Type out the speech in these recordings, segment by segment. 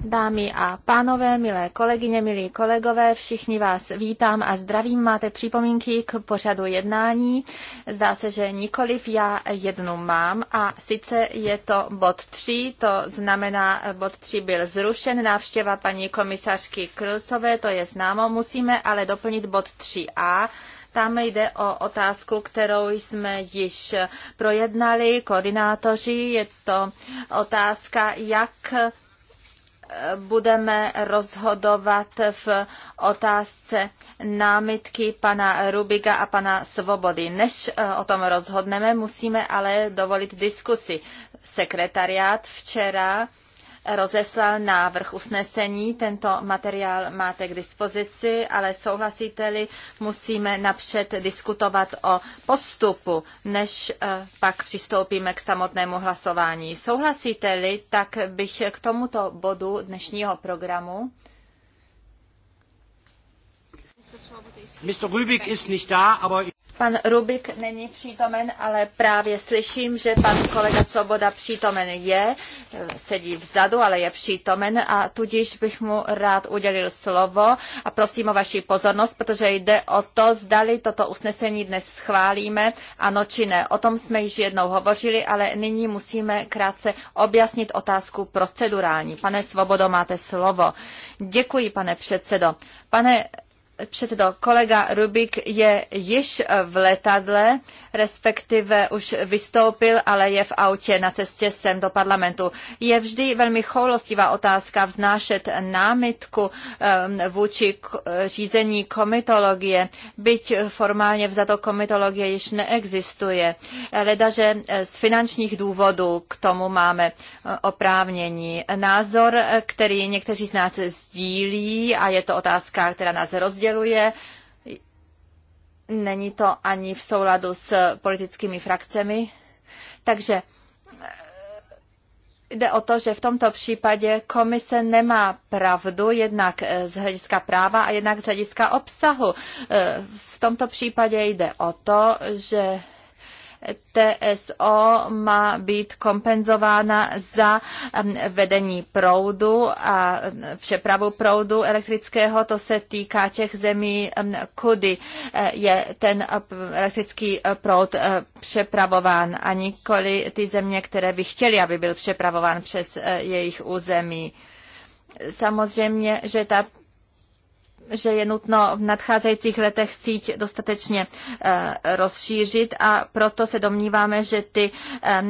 Dámy a pánové, milé kolegyně, milí kolegové, všichni vás vítám a zdravím. Máte připomínky k pořadu jednání? Zdá se, že nikoliv já jednu mám a sice je to bod 3, to znamená, bod 3 byl zrušen, návštěva paní komisařky Krlcové, to je známo, musíme ale doplnit bod 3a, tam jde o otázku, kterou jsme již projednali, koordinátoři. Je to otázka, jak eh, budeme rozhodovat v otázce námitky pana Rubiga a pana Svobody. Než eh, o tom rozhodneme, musíme ale dovolit diskusi. Sekretariát včera rozeslal návrh usnesení. Tento materiál máte k dispozici, ale souhlasíte-li, musíme napřed diskutovat o postupu, než eh, pak přistoupíme k samotnému hlasování. Souhlasíte-li, tak bych k tomuto bodu dnešního programu Mr. Rübig ist nicht da, aber Pan Rubik není přítomen, ale právě slyším, že pan kolega Svoboda přítomen je, sedí vzadu, ale je přítomen a tudíž bych mu rád udělil slovo a prosím o vaši pozornost, protože jde o to, zdali toto usnesení dnes schválíme, ano či ne. O tom jsme již jednou hovořili, ale nyní musíme krátce objasnit otázku procedurální. Pane Svobodo, máte slovo. Děkuji, pane předsedo. Pane předsedo, kolega Rubik je již v letadle, respektive už vystoupil, ale je v autě na cestě sem do parlamentu. Je vždy velmi choulostivá otázka vznášet námitku vůči řízení komitologie, byť formálně vzato komitologie již neexistuje. Ledaže e, z finančních důvodů k tomu máme e, oprávnění. Názor, e, který někteří z nás sdílí a je to otázka, která nás rozdělí, rozděluje. Není to ani v souladu s politickými frakcemi. Takže eh, Jde o to, že v tomto případě komise nemá pravdu jednak eh, z hlediska práva a jednak z hlediska obsahu. Eh, v tomto případě jde o to, že TSO má být kompenzována za um, vedení proudu a um, přepravu proudu elektrického. To se týká těch zemí, um, kudy eh, je ten eh, elektrický eh, proud přepravován a nikoli ty země, které by chtěly, aby byl přepravován přes jejich území. Samozřejmě, že ta že je nutno v nadcházejících letech síť dostatečně eh, rozšířit a proto se domníváme, že ty eh,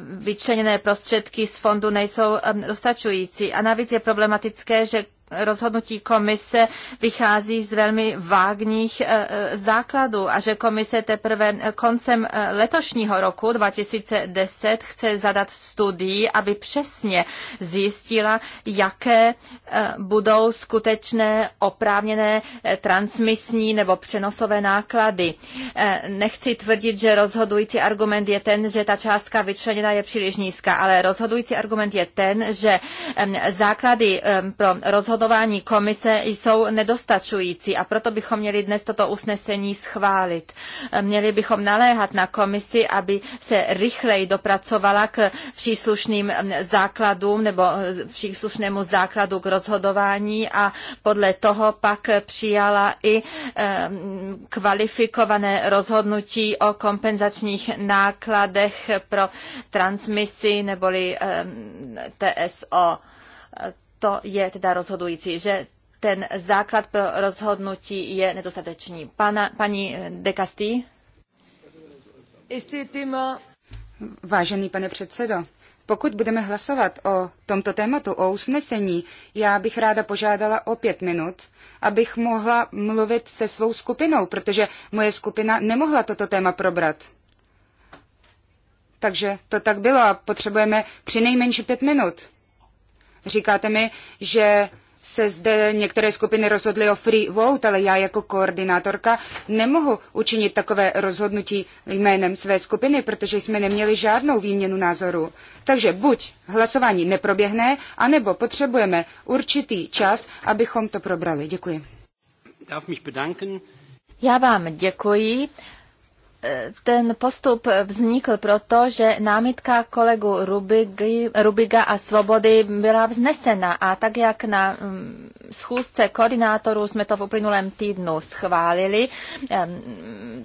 vyčleněné prostředky z fondu nejsou eh, dostačující. A navíc je problematické, že rozhodnutí komise vychází z velmi vágních e, e, základů a že komise teprve koncem e, letošního roku 2010 chce zadat studii, aby přesně zjistila, jaké budou skutečné oprávněné transmisní nebo přenosové náklady. Nechci tvrdit, že rozhodující argument je ten, že ta částka vyčleněna je příliš nízká, ale rozhodující argument je ten, že základy pro rozhodnutí rozhodování komise jsou nedostačující a proto bychom měli dnes toto usnesení schválit. Měli bychom naléhat na komisi, aby se rychleji dopracovala k příslušným základům nebo příslušnému základu k rozhodování a podle toho pak přijala i kvalifikované rozhodnutí o kompenzačních nákladech pro transmisi neboli TSO to je teda rozhodující, že ten základ pro rozhodnutí je nedostatečný. Pana, paní de Castí. Vážený pane předsedo, pokud budeme hlasovat o tomto tématu, o usnesení, já bych ráda požádala o pět minut, abych mohla mluvit se svou skupinou, protože moje skupina nemohla toto téma probrat. Takže to tak bylo a potřebujeme přinejmenším pět minut. Říkáte mi, že se zde některé skupiny rozhodly o free vote, ale já jako koordinátorka nemohu učinit takové rozhodnutí jménem své skupiny, protože jsme neměli žádnou výměnu názoru. Takže buď hlasování neproběhne, anebo potřebujeme určitý čas, abychom to probrali. Děkuji. Já vám děkuji ten postup vznikl proto, že námitka kolegu Rubigy, Rubiga a Svobody byla vznesena a tak, jak na mm, schůzce koordinátorů jsme to v uplynulém týdnu schválili,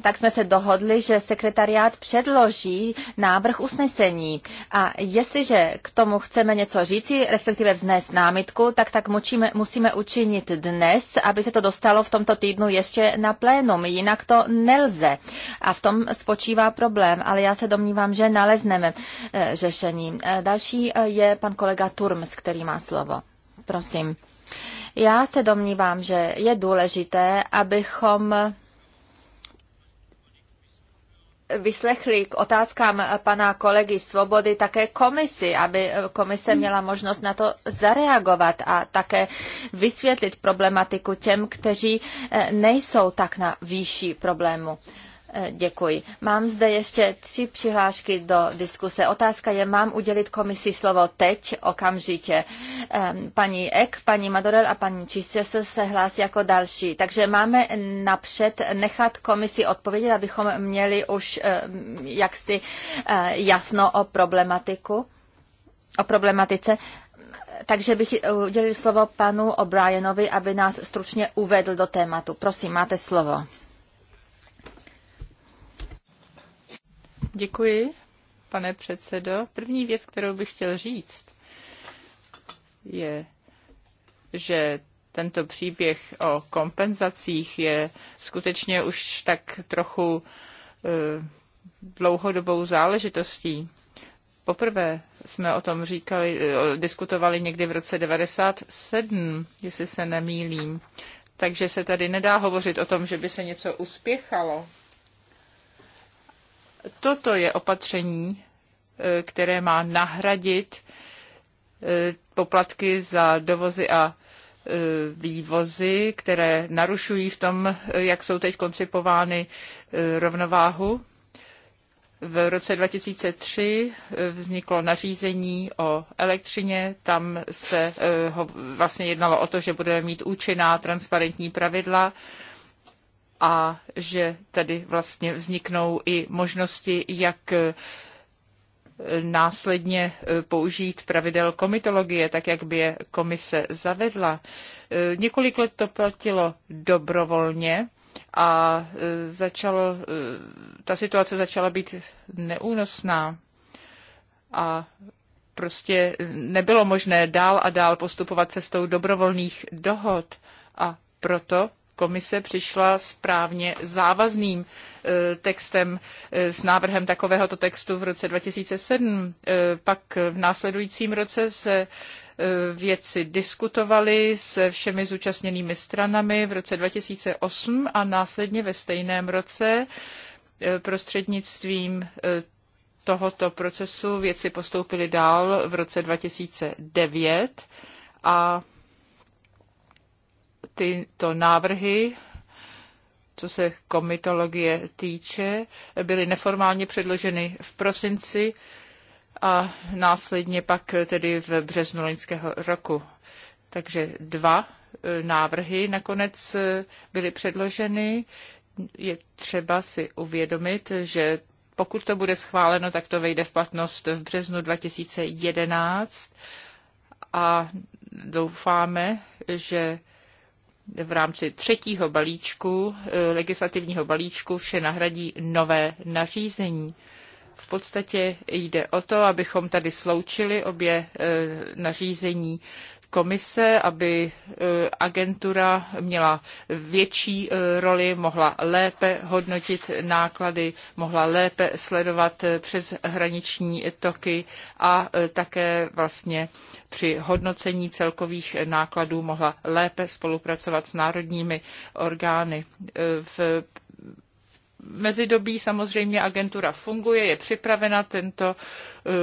tak jsme se dohodli, že sekretariát předloží návrh usnesení a jestliže k tomu chceme něco říci, respektive vznést námitku, tak tak mučíme, musíme učinit dnes, aby se to dostalo v tomto týdnu ještě na plénum, jinak to nelze. A v tom spočívá problém, ale já se domnívám, že nalezneme eh, řešení. Eh, další eh, je pan kolega Turms, který má slovo. Prosím. Já se domnívám, že je důležité, abychom vyslechli k otázkám pana kolegy Svobody také komisi, aby komise měla možnost na to zareagovat a také vysvětlit problematiku těm, kteří nejsou tak na výši problému. Děkuji. Mám zde ještě tři přihlášky do diskuse. Otázka je, mám udělit komisi slovo teď, okamžitě. Paní Ek, paní Madorel a paní Čistřesl se hlásí jako další. Takže máme napřed nechat komisi odpovědět, abychom měli už eh, jaksi eh, jasno o problematiku, o problematice. Takže bych udělil slovo panu O'Brienovi, aby nás stručně uvedl do tématu. Prosím, máte slovo. Děkuji, pane předsedo. První věc, kterou bych chtěl říct, je, že tento příběh o kompenzacích je skutečně už tak trochu e, dlouhodobou záležitostí. Poprvé jsme o tom říkali, e, diskutovali někdy v roce 97, jestli se nemýlím. Takže se tady nedá hovořit o tom, že by se něco uspěchalo. Toto je opatření, e, které má nahradit e, poplatky za dovozy a e, vývozy, které narušují v tom, jak jsou teď koncipovány rovnováhu. V roce 2003 vzniklo nařízení o elektřině. Tam se vlastně jednalo o to, že budeme mít účinná transparentní pravidla a že tady vlastně vzniknou i možnosti, jak eh, následně eh, použít pravidel komitologie, tak jak by je komise zavedla. Eh, několik let to platilo dobrovolně a začalo, ta situace začala být neúnosná a prostě nebylo možné dál a dál postupovat cestou dobrovolných dohod a proto komise přišla správně závazným e, textem e, s návrhem takovéhoto textu v roce 2007. E, pak v následujícím roce se věci diskutovali se všemi zúčastněnými stranami v roce 2008 a následně ve stejném roce prostřednictvím tohoto procesu věci postoupily dál v roce 2009 a tyto návrhy co se komitologie týče, byly neformálně předloženy v prosinci a následně pak tedy v březnu loňského roku. Takže dva e, návrhy nakonec e, byly předloženy. Je třeba si uvědomit, že pokud to bude schváleno, tak to vejde v platnost v březnu 2011 a doufáme, že v rámci třetího balíčku, e, legislativního balíčku, vše nahradí nové nařízení. V podstatě jde o to, abychom tady sloučili obě e, nařízení komise, aby e, agentura měla větší e, roli, mohla lépe hodnotit náklady, mohla lépe sledovat e, přes hraniční toky a také vlastně při hodnocení celkových nákladů mohla lépe spolupracovat s národními orgány. V mezidobí samozřejmě agentura funguje, je připravena tento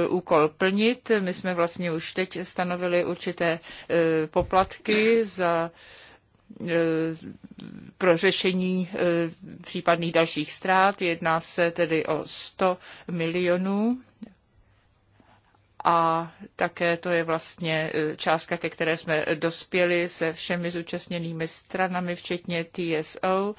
eh, úkol plnit. My jsme vlastně už teď stanovili určité eh, poplatky za eh, pro řešení případných dalších ztrát. Jedná se tedy o 100 milionů a také to je vlastně částka, ke které jsme dospěli se všemi zúčastněnými stranami, včetně TSO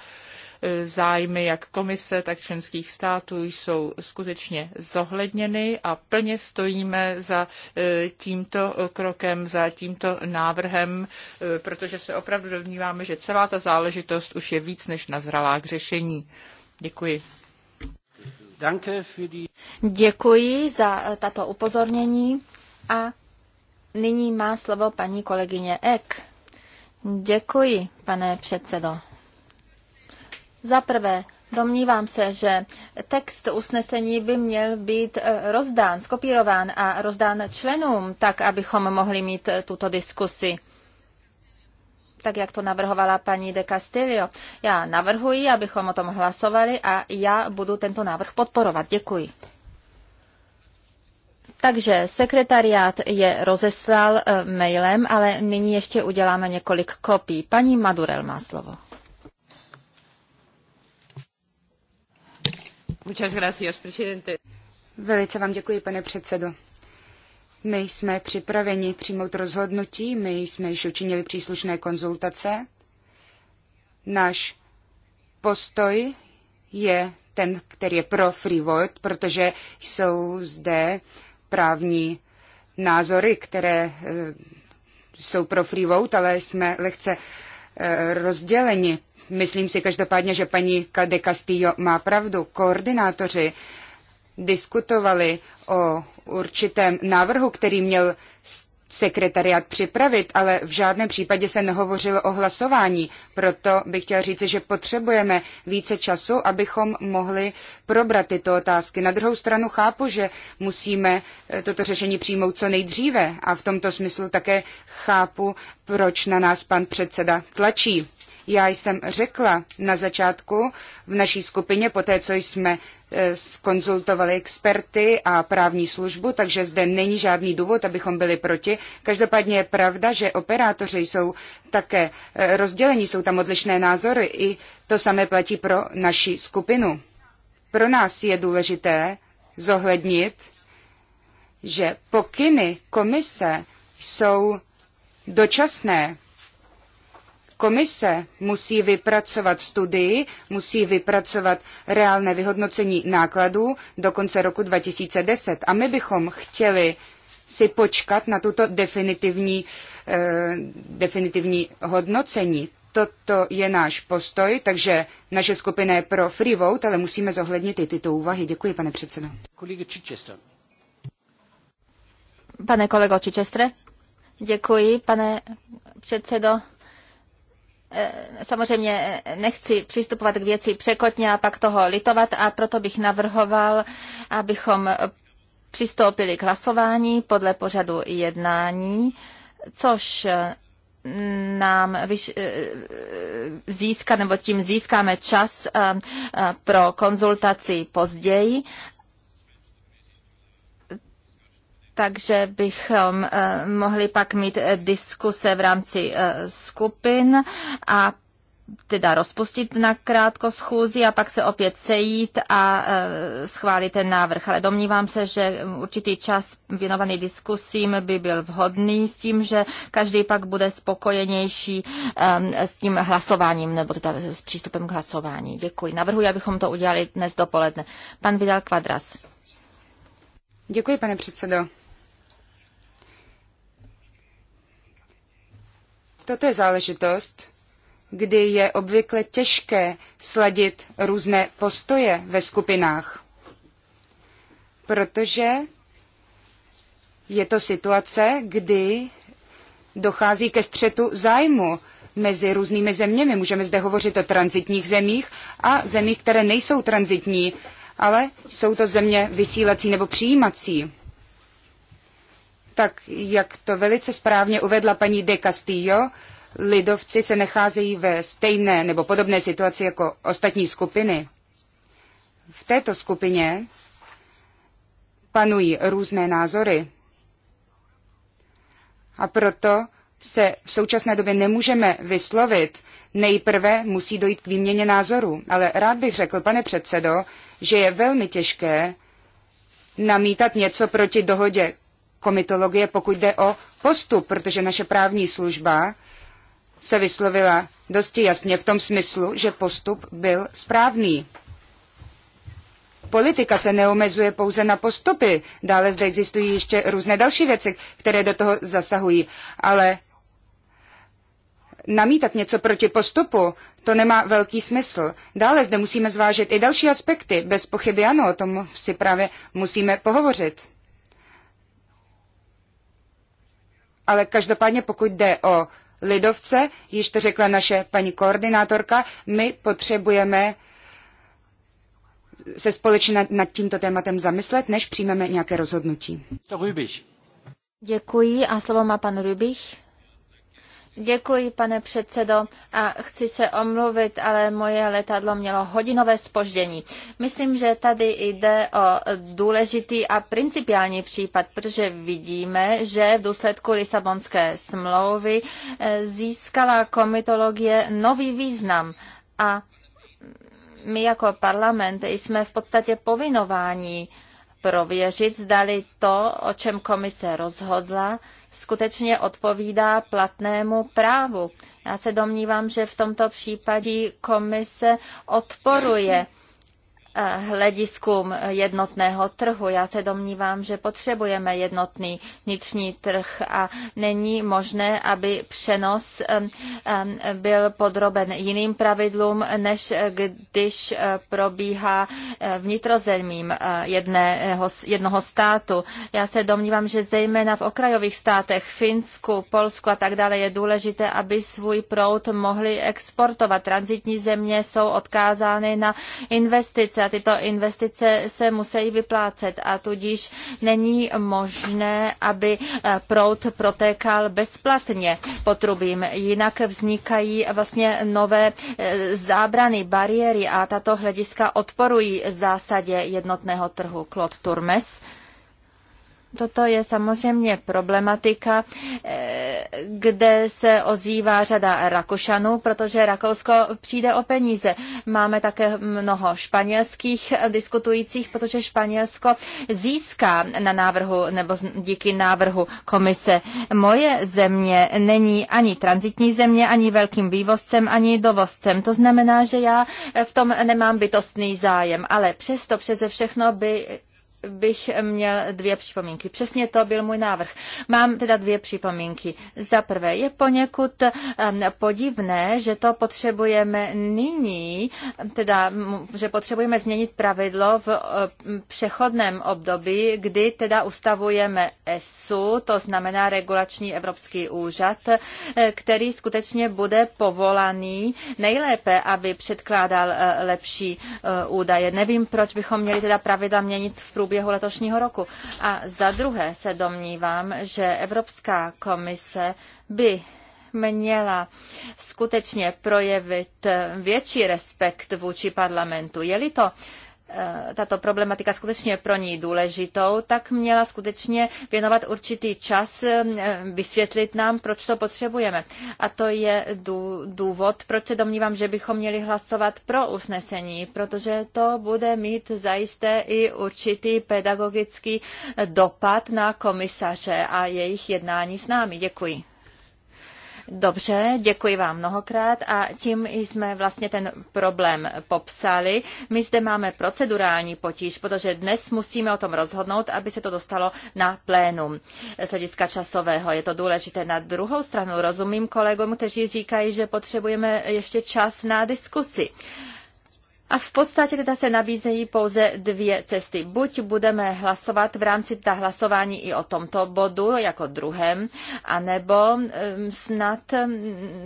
zájmy jak komise, tak členských států jsou skutečně zohledněny a plně stojíme za e, tímto krokem, za tímto návrhem, e, protože se opravdu domníváme, že celá ta záležitost už je víc než nazralá k řešení. Děkuji. Děkuji za e, tato upozornění a nyní má slovo paní kolegyně Ek. Děkuji, pane předsedo. Za prvé, domnívám se, že text usnesení by měl být eh, rozdán, skopírován a rozdán členům, tak abychom mohli mít eh, tuto diskusi tak jak to navrhovala paní de Castillo. Já navrhuji, abychom o tom hlasovali a já budu tento návrh podporovat. Děkuji. Takže sekretariát je rozeslal eh, mailem, ale nyní ještě uděláme několik kopií. Paní Madurel má slovo. Velice vám děkuji, pane předsedo. My jsme připraveni přijmout rozhodnutí, my jsme již učinili příslušné konzultace. Náš postoj je ten, který je pro free vote, protože jsou zde právní názory, které eh, jsou pro free vote, ale jsme lehce eh, rozděleni, Myslím si každopádně, že paní de Castillo má pravdu. Koordinátoři diskutovali o určitém návrhu, který měl sekretariat připravit, ale v žádném případě se nehovořilo o hlasování. Proto bych chtěla říci, že potřebujeme více času, abychom mohli probrat tyto otázky. Na druhou stranu chápu, že musíme eh, toto řešení přijmout co nejdříve a v tomto smyslu také chápu, proč na nás pan předseda tlačí. Já jsem řekla na začátku v naší skupině, poté co jsme e, skonzultovali experty a právní službu, takže zde není žádný důvod, abychom byli proti. Každopádně je pravda, že operátoři jsou také e, rozdělení, jsou tam odlišné názory i to samé platí pro naši skupinu. Pro nás je důležité zohlednit, že pokyny komise jsou dočasné Komise musí vypracovat studii, musí vypracovat reálné vyhodnocení nákladů do konce roku 2010. A my bychom chtěli si počkat na tuto definitivní, eh, definitivní hodnocení. Toto je náš postoj, takže naše skupina je pro free vote, ale musíme zohlednit i tyto úvahy. Děkuji, pane předsedo. Pane kolego Čičestre, děkuji, pane předsedo. Eh, samozřejmě eh, nechci přistupovat k věci překotně a pak toho litovat a proto bych navrhoval, abychom přistoupili k hlasování podle pořadu jednání, což eh, nám vyš, získá, nebo tím získáme čas pro konzultaci později takže bychom eh, mohli pak mít eh, diskuse v rámci eh, skupin a teda rozpustit na krátko schůzi a pak se opět sejít a schválit ten návrh. Ale domnívám se, že určitý čas věnovaný diskusím by byl vhodný s tím, že každý pak bude spokojenější ehm, s tím hlasováním nebo teda s přístupem k hlasování. Děkuji. Navrhuji, abychom to udělali dnes dopoledne. Pan Vidal Kvadras. Děkuji, pane předsedo. Toto je záležitost, kdy je obvykle těžké sladit různé postoje ve skupinách, protože je to situace, kdy dochází ke střetu zájmu mezi různými zeměmi. Můžeme zde hovořit o transitních zemích a zemích, které nejsou transitní, ale jsou to země vysílací nebo přijímací tak jak to velice správně uvedla paní de Castillo, lidovci se necházejí ve stejné nebo podobné situaci jako ostatní skupiny. V této skupině panují různé názory. A proto se v současné době nemůžeme vyslovit. Nejprve musí dojít k výměně názorů. Ale rád bych řekl, pane předsedo, že je velmi těžké namítat něco proti dohodě komitologie, pokud jde o postup, protože naše právní služba se vyslovila dosti jasně v tom smyslu, že postup byl správný. Politika se neomezuje pouze na postupy, dále zde existují ještě různé další věci, které do toho zasahují, ale namítat něco proti postupu, to nemá velký smysl. Dále zde musíme zvážit i další aspekty, bez pochyby ano, o tom si právě musíme pohovořit. ale každopádně pokud jde o lidovce, již to řekla naše paní koordinátorka, my potřebujeme se společně nad, tímto tématem zamyslet, než přijmeme nějaké rozhodnutí. Děkuji a slovo má pan Rybich. Děkuji, pane předsedo, a chci se omluvit, ale moje letadlo mělo hodinové spoždění. Myslím, že tady jde o důležitý a principiální případ, protože vidíme, že v důsledku Lisabonské smlouvy eh, získala komitologie nový význam a my jako parlament jsme v podstatě povinováni prověřit, zdali to, o čem komise rozhodla, skutečně odpovídá platnému právu. Já se domnívám, že v tomto případě komise odporuje hlediskům jednotného trhu. Já se domnívám, že potřebujeme jednotný vnitřní trh a není možné, aby přenos byl podroben jiným pravidlům, než když eh, probíhá eh, vnitrozemím eh, jedného, jednoho státu. Já se domnívám, že zejména v okrajových státech, Finsku, Polsku a tak dále, je důležité, aby svůj proud mohli exportovat. Transitní země jsou odkázány na investice a tyto investice se musí vyplácet a tudíž není možné, aby eh, proud protékal bezplatně potrubím. Jinak vznikají vlastně nové eh, zábrany, bariéry a tato hlediska odporují zásadě jednotného trhu. Claude Turmes. Toto je samozřejmě problematika, eh, kde se ozývá řada Rakušanů, protože Rakousko přijde o peníze. Máme také mnoho španělských diskutujících, protože Španělsko získá na návrhu nebo díky návrhu komise. Moje země není ani transitní země, ani velkým vývozcem, ani dovozcem. To znamená, že já v tom nemám bytostný zájem, ale přesto přeze všechno by bych měl dvě připomínky. Přesně to byl můj návrh. Mám teda dvě připomínky. Za prvé, je poněkud podivné, že to potřebujeme nyní, teda, že potřebujeme změnit pravidlo v e, přechodném období, kdy teda ustavujeme ESU, to znamená regulační evropský úřad, e, který skutečně bude povolaný nejlépe, aby předkládal e, lepší údaje. Nevím, proč bychom měli teda pravidla měnit v průběhu průběhu letošního roku. A za druhé se domnívám, že Evropská komise by měla skutečně projevit větší respekt vůči parlamentu. Je-li to Eh, tato problematika skutečně pro ní důležitou, tak měla skutečně věnovat určitý čas, eh, vysvětlit nám, proč to potřebujeme. A to je důvod, proč se domnívám, že bychom měli hlasovat pro usnesení, protože to bude mít zajisté i určitý pedagogický dopad na komisaře a jejich jednání s námi. Děkuji. Dobře, děkuji vám mnohokrát a tím jsme vlastně ten problém popsali. My zde máme procedurální potíž, protože dnes musíme o tom rozhodnout, aby se to dostalo na plénum. Z hlediska časového je to důležité. Na druhou stranu rozumím kolegům, kteří říkají, že potřebujeme ještě čas na diskusi. A v podstatě teda se nabízejí pouze dvě cesty. Buď budeme hlasovat v rámci ta hlasování i o tomto bodu jako druhém, anebo snad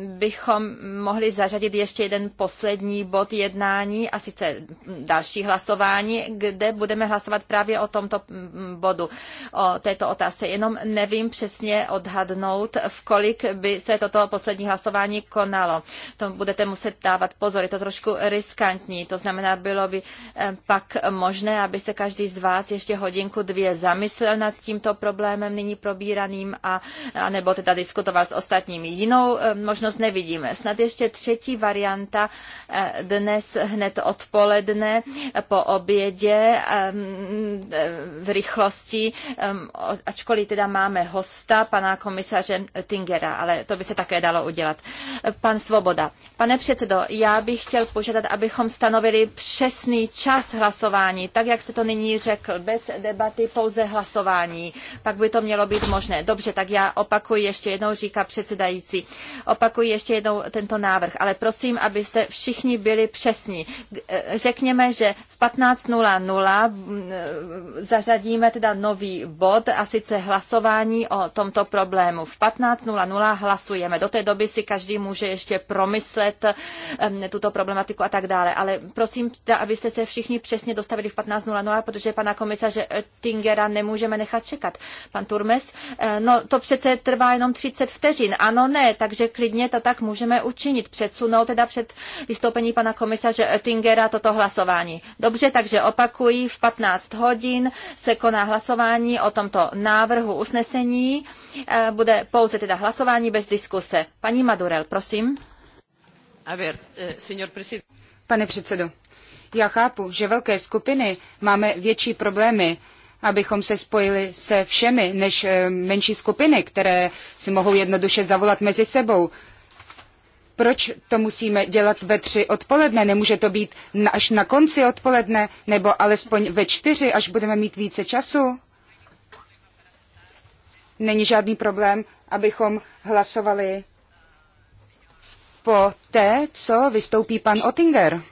bychom mohli zařadit ještě jeden poslední bod jednání a sice další hlasování, kde budeme hlasovat právě o tomto bodu, o této otázce. Jenom nevím přesně odhadnout, v kolik by se toto poslední hlasování konalo. To budete muset dávat pozor, je to trošku riskantní. To to znamená, bylo by eh, pak možné, aby se každý z vás ještě hodinku, dvě zamyslel nad tímto problémem nyní probíraným a, a nebo teda diskutoval s ostatními. Jinou eh, možnost nevidíme. Snad ještě třetí varianta eh, dnes hned odpoledne po obědě ehm, v rychlosti, ehm, ačkoliv teda máme hosta, pana komisaře Tingera, ale to by se také dalo udělat. Pan Svoboda. Pane předsedo, já bych chtěl požádat, abychom stanovili stanovili přesný čas hlasování, tak jak jste to nyní řekl, bez debaty, pouze hlasování. Pak by to mělo být možné. Dobře, tak já opakuji ještě jednou, říká předsedající, opakuji ještě jednou tento návrh, ale prosím, abyste všichni byli přesní. Eh, řekněme, že v 15.00 eh, zařadíme teda nový bod a sice hlasování o tomto problému. V 15.00 hlasujeme. Do té doby si každý může ještě promyslet eh, tuto problematiku a tak dále, ale prosím, abyste se všichni přesně dostavili v 15.00, protože pana komisaře Tingera nemůžeme nechat čekat. Pan Turmes, eh, no to přece trvá jenom 30 vteřin. Ano, ne, takže klidně to tak můžeme učinit. Předsunout teda před vystoupení pana komisaře Tingera toto hlasování. Dobře, takže opakuji, v 15 hodin se koná hlasování o tomto návrhu usnesení. Eh, bude pouze teda hlasování bez diskuse. Paní Madurel, prosím. A ver, eh, señor presidente. Pane předsedo, já chápu, že velké skupiny máme větší problémy, abychom se spojili se všemi, než eh, menší skupiny, které si mohou jednoduše zavolat mezi sebou. Proč to musíme dělat ve tři odpoledne? Nemůže to být na, až na konci odpoledne, nebo alespoň ve čtyři, až budeme mít více času? Není žádný problém, abychom hlasovali po té, co vystoupí pan Ottinger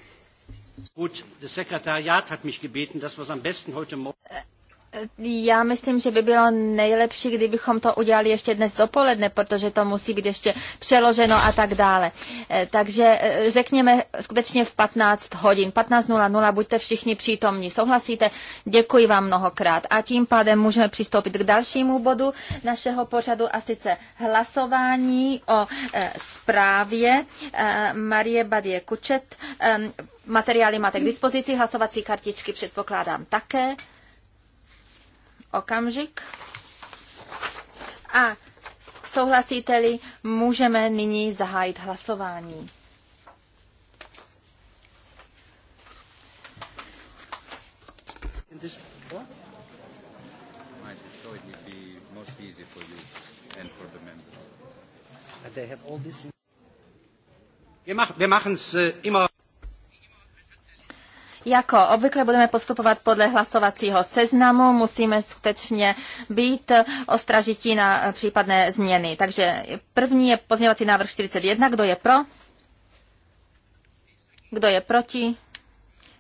já myslím, že by bylo nejlepší, kdybychom to udělali ještě dnes dopoledne, protože to musí být ještě přeloženo a tak dále. Eh, takže eh, řekněme skutečně v 15 hodin. 15.00 buďte všichni přítomní. Souhlasíte? Děkuji vám mnohokrát. A tím pádem můžeme přistoupit k dalšímu bodu našeho pořadu a sice hlasování o eh, zprávě Marie Badie Kučet. Materiály máte k dispozici, hlasovací kartičky předpokládám také okamžik. A souhlasíte-li, můžeme nyní zahájit hlasování. Wir machen es äh, immer. Jako obvykle budeme postupovat podle hlasovacího seznamu, musíme skutečně být ostražití na případné změny. Takže první je pozměňovací návrh 41. Kdo je pro? Kdo je proti?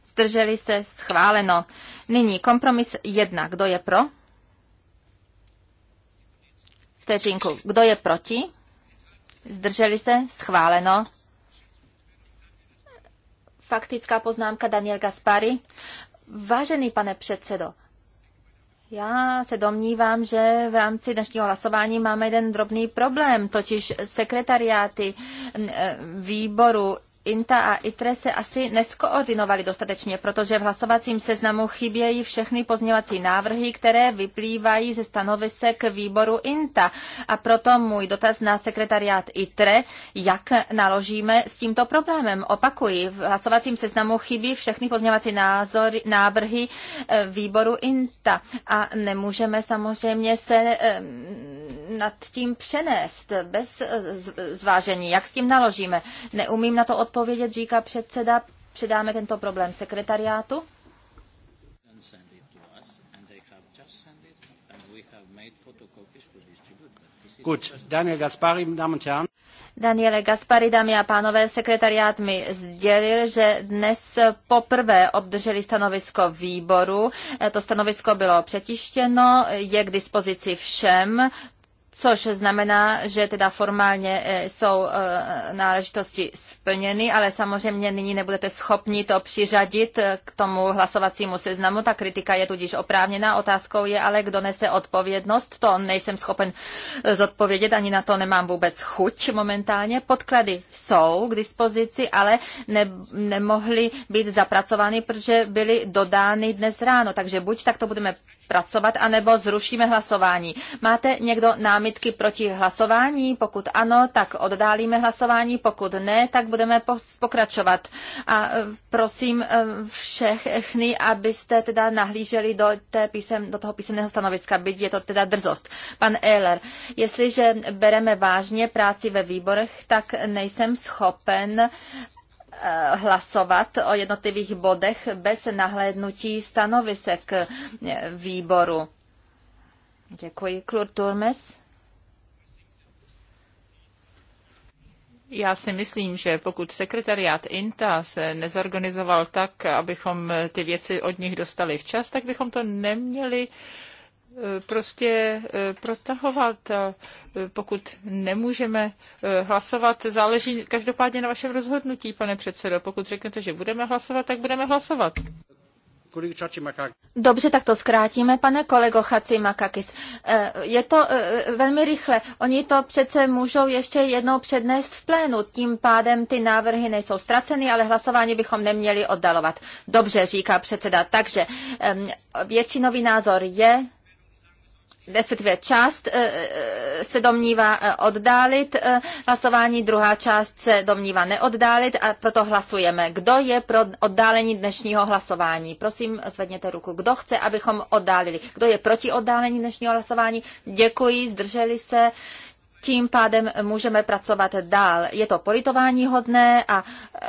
Zdrželi se? Schváleno. Nyní kompromis 1. Kdo je pro? Vteřinku. Kdo je proti? Zdrželi se? Schváleno. Faktická poznámka Daniel Gaspari. Vážený pane předsedo, já se domnívám, že v rámci dnešního hlasování máme jeden drobný problém, totiž sekretariáty e, výboru INTA a ITRE se asi neskoordinovali dostatečně, protože v hlasovacím seznamu chybějí všechny pozměvací návrhy, které vyplývají ze stanovisek výboru INTA. A proto můj dotaz na sekretariát ITRE, jak naložíme s tímto problémem. Opakuji, v hlasovacím seznamu chybí všechny pozměvací názory, návrhy eh, výboru INTA a nemůžeme samozřejmě se eh, nad tím přenést bez eh, zvážení, jak s tím naložíme. Neumím na to odpovědět odpovědět, říká předseda. Předáme tento problém sekretariátu. Gut, Daniel Gaspari, Damen und Herren. Daniele Gaspari, dámy a pánové, sekretariát mi sdělil, že dnes poprvé obdrželi stanovisko výboru. To stanovisko bylo přetištěno, je k dispozici všem což znamená, že teda formálně e, jsou e, náležitosti splněny, ale samozřejmě nyní nebudete schopni to přiřadit e, k tomu hlasovacímu seznamu. Ta kritika je tudíž oprávněná. Otázkou je ale, kdo nese odpovědnost. To nejsem schopen zodpovědět, ani na to nemám vůbec chuť momentálně. Podklady jsou k dispozici, ale ne, nemohly být zapracovány, protože byly dodány dnes ráno. Takže buď tak to budeme pracovat, anebo zrušíme hlasování. Máte někdo nám námitky proti hlasování? Pokud ano, tak oddálíme hlasování, pokud ne, tak budeme pokračovat. A e, prosím e, všechny, abyste teda nahlíželi do, té písem, do toho písemného stanoviska, byť je to teda drzost. Pan Ehler, jestliže bereme vážně práci ve výborech, tak nejsem schopen e, hlasovat o jednotlivých bodech bez nahlédnutí stanovisek výboru. Děkuji. Klur Turmes. Já si myslím, že pokud sekretariát INTA se nezorganizoval tak, abychom ty věci od nich dostali včas, tak bychom to neměli eh, prostě eh, protahovat. Eh, pokud nemůžeme hlasovat, záleží každopádně na vašem rozhodnutí, pane předsedo. Pokud řeknete, že budeme hlasovat, tak budeme hlasovat. Dobře, tak to zkrátíme, pane kolego Chaci Makakis. Eh, je to eh, eh, velmi rychle. Oni to přece můžou ještě jednou přednést v plénu. Tím pádem ty návrhy nejsou ztraceny, ale hlasování bychom neměli oddalovat. Dobře, říká předseda. Takže většinový názor je respektive část eh, eh, se domnívá eh, oddálit hlasování, druhá část se domnívá neoddálit a proto hlasujeme. Kdo je pro oddálení dnešního hlasování? Prosím, zvedněte ruku. Kdo chce, abychom oddálili? Kdo je proti oddálení dnešního hlasování? Děkuji, zdrželi se tím pádem můžeme pracovat dál. Je to politování hodné a e,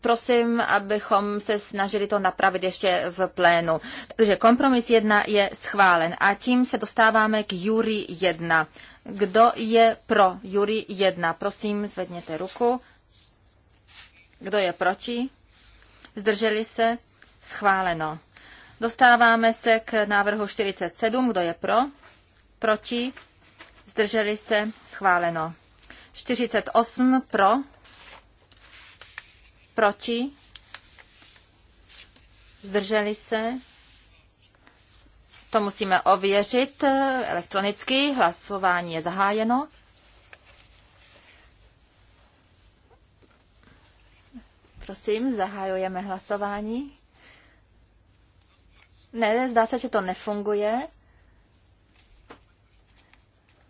prosím, abychom se snažili to napravit ještě v plénu. Takže kompromis 1 je schválen a tím se dostáváme k Jury 1. Kdo je pro Jury 1? Prosím, zvedněte ruku. Kdo je proti? Zdrželi se? Schváleno. Dostáváme se k návrhu 47. Kdo je pro? Proti? zdrželi se, schváleno. 48 pro, proti, zdrželi se, to musíme ověřit eh, elektronicky, hlasování je zahájeno. Prosím, zahajujeme hlasování. Ne, zdá se, že to nefunguje.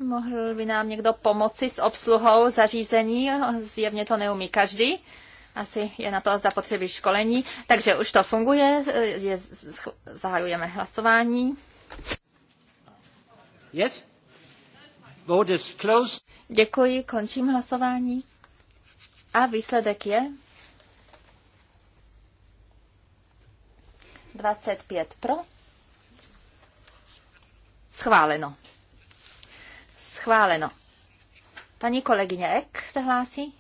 Mohl by nám někdo pomoci s obsluhou zařízení? Zjevně to neumí každý. Asi je na to zapotřebí školení. Takže už to funguje. Je, zahajujeme hlasování. Yes. Vote is closed. Děkuji, končím hlasování. A výsledek je 25 pro. Schváleno. Schváleno. Paní kolegyně Ek se hlásí.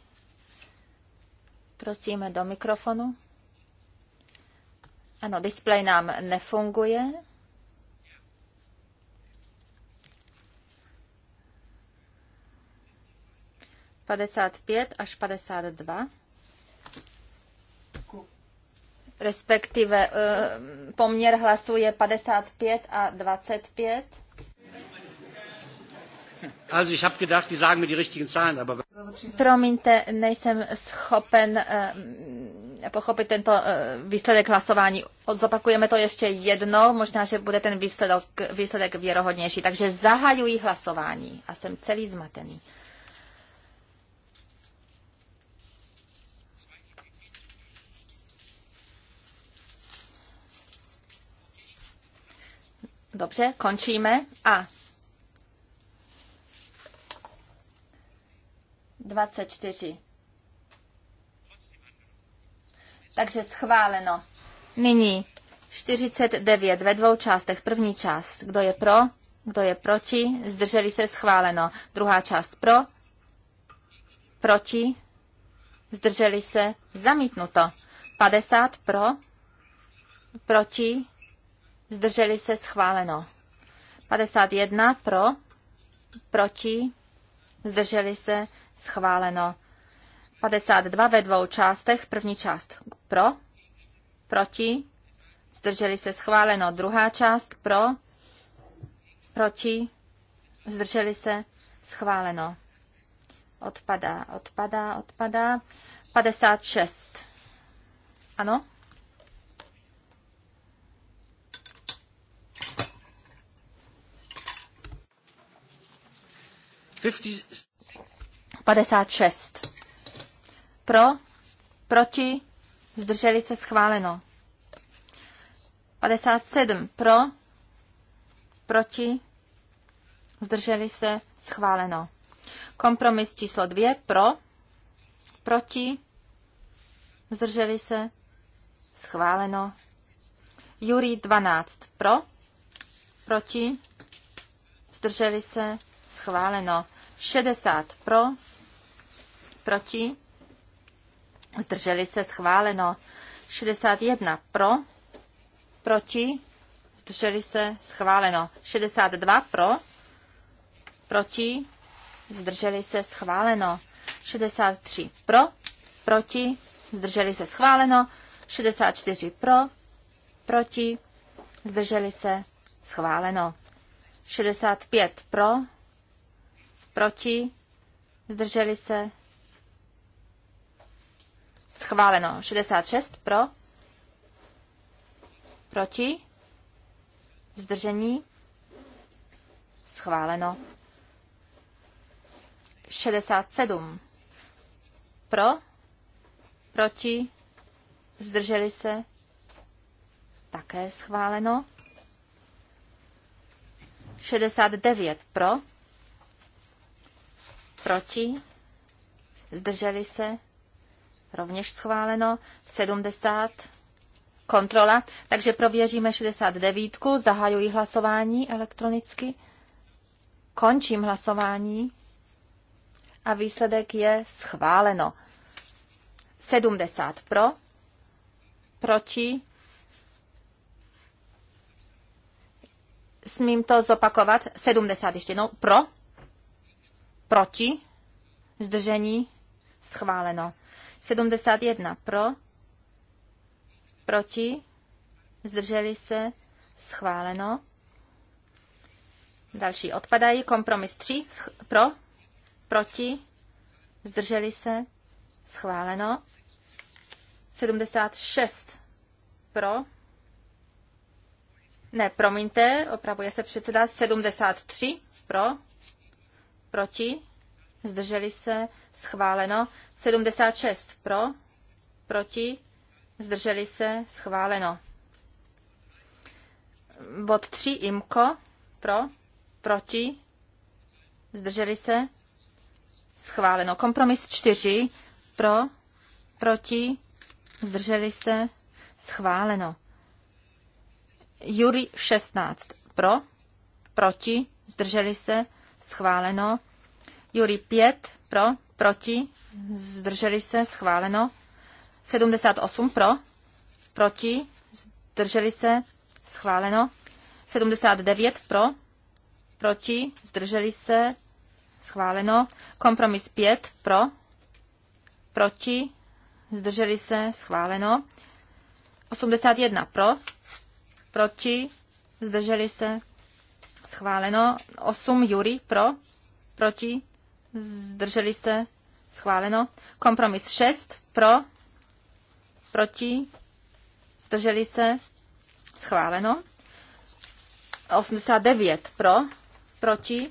Prosíme do mikrofonu. Ano, displej nám nefunguje. Padesát pět až padesát dva respektive eh, poměr hlasů je 55 a 25. Promiňte, nejsem schopen eh, mm, pochopit tento eh, výsledek hlasování. Zopakujeme to ještě jednou, možná, že bude ten výsledek, výsledek věrohodnější. Takže zahajuji hlasování a jsem celý zmatený. Dobře, končíme a 24. Takže schváleno. Nyní 49 ve dvou částech. První část, kdo je pro, kdo je proti, zdrželi se schváleno. Druhá část pro, proti, zdrželi se zamítnuto. 50 pro, proti, zdrželi se schváleno. 51 pro, proti, zdrželi se schváleno. 52 ve dvou částech. První část pro, proti, zdrželi se schváleno. Druhá část pro, proti, zdrželi se schváleno. Odpadá, odpadá, odpadá. 56. Ano? Fifty. 56. Pro, proti, zdrželi se schváleno. 57. Pro, proti, zdrželi se schváleno. Kompromis číslo 2. Pro, proti, zdrželi se schváleno. Jury 12. Pro, proti, zdrželi se schváleno. 60 pro, proti, zdrželi se schváleno. 61 pro, proti, zdrželi se schváleno. 62 pro, proti, zdrželi se schváleno. 63 pro, proti, zdrželi se schváleno. 64 pro, proti, zdrželi se schváleno. 65 pro, proti, zdrželi se Schváleno. 66 pro. Proti. Zdržení. Schváleno. 67 pro. Proti. Zdrželi se. Také schváleno. 69 pro. Proti. Zdrželi se rovněž schváleno, 70 kontrola, takže prověříme 69, zahajuji hlasování elektronicky, končím hlasování a výsledek je schváleno. 70 pro, proti, smím to zopakovat, 70 ještě jednou, pro, proti, zdržení, schváleno. 71 pro, proti, zdrželi se, schváleno. Další odpadají. Kompromis 3 pro, proti, zdrželi se, schváleno. 76 pro, ne, promiňte, opravuje se předseda 73 pro, proti, zdrželi se, schváleno. 76 pro, proti, zdrželi se, schváleno. Bod 3 IMKO, pro, proti, zdrželi se, schváleno. Kompromis 4 pro, proti, zdrželi se, schváleno. Jury 16 pro, proti, zdrželi se, schváleno. Jury 5 pro, proti, zdrželi se, schváleno. 78 pro, proti, zdrželi se, schváleno. 79 pro, proti, zdrželi se, schváleno. Kompromis 5 pro, proti, zdrželi se, schváleno. 81 pro, proti, zdrželi se, schváleno. 8 Jury pro, proti, zdrželi se, schváleno. Kompromis 6, pro, proti, zdrželi se, schváleno. 89 pro, proti,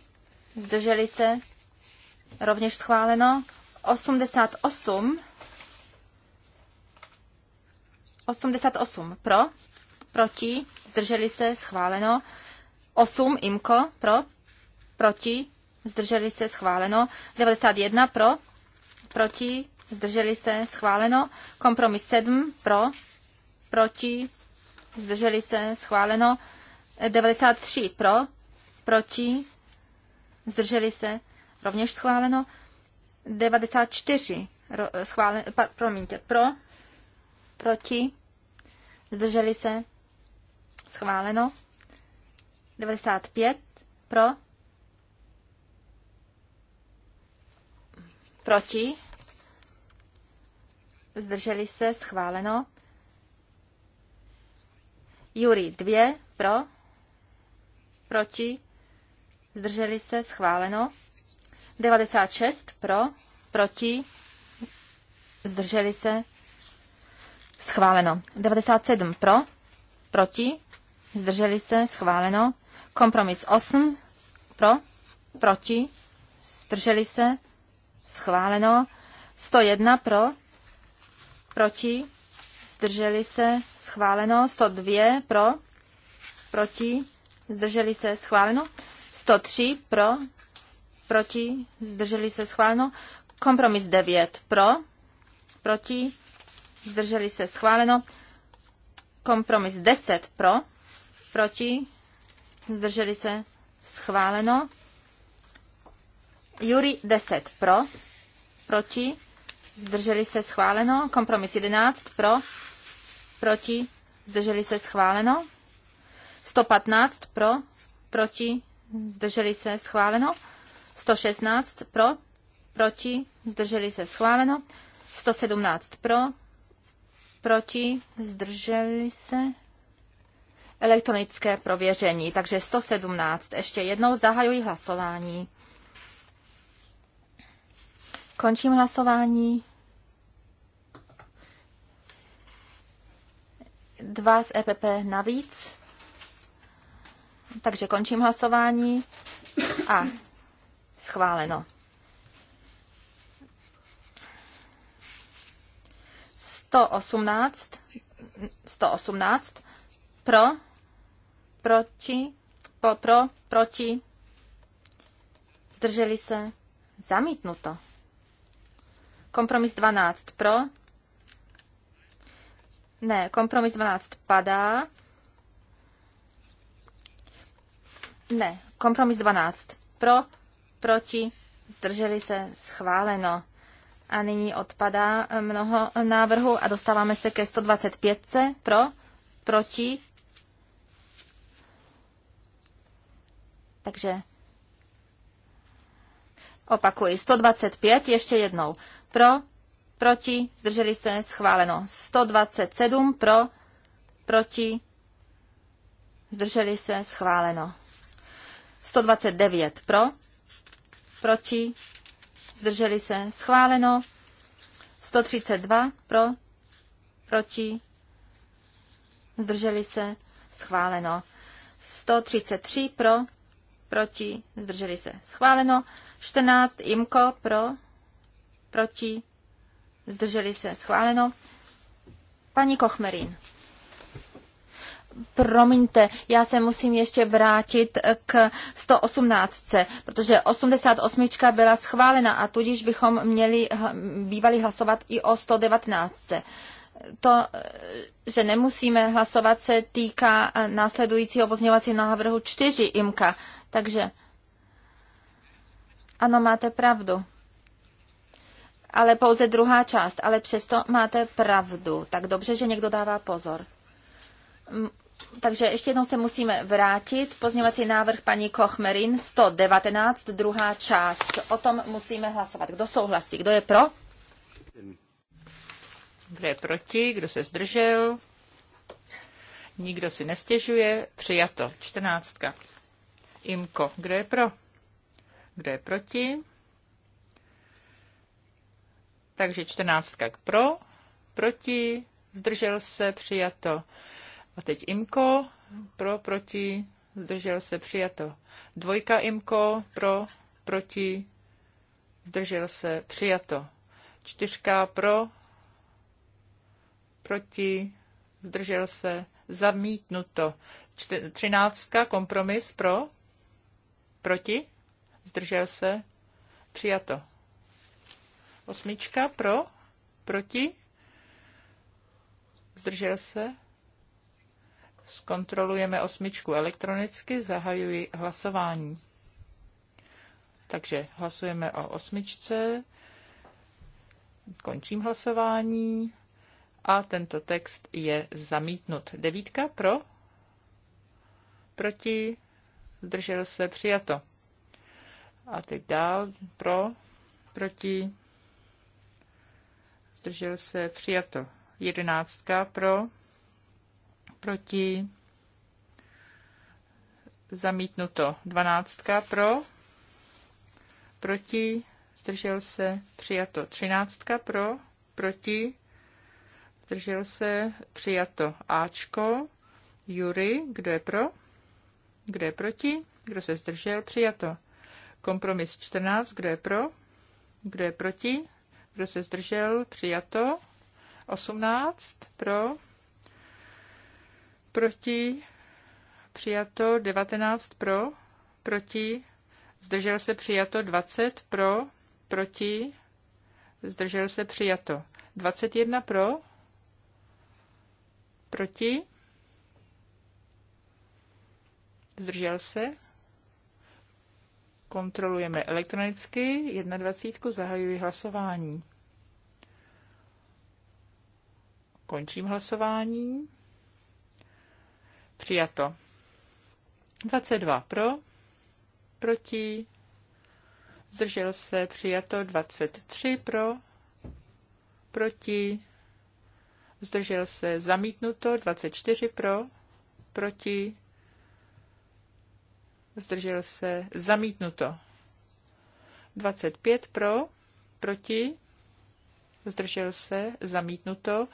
zdrželi se, rovněž schváleno. 88 88 pro, proti, zdrželi se, schváleno. 8 imko pro, proti, zdrželi se schváleno. 91 pro, proti, zdrželi se schváleno. Kompromis 7 pro, proti, zdrželi se schváleno. 93 pro, proti, zdrželi se rovněž schváleno. 94 ro, schválen, pa, promiňte, pro, proti, zdrželi se schváleno. 95 pro, Proti? Zdrželi se? Schváleno. Jury 2. Pro? Proti? Zdrželi se? Schváleno. 96. Pro? Proti? Zdrželi se? Schváleno. 97. Pro? Proti? Zdrželi se? Schváleno. Kompromis 8. Pro? Proti? Zdrželi se? schváleno. 101 pro, proti, zdrželi se, schváleno. 102 pro, proti, zdrželi se, schváleno. 103 pro, proti, zdrželi se, schváleno. Kompromis 9 pro, proti, zdrželi se, schváleno. Kompromis 10 pro, proti, zdrželi se, schváleno. Jury 10 pro, proti, zdrželi se schváleno. Kompromis 11 pro, proti, zdrželi se schváleno. 115 pro, proti, zdrželi se schváleno. 116 pro, proti, zdrželi se schváleno. 117 pro, proti, zdrželi se elektronické prověření. Takže 117. Ještě jednou zahajuji hlasování. Končím hlasování. Dva z EPP navíc. Takže končím hlasování a schváleno. Sto osmnáct, sto osmnáct pro, proti, po, pro, proti, zdrželi se, zamítnuto. Kompromis 12 pro. Ne, kompromis 12 padá. Ne, kompromis 12 pro, proti, zdrželi se, schváleno. A nyní odpadá eh, mnoho návrhů a dostáváme se ke 125 pro, proti. Takže opakuji, 125 ještě jednou pro, proti, zdrželi se, schváleno. 127 pro, proti, zdrželi se, schváleno. 129 pro, proti, zdrželi se, schváleno. 132 pro, proti, zdrželi se, schváleno. 133 pro, proti, zdrželi se, schváleno. 14 imko pro, proti, zdrželi se, schváleno. Paní Kochmerin. Promiňte, já se musím ještě vrátit k 118, protože 88 byla schválena a tudíž bychom měli bývali hlasovat i o 119 to, že nemusíme hlasovat, se týká následujícího pozměňovacího návrhu 4 IMKA. Takže ano, máte pravdu ale pouze druhá část, ale přesto máte pravdu. Tak dobře, že někdo dává pozor. Mm, takže ještě jednou se musíme vrátit. Pozněvací návrh paní Kochmerin 119, druhá část. O tom musíme hlasovat. Kdo souhlasí? Kdo je pro? Kdo je proti? Kdo se zdržel? Nikdo si nestěžuje. Přijato. Čtrnáctka. Imko. Kdo je pro? Kdo je proti? Takže k pro, proti, zdržel se, přijato. A teď imko, pro, proti, zdržel se, přijato. Dvojka imko, pro, proti, zdržel se, přijato. Čtyřka pro, proti, zdržel se, zamítnuto. Čty, třináctka, kompromis pro, proti, zdržel se, přijato. Osmička pro, proti, zdržel se. Zkontrolujeme osmičku elektronicky, zahajuji hlasování. Takže hlasujeme o osmičce, končím hlasování a tento text je zamítnut. Devítka pro, proti, zdržel se, přijato. A teď dál pro, proti, zdržel se, přijato. Jedenáctka pro, proti, zamítnuto. Dvanáctka pro, proti, zdržel se, přijato. Třináctka pro, proti, zdržel se, přijato. Ačko, Jury, kdo je pro, kdo je proti, kdo se zdržel, přijato. Kompromis 14, kdo je pro, kdo je proti, kdo se zdržel, přijato. 18 pro, proti, přijato. 19 pro, proti, zdržel se, přijato. 20 pro, proti, zdržel se, přijato. 21 pro, proti, zdržel se, kontrolujeme elektronicky, 21. zahajuji hlasování. Končím hlasování. Přijato. 22 pro, proti, zdržel se, přijato 23 pro, proti, zdržel se, zamítnuto 24 pro, proti, zdržel se, zamítnuto 25 pro, proti, zdržel se, zamítnuto.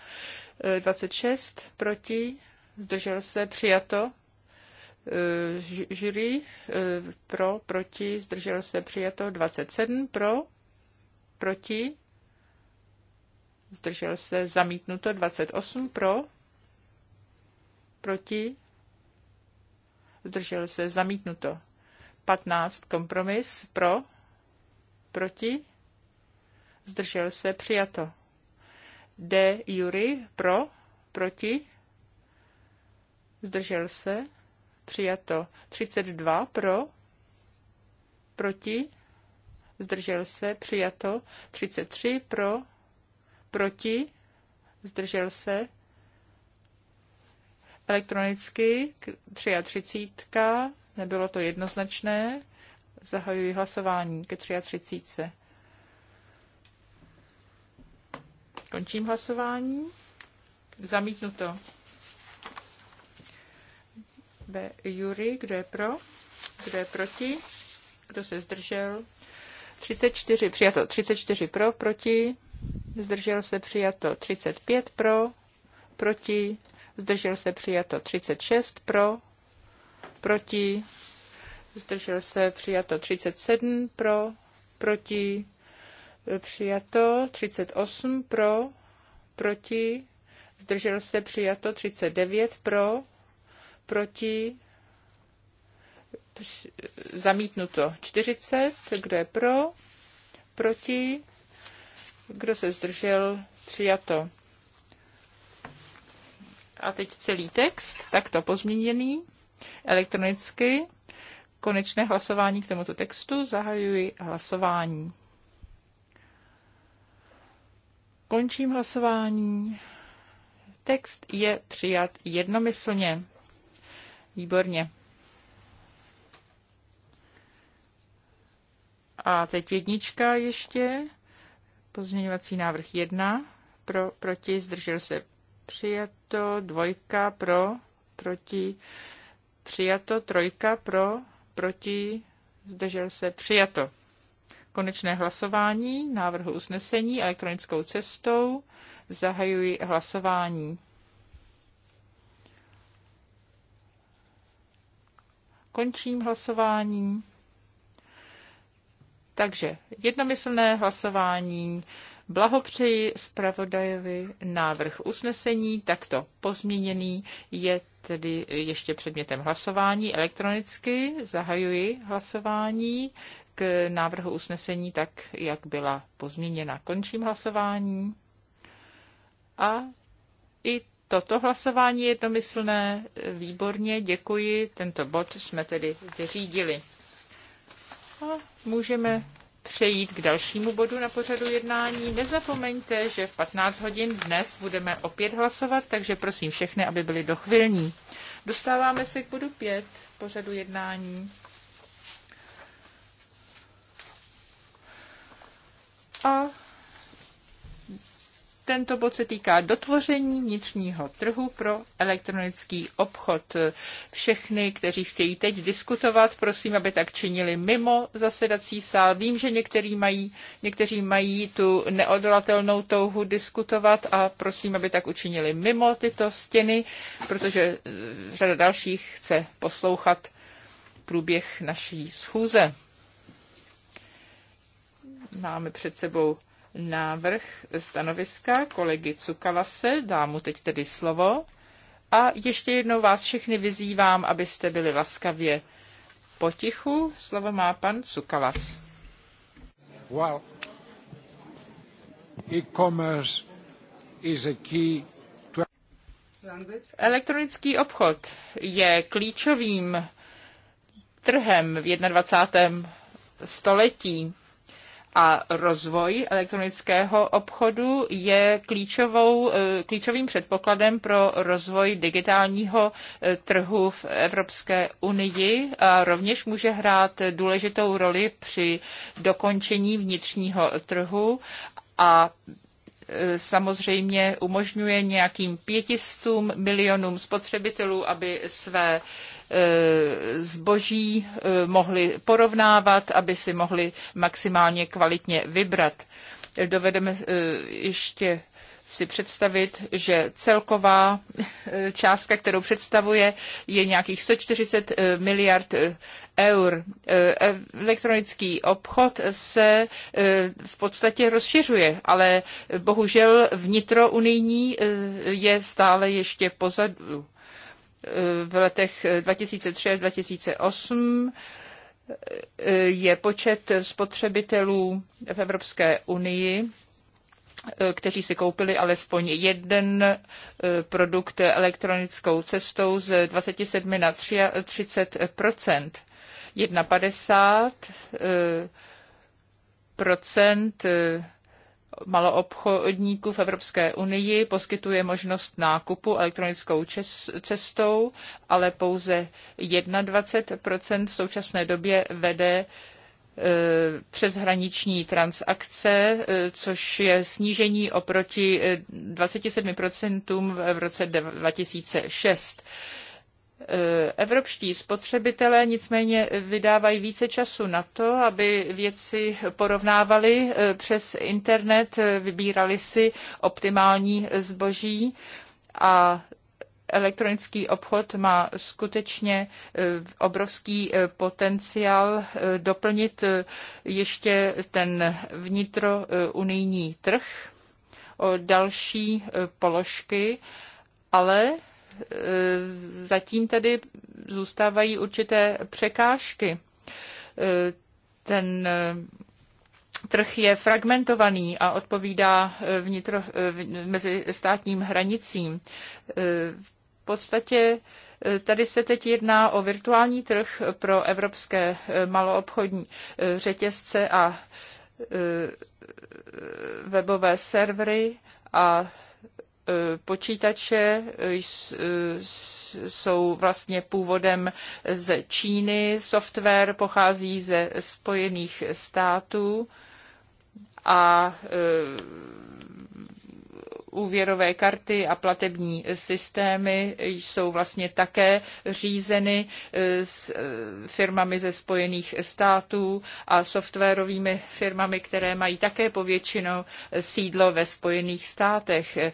26 e, proti, zdržel se, přijato. E, žiry e, pro, proti, zdržel se, přijato. 27 pro, proti, zdržel se, zamítnuto. 28 pro, proti, zdržel se, zamítnuto. 15 kompromis pro, proti, zdržel se, přijato. de Jury, pro, proti, zdržel se, přijato. 32, pro, proti, zdržel se, přijato. 33, pro, proti, zdržel se, elektronicky 33, nebylo to jednoznačné, zahajuji hlasování ke 33. Končím hlasování. Zamítnuto. B. Jury, kdo je pro? Kdo je proti? Kdo se zdržel? 34 přijato, 34 pro, proti, zdržel se přijato 35 pro, proti, zdržel se přijato 36 pro, proti, zdržel se přijato 37 pro, proti, přijato 38 pro, proti, zdržel se přijato 39 pro, proti, zamítnuto 40, kdo je pro, proti, kdo se zdržel, přijato. A teď celý text, takto pozměněný, elektronicky. Konečné hlasování k tomuto textu zahajuji hlasování. Končím hlasování. Text je přijat jednomyslně. Výborně. A teď jednička ještě. Pozměňovací návrh jedna. Pro, proti, zdržel se přijato. Dvojka pro, proti, přijato. Trojka pro, proti, zdržel se přijato konečné hlasování návrhu usnesení elektronickou cestou. Zahajuji hlasování. Končím hlasování. Takže jednomyslné hlasování. Blahopřeji zpravodajovi návrh usnesení, takto pozměněný je tedy ještě předmětem hlasování elektronicky. Zahajuji hlasování, k návrhu usnesení, tak jak byla pozměněna. Končím hlasování. A i toto hlasování je jednomyslné. Výborně, děkuji. Tento bod jsme tedy vyřídili. A můžeme přejít k dalšímu bodu na pořadu jednání. Nezapomeňte, že v 15 hodin dnes budeme opět hlasovat, takže prosím všechny, aby byli dochvilní. Dostáváme se k bodu 5 pořadu jednání. A tento bod se týká dotvoření vnitřního trhu pro elektronický obchod. Všechny, kteří chtějí teď diskutovat, prosím, aby tak činili mimo zasedací sál. Vím, že některý mají, někteří mají tu neodolatelnou touhu diskutovat a prosím, aby tak učinili mimo tyto stěny, protože eh, řada dalších chce poslouchat průběh naší schůze. Máme před sebou návrh stanoviska kolegy Cukalase, dám mu teď tedy slovo. A ještě jednou vás všechny vyzývám, abyste byli laskavě potichu. Slovo má pan Cukalas. Well, e-commerce is a key to... Elektronický obchod je klíčovým trhem v 21. století a rozvoj elektronického obchodu je klíčovou, eh, klíčovým předpokladem pro rozvoj digitálního eh, trhu v Evropské unii a rovněž může hrát důležitou roli při dokončení vnitřního trhu a eh, samozřejmě umožňuje nějakým pětistům milionům spotřebitelů, aby své E, zboží e, mohli porovnávat, aby si mohli maximálně kvalitně vybrat. Dovedeme e, ještě si představit, že celková částka, kterou představuje, je nějakých 140 miliard eur. Elektronický obchod se v podstatě rozšiřuje, ale bohužel vnitrounijní je stále ještě pozadu v letech 2003-2008 eh, je počet spotřebitelů v Evropské unii eh, kteří si koupili alespoň jeden eh, produkt elektronickou cestou z 27 na 30 1,50 procent maloobchodníků v Evropské unii poskytuje možnost nákupu elektronickou cestou, ale pouze 21% v současné době vede e, přeshraniční transakce, e, což je snížení oproti 27% e, v roce 2006. Eh, evropští spotřebitelé nicméně vydávají více času na to, aby věci porovnávali eh, přes internet, eh, vybírali si optimální zboží a elektronický obchod má skutečně obrovský potenciál doplnit ještě ten vnitrounijní trh o další položky, ale E, zatím tedy zůstávají určité překážky. E, ten e, trh je fragmentovaný a odpovídá vnitro, mezi státním hranicím. V podstatě Tady se teď jedná o virtuální trh pro evropské maloobchodní řetězce a webové servery a Eh, počítače eh, eh, jsou vlastně původem z Číny, software pochází ze Spojených států a úvěrové karty a platební systémy jsou vlastně také řízeny eh, s eh, firmami ze Spojených států a softwarovými firmami, které mají také povětšinou sídlo ve Spojených státech. Eh,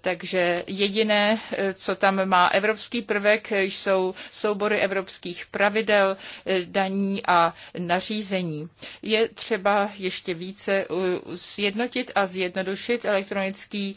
takže jediné, co tam má evropský prvek, jsou soubory evropských pravidel, daní a nařízení. Je třeba ještě více sjednotit a zjednodušit elektronický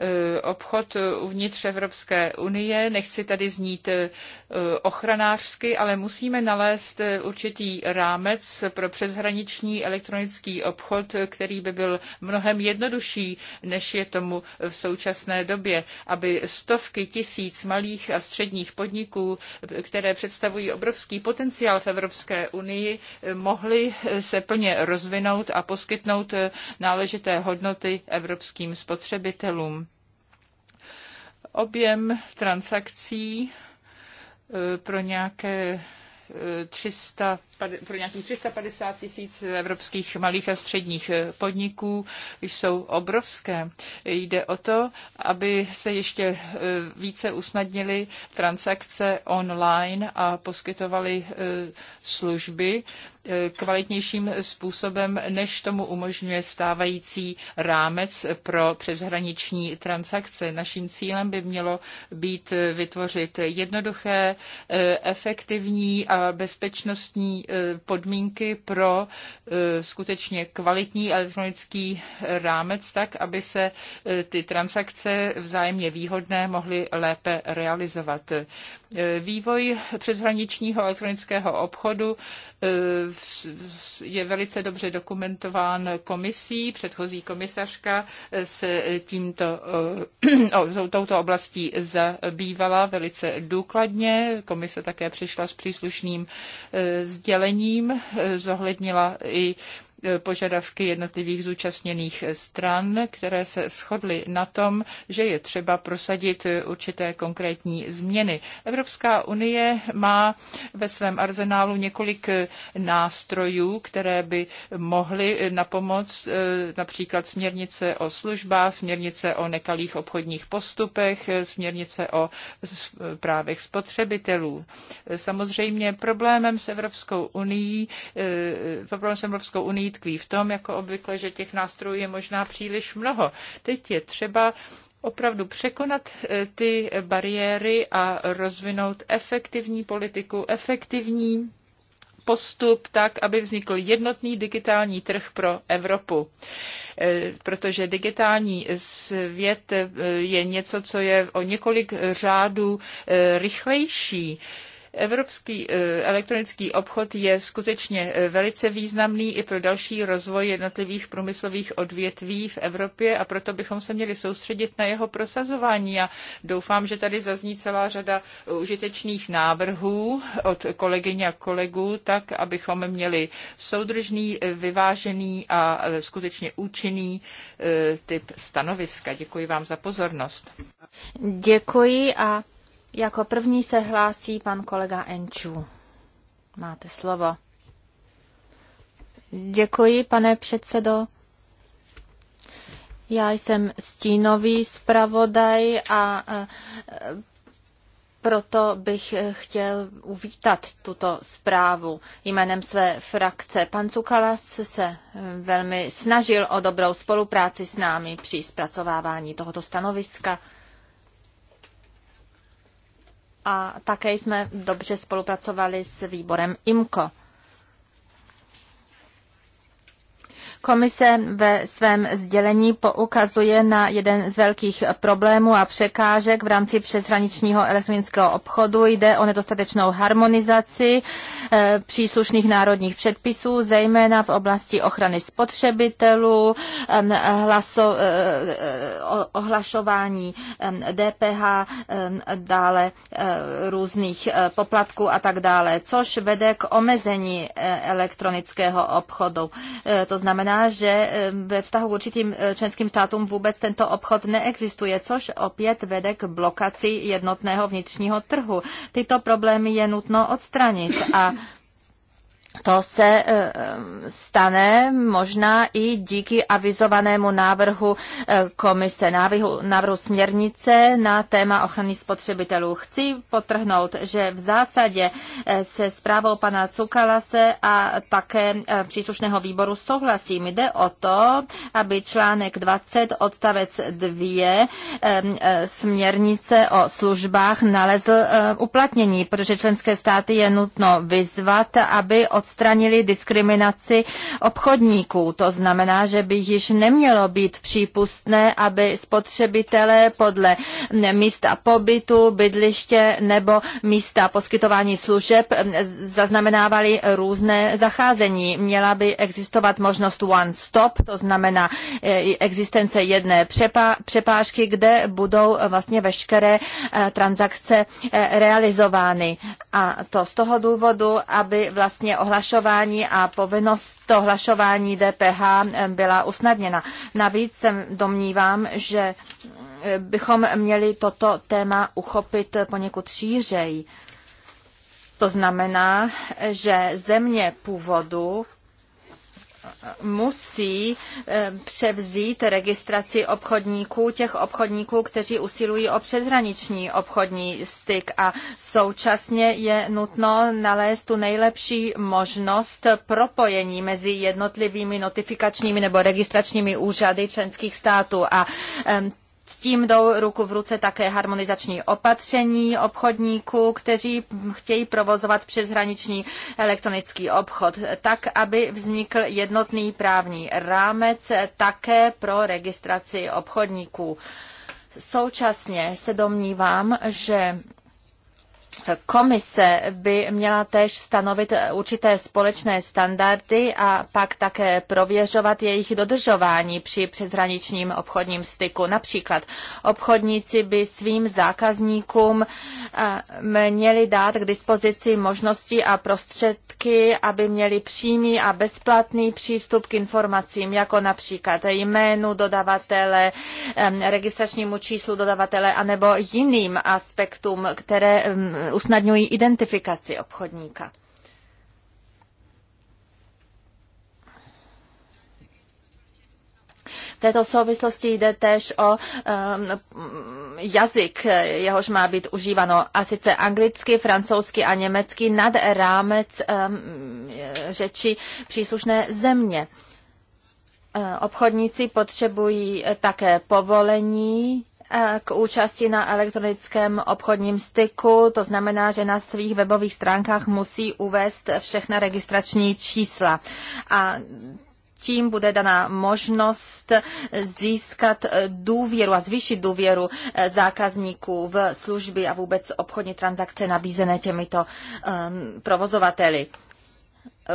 Eh, obchod uvnitř Evropské unie. Nechci tady znít eh, ochranářsky, ale musíme nalézt eh, určitý rámec pro přeshraniční elektronický obchod, který by byl mnohem jednodušší, než je tomu v současné době, aby stovky tisíc malých a středních podniků, které představují obrovský potenciál v Evropské unii, mohly se plně rozvinout a poskytnout náležité hodnoty evropským spotřebitelům objem transakcí e, pro nějaké 300 e, pro nějakých 350 tisíc evropských malých a středních eh, podniků jsou obrovské. Jde o to, aby se ještě eh, více usnadnily transakce online a poskytovaly eh, služby kvalitnějším způsobem, než tomu umožňuje stávající rámec pro přeshraniční transakce. Naším cílem by mělo být vytvořit jednoduché, efektivní a bezpečnostní Eh, podmínky pro eh, skutečně kvalitní elektronický rámec, tak aby se eh, ty transakce vzájemně výhodné mohly lépe realizovat. Eh, vývoj přeshraničního elektronického obchodu eh, je velice dobře dokumentován komisí. Předchozí komisařka eh, se tímto, touto oblastí zabývala velice důkladně. Komise také přišla s příslušným sdělením, zohlednila i E, požadavky jednotlivých zúčastněných stran, které se shodly na tom, že je třeba prosadit určité konkrétní změny. Evropská unie má ve svém arzenálu několik nástrojů, které by mohly na pomoc e, například směrnice o službách, směrnice o nekalých obchodních postupech, směrnice o právech spotřebitelů. Samozřejmě problémem s Evropskou unii, e, problémem s Evropskou unii tkví v tom, jako obvykle, že těch nástrojů je možná příliš mnoho. Teď je třeba opravdu překonat eh, ty bariéry a rozvinout efektivní politiku, efektivní postup tak, aby vznikl jednotný digitální trh pro Evropu. Eh, protože digitální svět eh, je něco, co je o několik řádů rychlejší. Evropský eh, elektronický obchod je skutečně eh, velice významný i pro další rozvoj jednotlivých průmyslových odvětví v Evropě a proto bychom se měli soustředit na jeho prosazování. A doufám, že tady zazní celá řada užitečných návrhů od kolegyň a kolegů, tak abychom měli soudržný, eh, vyvážený a skutečně účinný typ stanoviska. Děkuji vám za pozornost. Děkuji a jako první se hlásí pan kolega Enčů. Máte slovo. Děkuji, pane předsedo. Já jsem stínový zpravodaj a e, proto bych chtěl uvítat tuto zprávu jménem své frakce. Pan Cukalas se velmi snažil o dobrou spolupráci s námi při zpracovávání tohoto stanoviska a také jsme dobře spolupracovali s výborem IMCO. Komise ve svém sdělení poukazuje na jeden z velkých problémů a překážek v rámci přeshraničního elektronického obchodu. Jde o nedostatečnou harmonizaci eh, příslušných národních předpisů, zejména v oblasti ochrany spotřebitelů, hlaso, eh, eh, ohlašování DPH, dále různých poplatků a tak dále, což vede k omezení elektronického obchodu. To znamená, znamená, že ve vztahu k určitým e, členským státům vůbec tento obchod neexistuje, což opět vede k blokaci jednotného vnitřního trhu. Tyto problémy je nutno odstranit a to se eh, stane možná i díky avizovanému návrhu eh, komise, návrhu, návrhu směrnice na téma ochrany spotřebitelů. Chci potrhnout, že v zásadě eh, se zprávou pana Cukalase a také příslušného výboru souhlasím. Jde o to, aby článek 20 odstavec 2 směrnice o službách nalezl uplatnění, protože členské státy je nutno vyzvat, aby od odstranili diskriminaci obchodníků. To znamená, že by již nemělo být přípustné, aby spotřebitelé podle místa pobytu, bydliště nebo místa poskytování služeb zaznamenávali různé zacházení. Měla by existovat možnost one stop, to znamená e, existence jedné přepážky, kde budou vlastně veškeré e, transakce e, realizovány. A to z toho důvodu, aby vlastně ohlášení hlašování a povinnost to hlašování DPH eh, byla usnadněna. Navíc se domnívám, že eh, bychom měli toto téma uchopit poněkud šířej. To znamená, eh, že země původu musí eh, převzít registraci obchodníků, těch obchodníků, kteří usilují o přeshraniční obchodní styk a současně je nutno nalézt tu nejlepší možnost propojení mezi jednotlivými notifikačními nebo registračními úřady členských států a s tím jdou ruku v ruce také harmonizační opatření obchodníků, kteří chtějí provozovat přeshraniční elektronický obchod, tak, aby vznikl jednotný právní rámec také pro registraci obchodníků. Současně se domnívám, že Komise by měla též stanovit určité společné standardy a pak také prověřovat jejich dodržování při přeshraničním obchodním styku. Například obchodníci by svým zákazníkům eh, měli dát k dispozici možnosti a prostředky, aby měli přímý a bezplatný přístup k informacím, jako například jménu dodavatele, eh, registračnímu číslu dodavatele anebo jiným aspektům, které mm, usnadňují identifikaci obchodníka. V této souvislosti jde též o um, jazyk, jehož má být užívano, a sice anglicky, francouzsky a německy nad rámec um, řeči příslušné země. Uh, obchodníci potřebují také povolení Eh, k účasti na elektronickém obchodním styku. To znamená, že na svých webových stránkách musí uvést všechna registrační čísla. A tím bude daná možnost získat důvěru a zvýšit důvěru eh, zákazníků v služby a vůbec obchodní transakce nabízené těmito um, provozovateli.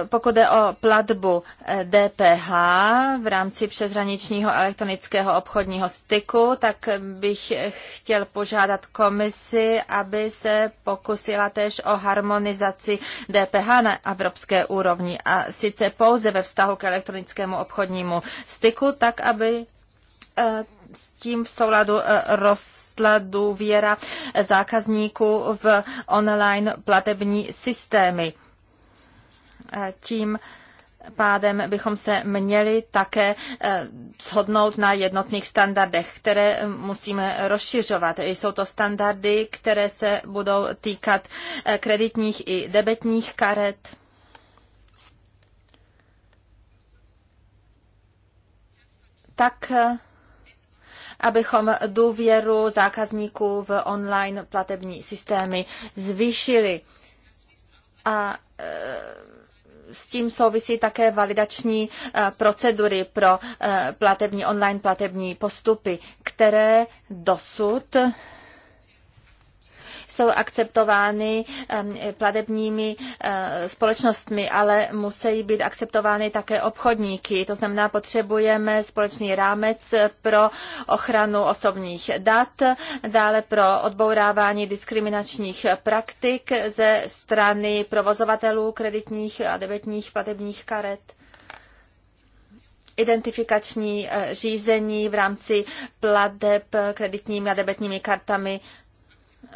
Pokud jde o platbu DPH eh, v rámci přeshraničního elektronického obchodního styku, tak bych chtěl požádat komisi, aby se pokusila též o harmonizaci DPH na evropské úrovni a sice pouze ve vztahu k elektronickému obchodnímu styku, tak aby eh, s tím v souladu eh, rostla důvěra zákazníků v online platební systémy tím pádem bychom se měli také eh, shodnout na jednotných standardech, které eh, musíme rozšiřovat. Jsou to standardy, které se budou týkat eh, kreditních i debetních karet. Tak abychom důvěru zákazníků v online platební systémy zvýšili. A s tím souvisí také validační eh, procedury pro eh, platební online platební postupy, které dosud jsou akceptovány platebními eh, společnostmi, ale musí být akceptovány také obchodníky. To znamená, potřebujeme společný rámec pro ochranu osobních dat, dále pro odbourávání diskriminačních praktik ze strany provozovatelů kreditních a debetních platebních karet identifikační eh, řízení v rámci plateb kreditními a debetními kartami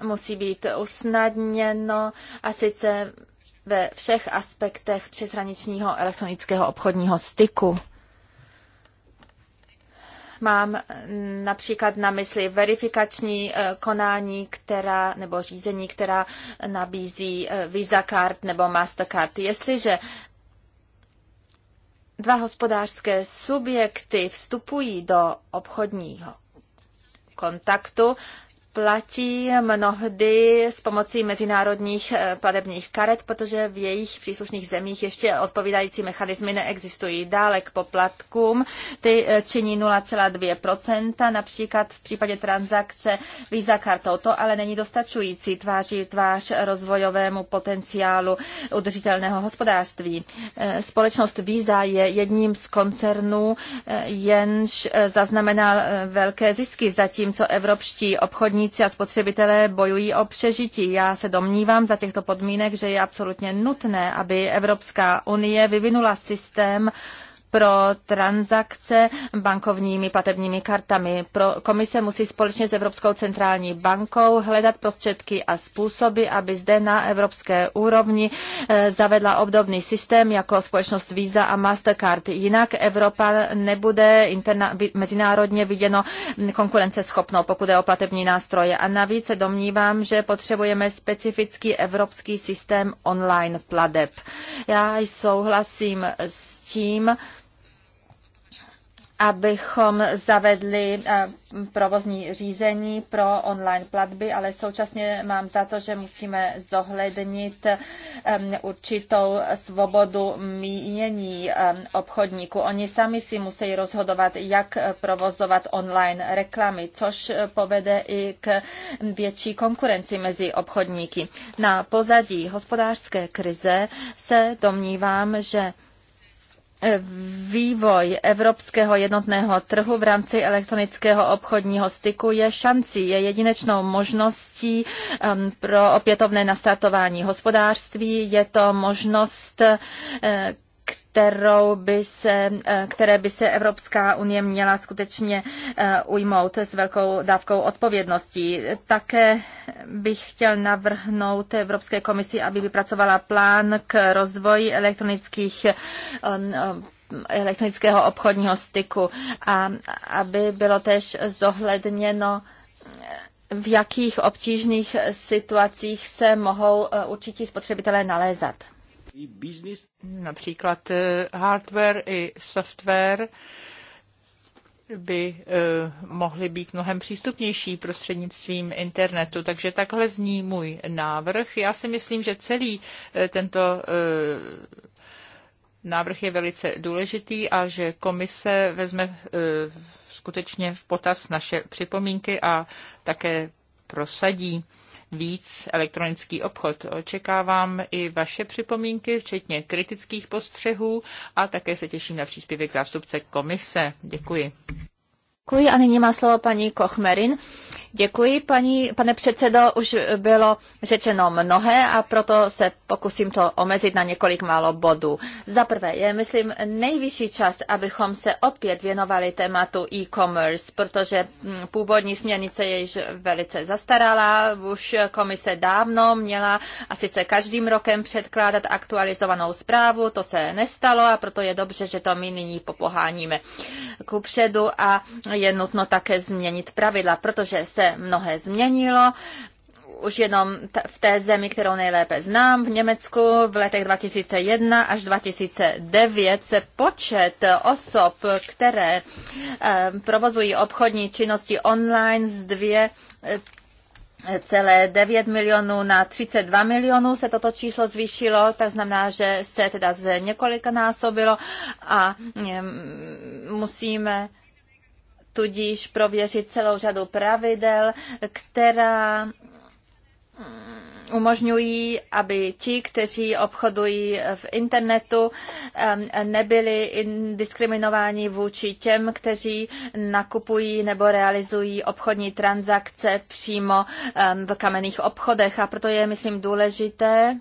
musí být usnadněno a sice ve všech aspektech přeshraničního elektronického obchodního styku. Mám například na mysli verifikační eh, konání, která, nebo řízení, která nabízí eh, Visa Card nebo Mastercard. Jestliže dva hospodářské subjekty vstupují do obchodního kontaktu, platí mnohdy s pomocí mezinárodních eh, platebních karet, protože v jejich příslušných zemích ještě odpovídající mechanismy neexistují. Dále k poplatkům ty eh, činí 0,2%, například v případě transakce Visa kartou. To ale není dostačující tváří tvář rozvojovému potenciálu udržitelného hospodářství. Eh, společnost Visa je jedním z koncernů, jenž zaznamenal velké zisky, zatímco evropští obchodní Obchodníci a spotřebitelé bojují o přežití. Já se domnívám za těchto podmínek, že je absolutně nutné, aby Evropská unie vyvinula systém pro transakce bankovními platebními kartami. Pro komise musí společně s Evropskou centrální bankou hledat prostředky a způsoby, aby zde na evropské úrovni eh, zavedla obdobný systém jako společnost Visa a Mastercard. Jinak Evropa nebude interna, mezinárodně viděno konkurenceschopnou, pokud je o platební nástroje. A navíc se domnívám, že potřebujeme specifický evropský systém online plateb. Já souhlasím s tím, abychom zavedli eh, provozní řízení pro online platby, ale současně mám za to, že musíme zohlednit ehm, určitou svobodu mínění ehm, obchodníků. Oni sami si musí rozhodovat, jak provozovat online reklamy, což povede i k větší konkurenci mezi obchodníky. Na pozadí hospodářské krize se domnívám, že Eh, vývoj evropského jednotného trhu v rámci elektronického obchodního styku je šancí, je jedinečnou možností ehm, pro opětovné nastartování hospodářství, je to možnost, eh, kterou by se, eh, které by se Evropská unie měla skutečně eh, ujmout s velkou dávkou odpovědností. Také bych chtěl navrhnout Evropské komisi, aby vypracovala plán k rozvoji elektronických eh, elektronického obchodního styku a aby bylo tež zohledněno v jakých obtížných situacích se mohou určití spotřebitelé nalézat. Například eh, hardware i software by eh, mohly být mnohem přístupnější prostřednictvím internetu. Takže takhle zní můj návrh. Já si myslím, že celý eh, tento návrh je velice důležitý a že komise vezme skutečně v potaz naše připomínky a také prosadí víc elektronický obchod. Očekávám i vaše připomínky, včetně kritických postřehů a také se těším na příspěvek zástupce komise. Děkuji. Děkuji a nyní má slovo paní Kochmerin. Děkuji, paní, pane předsedo, už bylo řečeno mnohé a proto se pokusím to omezit na několik málo bodů. Za prvé je, myslím, nejvyšší čas, abychom se opět věnovali tématu e-commerce, protože mm, původní směrnice je již velice zastarala, už komise dávno měla a sice každým rokem předkládat aktualizovanou zprávu, to se nestalo a proto je dobře, že to my nyní popoháníme kupředu a je nutno také změnit pravidla, protože se mnohé změnilo, už jenom v té zemi, kterou nejlépe znám, v Německu v letech 2001 až 2009 se počet osob, které eh, provozují obchodní činnosti online z dvě eh, celé 9 milionů na 32 milionů se toto číslo zvýšilo, tak znamená, že se teda z několika násobilo a mm, musíme tudíž prověřit celou řadu pravidel, která mm, umožňují, aby ti, kteří obchodují v internetu, nebyli diskriminováni vůči těm, kteří nakupují nebo realizují obchodní transakce přímo v kamenných obchodech. A proto je, myslím, důležité,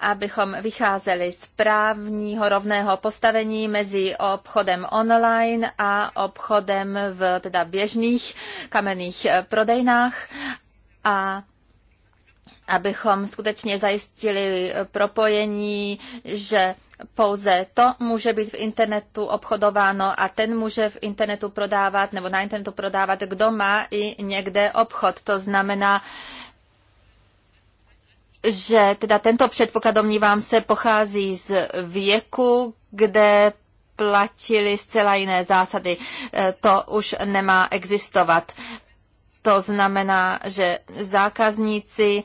abychom vycházeli z právního rovného postavení mezi obchodem online a obchodem v teda běžných kamenných eh, prodejnách a abychom skutečně zajistili propojení, že pouze to může být v internetu obchodováno a ten může v internetu prodávat nebo na internetu prodávat, kdo má i někde obchod. To znamená, že teda tento předpoklad, domnívám se, pochází z věku, kde platili zcela jiné zásady. E, to už nemá existovat. To znamená, že zákazníci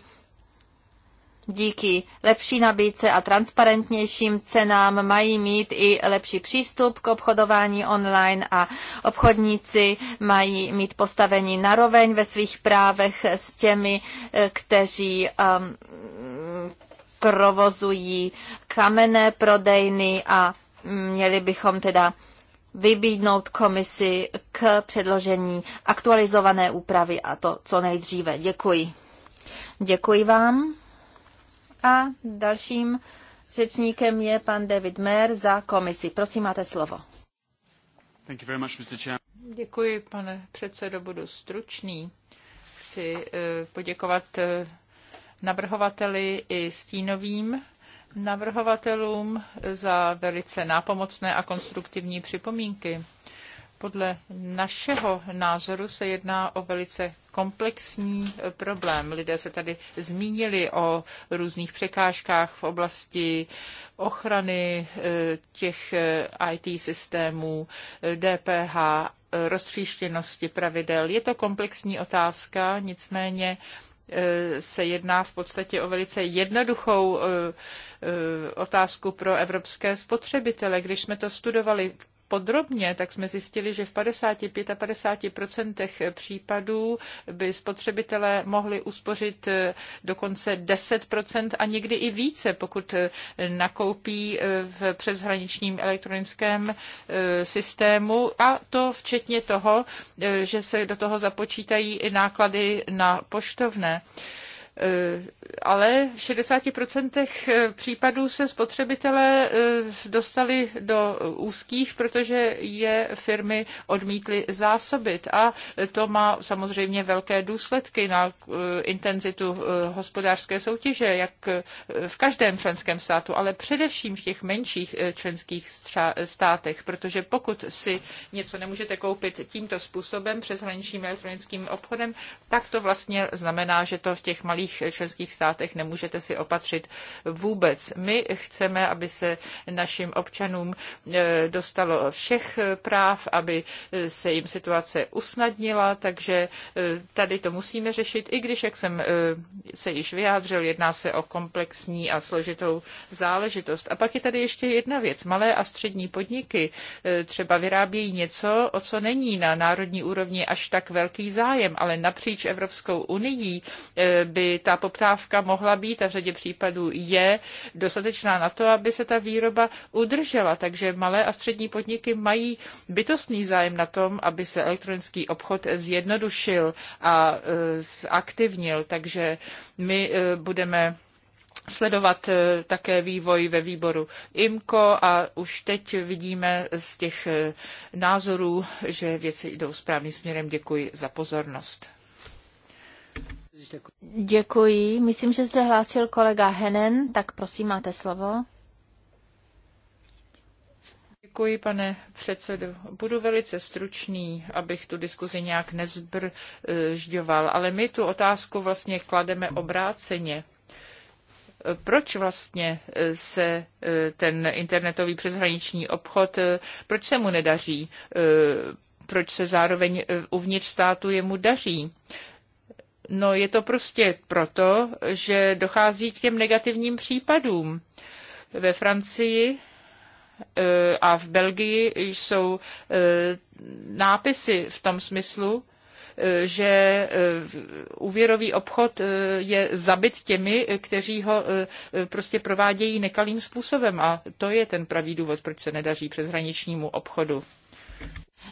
díky lepší nabídce a transparentnějším cenám mají mít i lepší přístup k obchodování online a obchodníci mají mít postavení naroveň ve svých právech s těmi, eh, kteří um, provozují kamenné prodejny a měli bychom teda vybídnout komisi k předložení aktualizované úpravy a to co nejdříve. Děkuji. Děkuji vám. A dalším řečníkem je pan David Mayer za komisi. Prosím, máte slovo. Děkuji, pane předsedo, budu stručný. Chci eh, poděkovat eh, navrhovateli i stínovým navrhovatelům za velice nápomocné a konstruktivní připomínky. Podle našeho názoru se jedná o velice komplexní eh, problém. Lidé se tady zmínili o různých překážkách v oblasti ochrany eh, těch eh, IT systémů, DPH roztříštěnosti pravidel. Je to komplexní otázka, nicméně se jedná v podstatě o velice jednoduchou otázku pro evropské spotřebitele. Když jsme to studovali podrobně, tak jsme zjistili, že v 55 a 50 případů by spotřebitelé mohli uspořit eh, dokonce 10 a někdy i více, pokud eh, nakoupí eh, v přeshraničním elektronickém systému a to včetně toho, že se do toho započítají i náklady na poštovné ale v 60% eh, případů se spotřebitelé eh, dostali do úzkých, protože je firmy odmítly zásobit a to má samozřejmě velké důsledky na eh, intenzitu hospodářské soutěže, jak v každém členském státu, ale především v těch menších členských státech, protože pokud si něco nemůžete koupit tímto způsobem přes hraničním elektronickým obchodem, tak to vlastně znamená, že to v těch malých jiných členských státech nemůžete si opatřit vůbec. My chceme, aby se našim občanům eh, dostalo všech práv, aby eh, se jim situace usnadnila, takže eh, tady to musíme řešit, i když, jak jsem se již vyjádřil, jedná se o komplexní a složitou záležitost. A pak je tady ještě jedna věc. Malé a střední podniky třeba vyrábějí něco, o co není na národní úrovni až tak velký zájem, ale napříč Evropskou unii by ta poptávka mohla být a v řadě případů je dostatečná na to, aby se ta výroba udržela. Takže malé a střední podniky mají bytostný zájem na tom, aby se elektronický obchod zjednodušil a e, zaktivnil. Takže my e, budeme sledovat e, také vývoj ve výboru IMCO a už teď vidíme z těch názorů, že věci jdou správným směrem. Děkuji za pozornost. Děkuji. Myslím, že se hlásil kolega Henen, tak prosím, máte slovo. Děkuji, pane předsedo. Budu velice stručný, abych tu diskuzi nějak nezbržďoval, ale my tu otázku vlastně klademe obráceně proč vlastně se eh, ten internetový přeshraniční obchod, eh, proč se mu nedaří, eh, proč se zároveň uvnitř státu jemu daří. No je to prostě proto, že dochází k těm negativním případům. Ve Francii e, a v Belgii jsou e, nápisy v tom smyslu, e, že úvěrový obchod je zabit těmi, kteří ho prostě provádějí nekalým způsobem. A to je ten pravý důvod, proč se nedaří přeshraničnímu obchodu.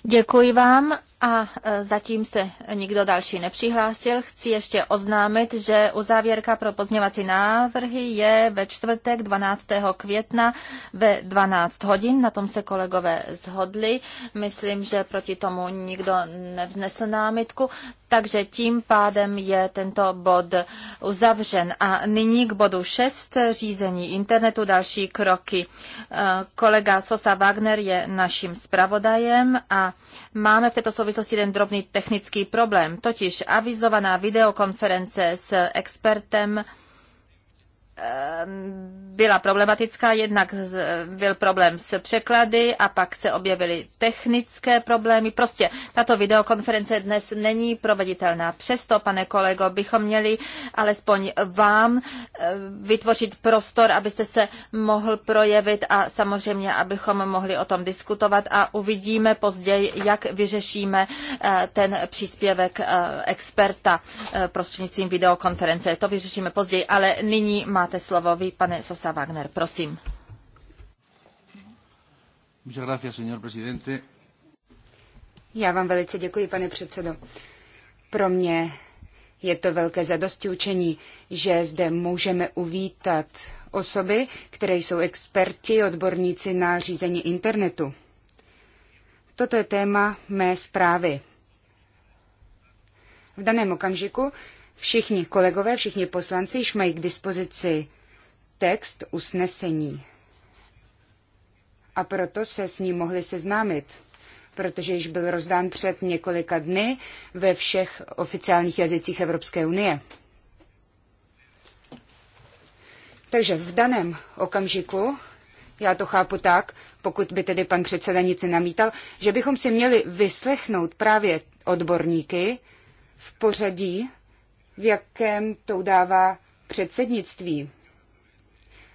Děkuji vám a e, zatím se nikdo další nepřihlásil. Chci ještě oznámit, že uzávěrka pro pozměvací návrhy je ve čtvrtek 12. května ve 12 hodin. Na tom se kolegové zhodli. Myslím, že proti tomu nikdo nevznesl námitku. Takže tím pádem je tento bod uzavřen. A nyní k bodu 6, řízení internetu, další kroky. E, kolega Sosa Wagner je naším zpravodajem a Máme v této souvislosti jeden drobný technický problém, totiž avizovaná videokonference s expertem Ehm, byla problematická, jednak byl problém s překlady a pak se objevily technické problémy. Prostě tato videokonference dnes není proveditelná. Přesto, pane kolego, bychom měli alespoň vám eh, vytvořit prostor, abyste se mohl projevit a samozřejmě, abychom mohli o tom diskutovat a uvidíme později, jak vyřešíme eh, ten příspěvek eh, experta prostřednictvím videokonference. To vyřešíme později, ale nyní má máte slovo vy, pane Sosa Wagner, prosím. Já vám velice děkuji, pane předsedo. Pro mě je to velké zadostiučení, že zde můžeme uvítat osoby, které jsou experti, odborníci na řízení internetu. Toto je téma mé zprávy. V daném okamžiku Všichni kolegové, všichni poslanci již mají k dispozici text usnesení. A proto se s ním mohli seznámit, protože již byl rozdán před několika dny ve všech oficiálních jazycích Evropské unie. Takže v daném okamžiku, já to chápu tak, pokud by tedy pan předseda nic namítal, že bychom si měli vyslechnout právě odborníky v pořadí, v jakém to udává předsednictví.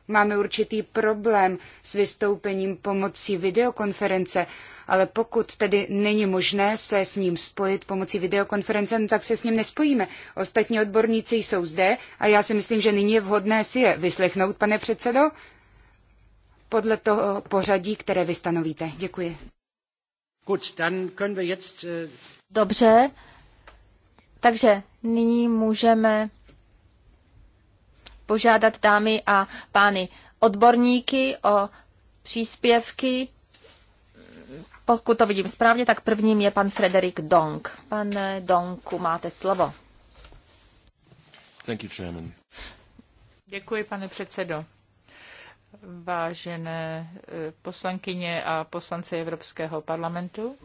Máme určitý problém s vystoupením pomocí videokonference, ale pokud tedy není možné se s ním spojit pomocí videokonference, no tak se s ním nespojíme. Ostatní odborníci jsou zde a já si myslím, že nyní je vhodné si je vyslechnout, pane předsedo, podle toho pořadí, které vy stanovíte. Děkuji. Äh, Dobře, takže nyní můžeme požádat dámy a pány odborníky o příspěvky. Pokud to vidím správně, tak prvním je pan Frederik Dong. Pane Donku, máte slovo. Thank you, chairman. Děkuji, pane předsedo. Vážené eh, poslankyně a poslanci Evropského parlamentu,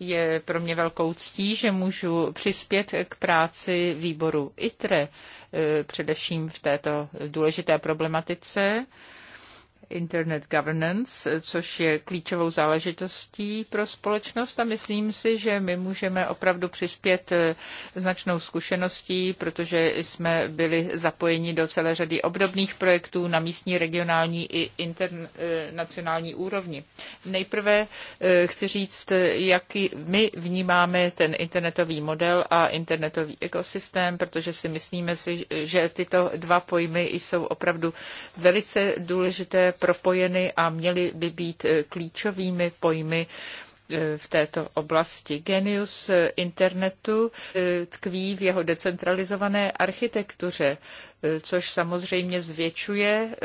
je pro mě velkou ctí, že můžu přispět k práci výboru ITRE, eh, především v této důležité problematice. Internet Governance, což je klíčovou záležitostí pro společnost a myslím si, že my můžeme opravdu přispět eh, značnou zkušeností, protože jsme byli zapojeni do celé řady obdobných projektů na místní, regionální i internacionální eh, úrovni. Nejprve eh, chci říct, jak my vnímáme ten internetový model a internetový ekosystém, protože si myslíme si, že tyto dva pojmy jsou opravdu velice důležité propojeny a měly by být eh, klíčovými pojmy eh, v této oblasti. Genius eh, internetu tkví v jeho decentralizované architektuře, což samozřejmě zvětšuje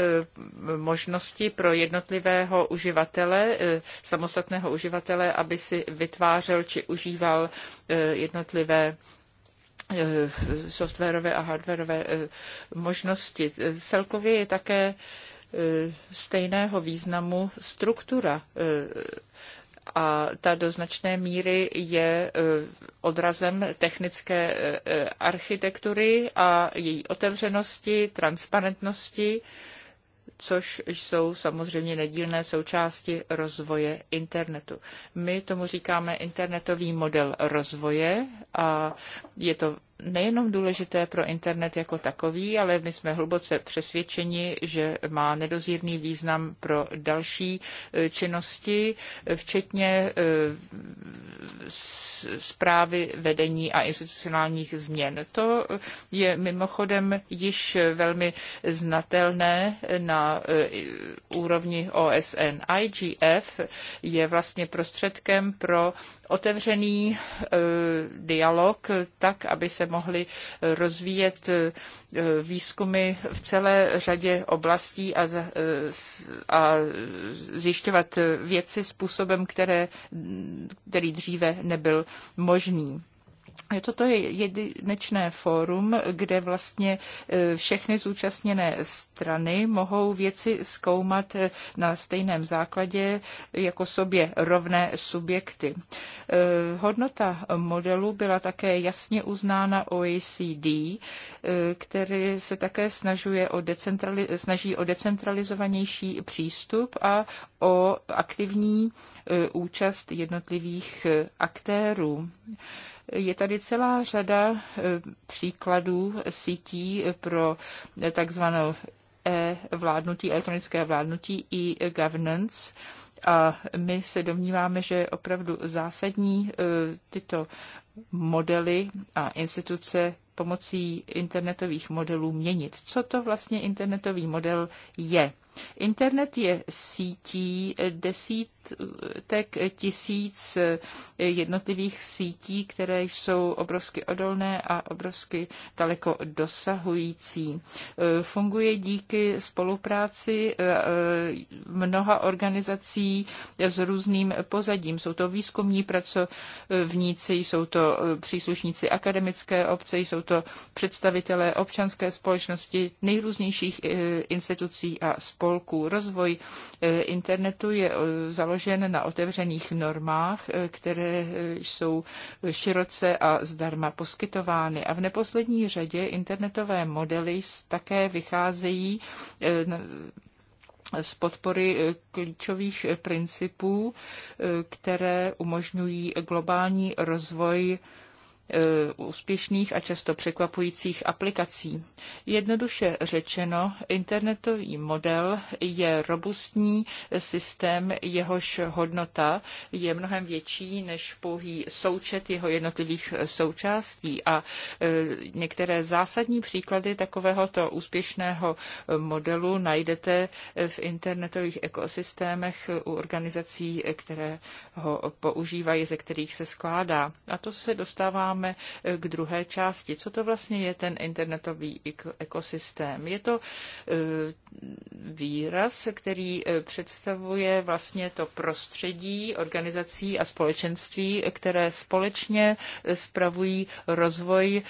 možnosti pro jednotlivého uživatele, samostatného uživatele, aby si vytvářel či užíval jednotlivé softwarové a hardwarové možnosti. Celkově je také E, stejného významu struktura e, a ta do značné míry je e, odrazem technické architektury a její otevřenosti, transparentnosti, což jsou samozřejmě nedílné součásti rozvoje internetu. My tomu říkáme internetový model rozvoje a je to nejenom důležité pro internet jako takový, ale my jsme hluboce přesvědčeni, že má nedozírný význam pro další e, činnosti, e, včetně e, zprávy vedení a institucionálních změn. To je mimochodem již velmi znatelné na úrovni OSN. IGF je vlastně prostředkem pro otevřený dialog tak, aby se mohli rozvíjet eh, výzkumy v celé řadě oblastí a, eh, a zjišťovat eh, věci způsobem, které, který dříve nebyl možný. Toto je jedinečné fórum, kde vlastně e, všechny zúčastněné strany mohou věci zkoumat e, na stejném základě jako sobě rovné subjekty. E, hodnota modelu byla také jasně uznána OECD, který se také snažuje o decentrali- snaží o decentralizovanější přístup a o aktivní účast jednotlivých aktérů. Je tady celá řada eh, příkladů eh, sítí eh, pro takzvanou e-vládnutí, elektronické vládnutí e-governance, a my se domníváme, že je opravdu zásadní tyto modely a instituce pomocí internetových modelů měnit. Co to vlastně internetový model je? Internet je sítí desítek tisíc jednotlivých sítí, které jsou obrovsky odolné a obrovsky daleko dosahující. Funguje díky spolupráci eh, mnoha organizací s různým pozadím. Jsou to výzkumní pracovníci, jsou to příslušníci akademické obce, jsou to představitelé občanské společnosti, nejrůznějších eh, institucí a spolků. Rozvoj eh, internetu je eh, založen na otevřených normách, které jsou široce a zdarma poskytovány. A v neposlední řadě internetové modely také vycházejí z podpory e, klíčových e, principů, e, které umožňují globální rozvoj Eh, úspěšných a často překvapujících aplikací. Jednoduše řečeno, internetový model je robustní systém, jehož hodnota je mnohem větší než pouhý součet jeho jednotlivých součástí. A eh, některé zásadní příklady takovéhoto úspěšného modelu najdete v internetových ekosystémech u organizací, které ho používají, ze kterých se skládá. A to se dostávám dostáváme k druhé části. Co to vlastně je ten internetový ekosystém? Je to eh, výraz, který eh, představuje vlastně to prostředí organizací a společenství, které společně eh, spravují rozvoj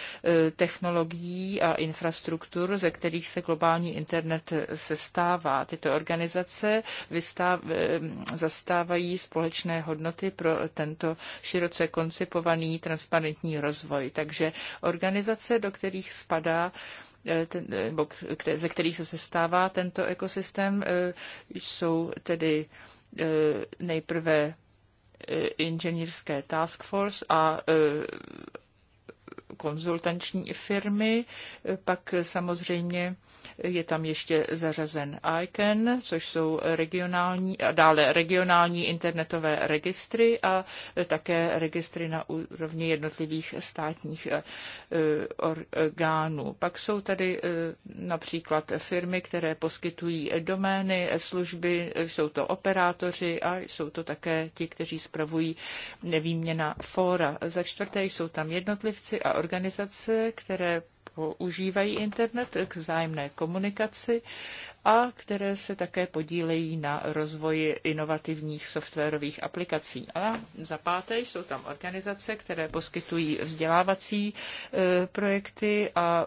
technologií a infrastruktur, ze kterých se globální internet sestává. Tyto organizace vystáv, zastávají společné hodnoty pro tento široce koncipovaný transparentní rozvoj. Takže organizace, do kterých spadá eh, ten, eh, nebo ze kterých se sestává tento ekosystém, eh, jsou tedy nejprve inženýrské task force a konzultanční firmy. Pak samozřejmě je tam ještě zařazen ICANN, což jsou regionální, a dále regionální internetové registry a také registry na úrovni jednotlivých státních eh, orgánů. Pak jsou tady eh, například firmy, které poskytují domény, služby, jsou to operátoři a jsou to také ti, kteří spravují výměna fóra. Za čtvrté jsou tam jednotlivci a organizace, které používají internet k vzájemné komunikaci a které se také podílejí na rozvoji inovativních softwarových aplikací. A za páté jsou tam organizace, které poskytují vzdělávací eh, projekty a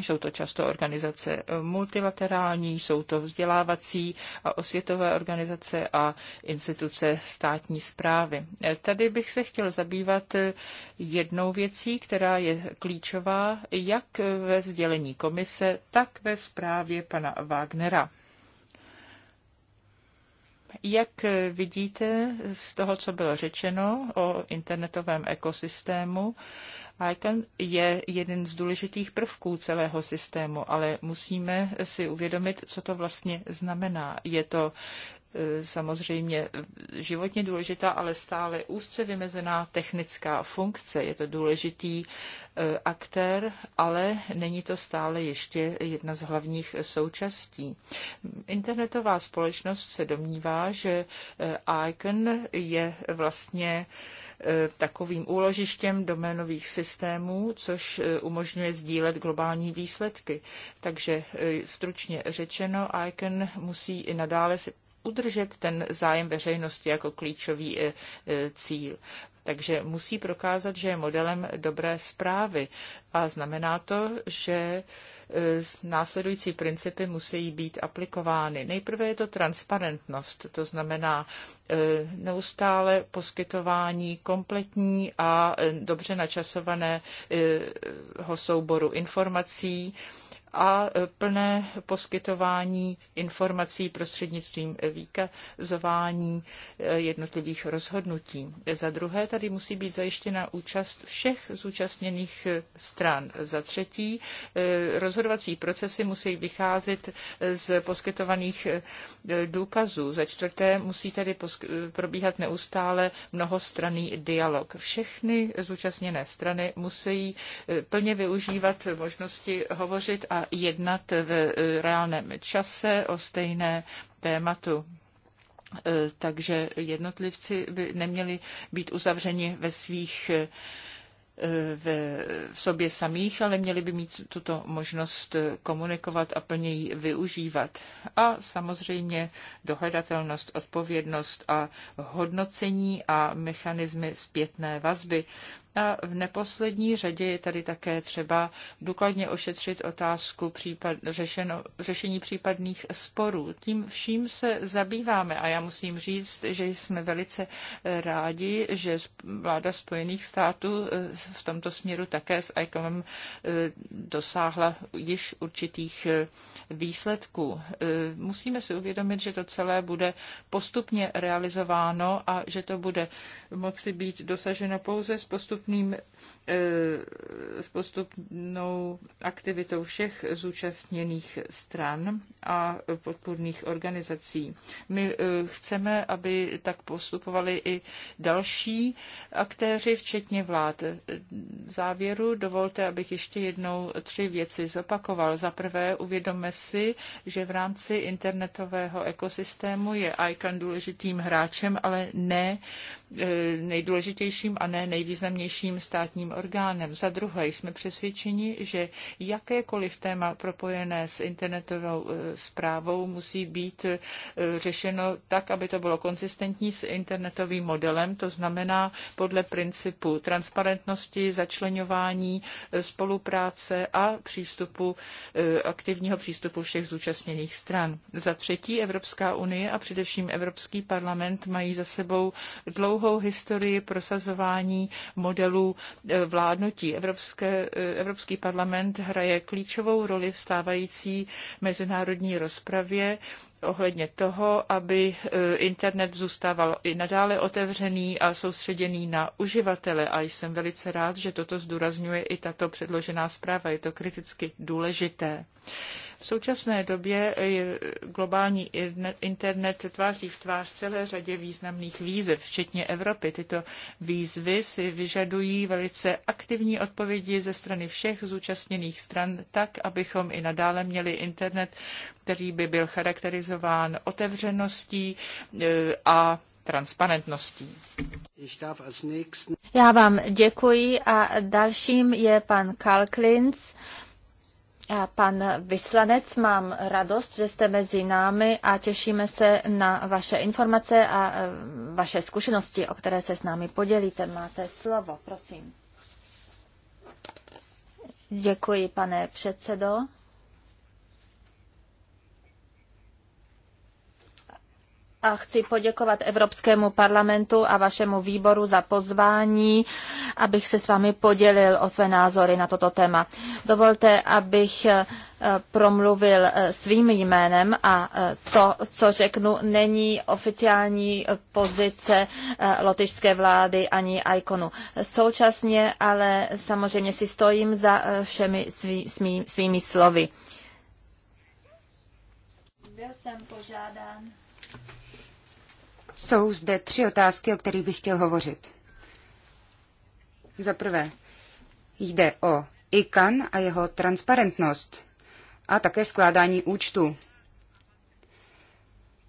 jsou to často organizace eh, multilaterální, jsou to vzdělávací a osvětové organizace a instituce státní zprávy. Eh, tady bych se chtěl zabývat eh, jednou věcí, která je klíčová jak ve sdělení komise, tak ve zprávě pana Wagnera. Jak vidíte z toho, co bylo řečeno o internetovém ekosystému, ICANN je jeden z důležitých prvků celého systému, ale musíme si uvědomit, co to vlastně znamená. Je to eh, samozřejmě životně důležitá, ale stále úzce vymezená technická funkce. Je to důležitý eh, aktér, ale není to stále ještě jedna z hlavních součástí. Internetová společnost se domnívá, že eh, icon je vlastně Eh, takovým úložištěm doménových systémů, což eh, umožňuje sdílet globální výsledky. Takže eh, stručně řečeno, ICANN musí i nadále si udržet ten zájem veřejnosti jako klíčový cíl. Takže musí prokázat, že je modelem dobré zprávy. A znamená to, že e, následující principy musí být aplikovány. Nejprve je to transparentnost, to znamená e, neustále poskytování kompletní a e, dobře načasovaného souboru informací, a plné poskytování informací prostřednictvím výkazování eh, jednotlivých rozhodnutí. Za druhé, tady musí být zajištěna účast všech zúčastněných eh, stran. Za třetí, eh, rozhodovací procesy musí vycházet z poskytovaných důkazů. Za čtvrté, musí tady probíhat neustále mnohostranný dialog. Všechny zúčastněné strany musí plně využívat možnosti hovořit a jednat v eh, reálném čase o stejné tématu eh, takže jednotlivci by neměli být uzavřeni ve svých eh, v, sobě samých, ale měli by mít tuto možnost komunikovat a plně ji využívat. A samozřejmě dohledatelnost, odpovědnost a hodnocení a mechanismy zpětné vazby. A v neposlední řadě je tady také třeba důkladně ošetřit otázku případ, řešeno, řešení případných sporů. Tím vším se zabýváme a já musím říct, že jsme velice rádi, že vláda Spojených států eh, v tomto směru také s ICOM eh, dosáhla již určitých eh, výsledků. Musíme si uvědomit, že to celé bude postupně realizováno a že to bude moci být dosaženo pouze s postupem postupným, eh, s postupnou aktivitou všech zúčastněných stran a podpůrných organizací. My eh, chceme, aby tak postupovali i další aktéři, včetně vlád. V závěru dovolte, abych ještě jednou tři věci zopakoval. Za prvé, uvědomme si, že v rámci internetového ekosystému je ICANN důležitým hráčem, ale ne eh, nejdůležitějším a ne nejvýznamnějším nejvyšším státním orgánem. Za druhé jsme přesvědčeni, že jakékoliv téma propojené s internetovou zprávou eh, musí být eh, řešeno tak, aby to bylo konzistentní s internetovým modelem, to znamená podle principu transparentnosti, začlenování, eh, spolupráce a přístupu, aktivního přístupu všech zúčastněných stran. Za třetí, Evropská unie a především Evropský parlament mají za sebou dlouhou historii prosazování modelu modelů eh, vládnutí. Evropské, eh, Evropský parlament hraje klíčovou roli v stávající mezinárodní rozpravě ohledně toho, aby eh, internet zůstával i nadále otevřený a soustředěný na uživatele. A jsem velice rád, že toto zdůrazňuje i tato předložená zpráva. Je to kriticky důležité. V současné době je globální internet tváří v tvář celé řadě významných výzev, včetně Evropy. Tyto výzvy si vyžadují velice aktivní odpovědi ze strany všech zúčastněných stran, tak, abychom i nadále měli internet, který by byl charakterizován otevřeností e, a transparentností. Já vám děkuji a dalším je pan Kalklins Pan vyslanec, mám radost, že jste mezi námi a těšíme se na vaše informace a e, vaše zkušenosti, o které se s námi podělíte. Máte slovo, prosím. Děkuji, pane předsedo. a chci poděkovat Evropskému parlamentu a vašemu výboru za pozvání, abych se s vámi podělil o své názory na toto téma. Dovolte, abych eh, promluvil eh, svým jménem a eh, to, co řeknu, není oficiální pozice lotyšské vlády ani ikonu. Současně ale samozřejmě si stojím za všemi svý, svý, svými slovy. Byl jsem požádán jsou zde tři otázky, o kterých bych chtěl hovořit. Za prvé, jde o ICAN a jeho transparentnost a také skládání účtu.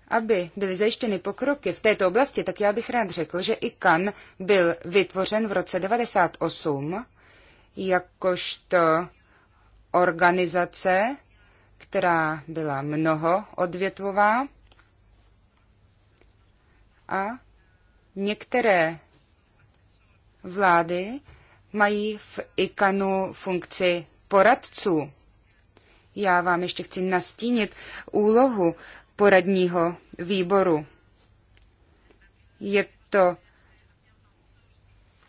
Aby byly zajištěny pokroky v této oblasti, tak já bych rád řekl, že ICAN byl vytvořen v roce 98 jakožto organizace, která byla mnoho odvětvová a některé vlády mají v ikanu funkci poradců. Já vám ještě chci nastínit úlohu poradního výboru. Je to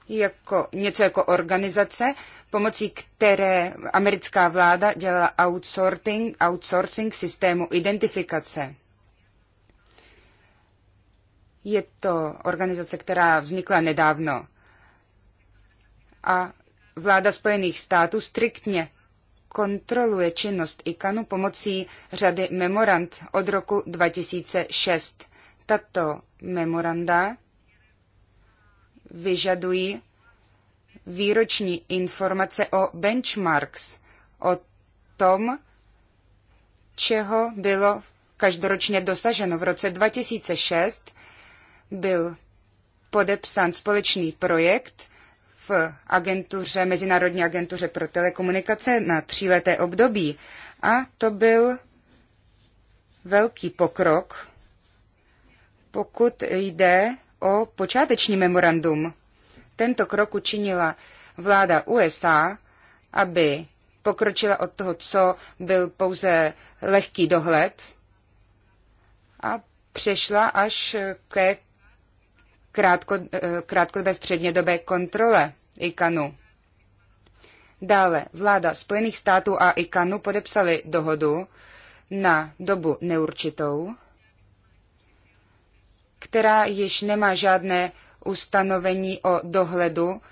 jako, něco jako organizace, pomocí které americká vláda dělá outsourcing, outsourcing systému identifikace. Je to organizace, která vznikla nedávno a vláda Spojených států striktně kontroluje činnost ICANu pomocí řady memorand od roku 2006. Tato memoranda vyžadují výroční informace o benchmarks, o tom, čeho bylo každoročně dosaženo. V roce 2006 byl podepsán společný projekt v agentuře, Mezinárodní agentuře pro telekomunikace na tříleté období. A to byl velký pokrok, pokud jde o počáteční memorandum. Tento krok učinila vláda USA, aby pokročila od toho, co byl pouze lehký dohled a přešla až ke krátko, krátkodobé střednědobé kontrole IKANu. Dále vláda Spojených států a IKANu podepsali dohodu na dobu neurčitou, která již nemá žádné ustanovení o dohledu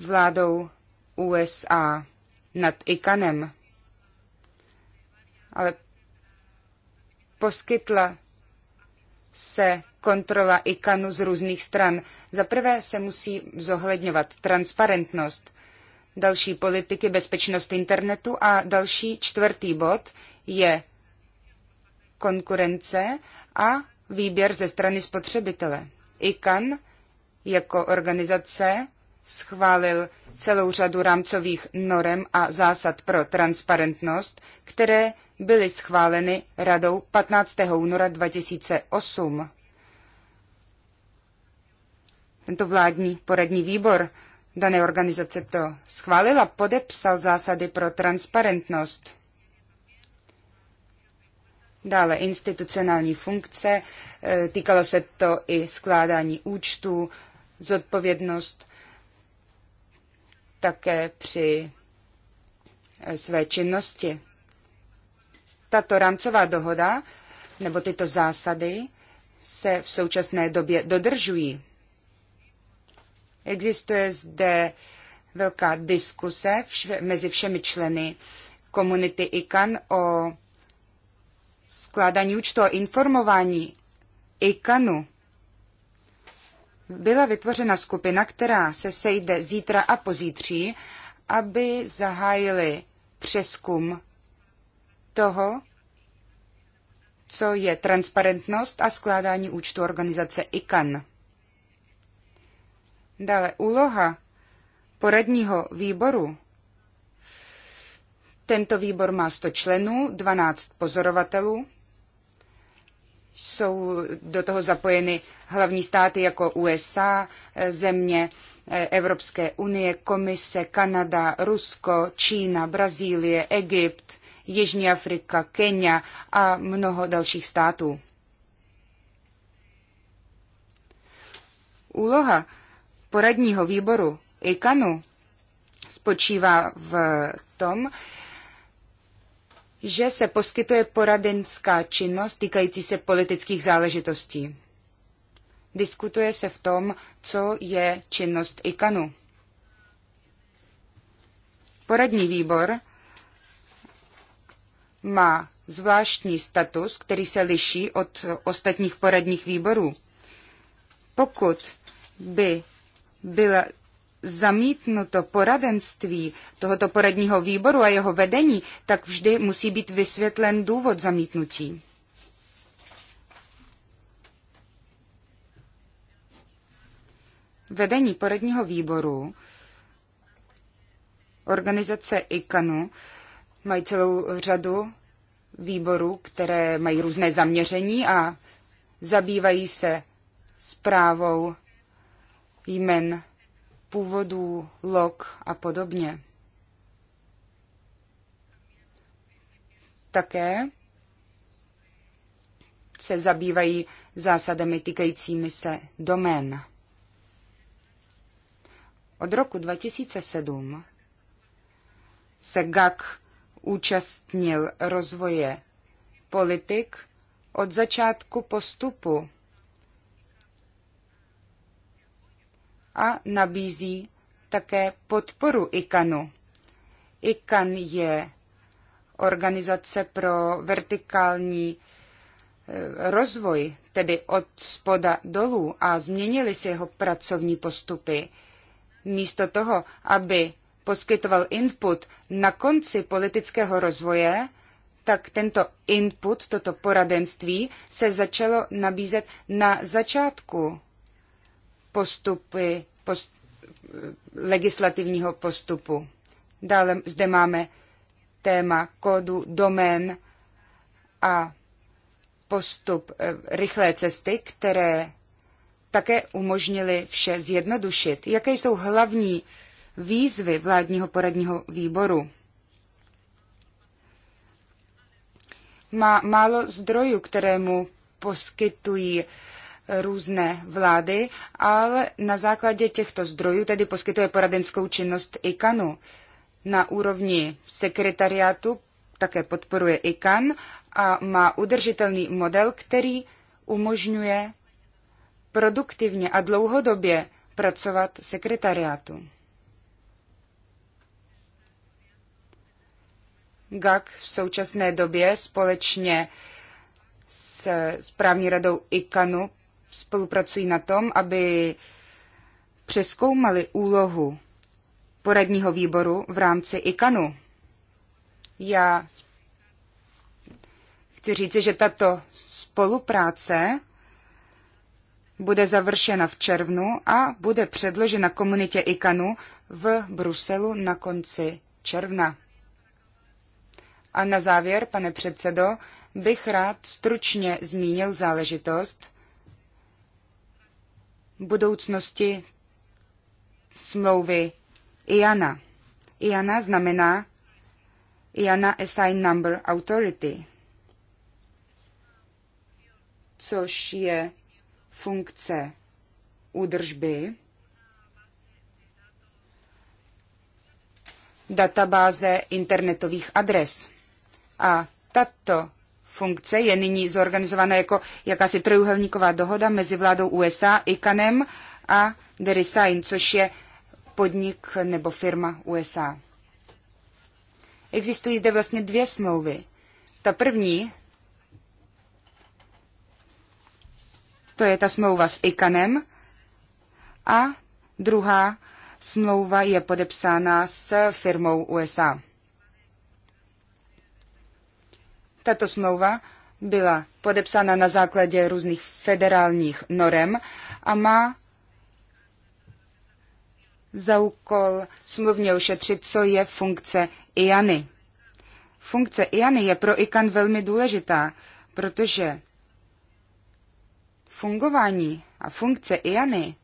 vládou USA nad IKANem, Ale poskytla se kontrola ICANu z různých stran. Za prvé se musí zohledňovat transparentnost, další politiky bezpečnost internetu a další čtvrtý bod je konkurence a výběr ze strany spotřebitele. ICAN jako organizace schválil celou řadu rámcových norem a zásad pro transparentnost, které byly schváleny Radou 15. února 2008. Tento vládní poradní výbor dané organizace to schválil a podepsal zásady pro transparentnost. Dále institucionální funkce, e, týkalo se to i skládání účtů, zodpovědnost také při e, své činnosti. Tato rámcová dohoda nebo tyto zásady se v současné době dodržují. Existuje zde velká diskuse vš- mezi všemi členy komunity ICAN o skládání účtu a informování ICANu. Byla vytvořena skupina, která se sejde zítra a pozítří, aby zahájili přeskum toho, co je transparentnost a skládání účtu organizace ICAN. Dále úloha poradního výboru. Tento výbor má 100 členů, 12 pozorovatelů. Jsou do toho zapojeny hlavní státy jako USA, země eh, Evropské unie, komise, Kanada, Rusko, Čína, Brazílie, Egypt, Jižní Afrika, Kenia a mnoho dalších států. Úloha poradního výboru Ikanu spočívá v tom, že se poskytuje poradenská činnost týkající se politických záležitostí. Diskutuje se v tom, co je činnost Ikanu. Poradní výbor má zvláštní status, který se liší od ostatních poradních výborů. Pokud by byla zamítnuto poradenství tohoto poradního výboru a jeho vedení, tak vždy musí být vysvětlen důvod zamítnutí. Vedení poradního výboru organizace ICANu mají celou řadu výborů, které mají různé zaměření a zabývají se zprávou jmen původů, lok a podobně. Také se zabývají zásadami týkajícími se domén. Od roku 2007 se GAK účastnil rozvoje politik od začátku postupu a nabízí také podporu ICANu. ICAN je organizace pro vertikální eh, rozvoj, tedy od spoda dolů a změnili si jeho pracovní postupy. Místo toho, aby poskytoval input na konci politického rozvoje, tak tento input, toto poradenství, se začalo nabízet na začátku postupy post, legislativního postupu. Dále zde máme téma kódu domén a postup eh, rychlé cesty, které také umožnili vše zjednodušit. Jaké jsou hlavní výzvy vládního poradního výboru? Má málo zdrojů, které mu poskytují různé vlády, ale na základě těchto zdrojů tedy poskytuje poradenskou činnost ICANu. Na úrovni sekretariátu také podporuje ICAN a má udržitelný model, který umožňuje produktivně a dlouhodobě pracovat sekretariátu. GAK v současné době společně s správní radou ICANu spolupracují na tom, aby přeskoumali úlohu poradního výboru v rámci ICANu. Já chci říci, že tato spolupráce bude završena v červnu a bude předložena komunitě ICANu v Bruselu na konci června. A na závěr, pane předsedo, bych rád stručně zmínil záležitost, budoucnosti smlouvy IANA. IANA znamená IANA Assign Number Authority, což je funkce údržby databáze internetových adres. A tato funkce je nyní zorganizována jako jakási trojuhelníková dohoda mezi vládou USA, ICANem a Derisign, což je podnik nebo firma USA. Existují zde vlastně dvě smlouvy. Ta první, to je ta smlouva s ICANem a druhá smlouva je podepsána s firmou USA. Tato smlouva byla podepsána na základě různých federálních norem a má za úkol smluvně ošetřit, co je funkce IANY. Funkce IANY je pro ICAN velmi důležitá, protože fungování a funkce IANY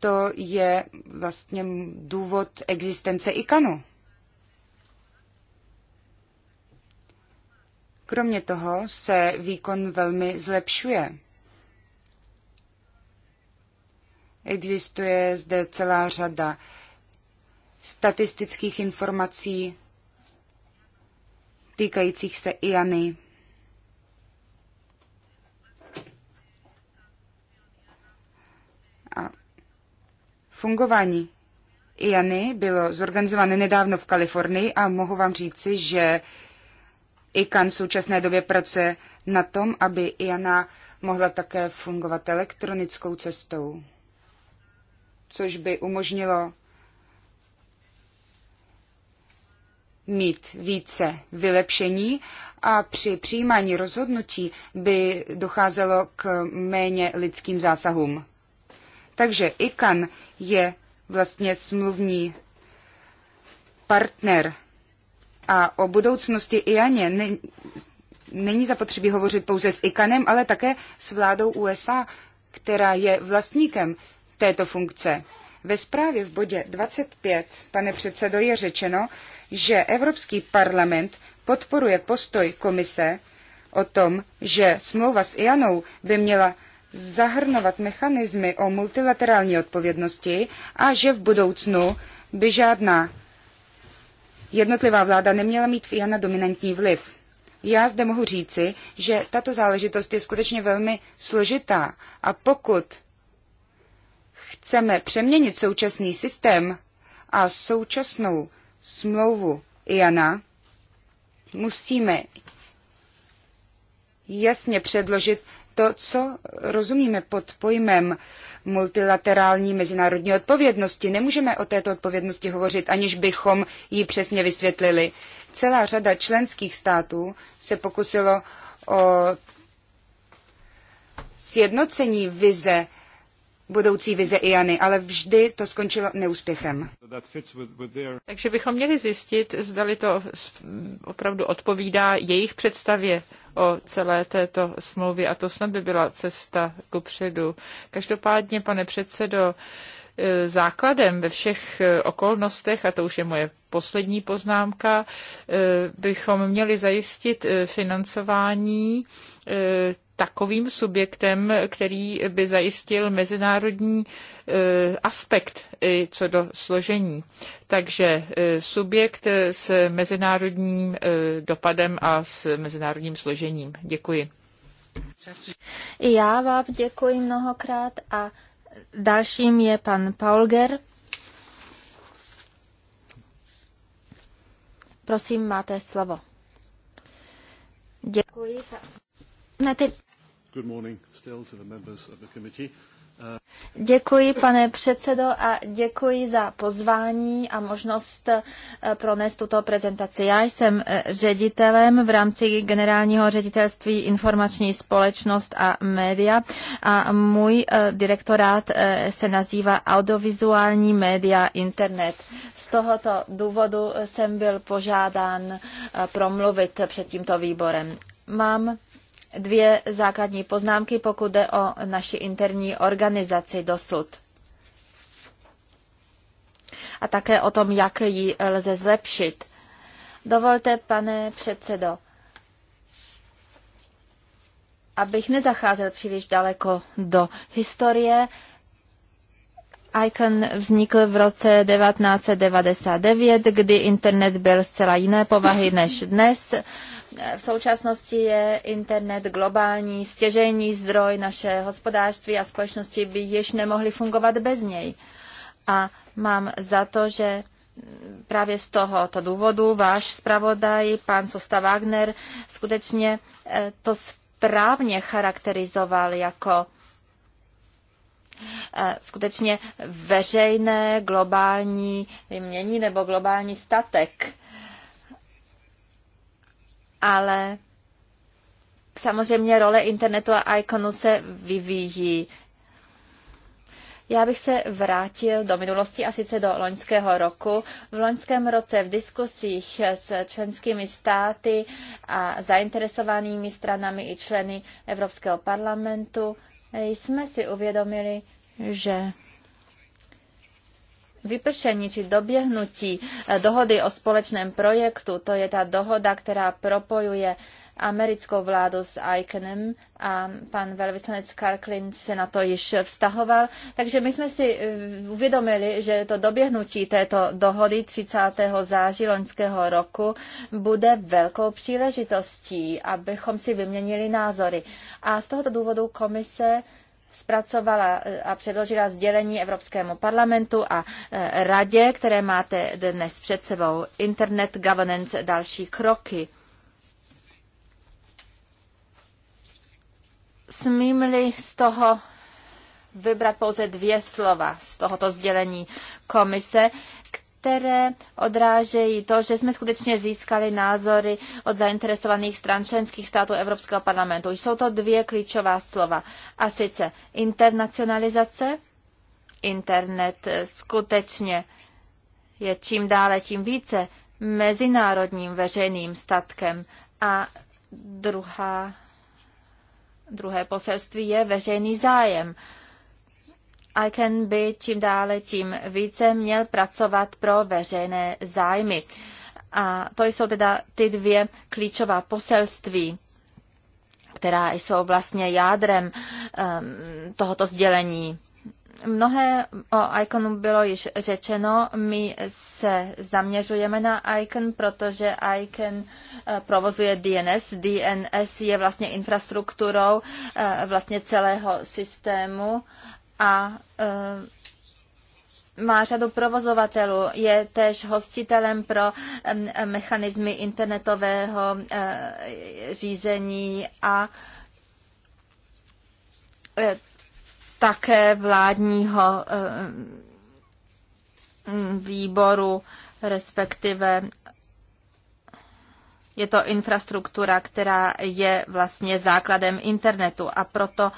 to je vlastně důvod existence ICANu. Kromě toho se výkon velmi zlepšuje. Existuje zde celá řada statistických informací týkajících se IANy. A fungování IANy bylo zorganizováno nedávno v Kalifornii a mohu vám říci, že ICAN v současné době pracuje na tom, aby IANA mohla také fungovat elektronickou cestou, což by umožnilo mít více vylepšení a při přijímání rozhodnutí by docházelo k méně lidským zásahům. Takže ICAN je vlastně smluvní partner a o budoucnosti IANě není zapotřebí hovořit pouze s ikanem, ale také s vládou USA, která je vlastníkem této funkce. Ve zprávě v bodě 25, pane předsedo, je řečeno, že Evropský parlament podporuje postoj komise o tom, že smlouva s IANou by měla zahrnovat mechanismy o multilaterální odpovědnosti a že v budoucnu by žádná jednotlivá vláda neměla mít jen na dominantní vliv. Já zde mohu říci, že tato záležitost je skutečně velmi složitá a pokud chceme přeměnit současný systém a současnou smlouvu IANA, musíme jasně předložit to, co rozumíme pod pojmem uh, multilaterální mezinárodní odpovědnosti. Nemůžeme o této odpovědnosti hovořit, aniž bychom ji přesně vysvětlili. Celá řada členských států se pokusilo o sjednocení vize budoucí vize Iany, ale vždy to skončilo neúspěchem. Takže bychom měli zjistit, zdali to opravdu odpovídá jejich představě o celé této smlouvě a to snad by byla cesta ku předu. Každopádně, pane předsedo, e, základem ve všech e, okolnostech, a to už je moje poslední poznámka, e, bychom měli zajistit financování E, takovým subjektem, který by zajistil mezinárodní e, aspekt i e, co do složení. Takže subjekt s mezinárodním dopadem a s mezinárodním složením. Děkuji. Já vám děkuji mnohokrát a dalším je pan Paulger. Prosím, máte slovo. Děkuji. Uh, děkuji, pane předsedo, a děkuji za pozvání a možnost eh, pronést tuto prezentaci. Já jsem eh, ředitelem v rámci generálního ředitelství informační společnost a média a můj eh, direktorát se nazývá audiovizuální média internet. Z tohoto důvodu jsem byl požádán promluvit před tímto výborem. Mám dvě základní poznámky, pokud jde o naši interní organizaci dosud. A také o tom, jak ji lze zlepšit. Dovolte, pane předsedo, abych nezacházel příliš daleko do historie, Icon vznikl v roce 1999, kdy internet byl zcela jiné povahy než dnes. V současnosti je internet globální stěžejní zdroj naše hospodářství a společnosti by již nemohly fungovat bez něj. A mám za to, že právě z tohoto důvodu váš zpravodaj, pan Sosta Wagner, skutečně eh, to správně charakterizoval jako Eh, skutečně veřejné globální mění nebo globální statek. Ale samozřejmě role internetu a ikonu se vyvíjí. Já bych se vrátil do minulosti a sice do loňského roku. V loňském roce v diskusích s členskými státy a zainteresovanými stranami i členy Evropského parlamentu jsme si uvědomili, že vypršení či doběhnutí eh, dohody o společném projektu, to je ta dohoda, která propojuje americkou vládu s Aikenem a pan velvyslanec Karklin se na to již vztahoval. Takže my jsme si eh, uvědomili, že to doběhnutí této dohody 30. září loňského roku bude velkou příležitostí, abychom si vyměnili názory. A z tohoto důvodu komise zpracovala eh, a předložila sdělení Evropskému parlamentu a eh, radě, které máte dnes před sebou. Internet governance další kroky. smím-li z toho vybrat pouze dvě slova z tohoto sdělení komise, které odrážejí to, že jsme skutečně získali názory od zainteresovaných stran členských států Evropského parlamentu. Jsou to dvě klíčová slova. A sice internacionalizace. Internet skutečně je čím dále tím více mezinárodním veřejným statkem. A druhá Druhé poselství je veřejný zájem. ICANN by čím dále tím více měl pracovat pro veřejné zájmy. A to jsou teda ty dvě klíčová poselství, která jsou vlastně jádrem um, tohoto sdělení. Mnohé o Iconu bylo již řečeno. My se zaměřujeme na Icon, protože Icon eh, provozuje DNS. DNS je vlastně infrastrukturou eh, vlastně celého systému a eh, má řadu provozovatelů, je též hostitelem pro mm, mechanismy internetového řízení a také vládního eh, výboru, respektive je to infrastruktura, která je vlastně základem internetu a proto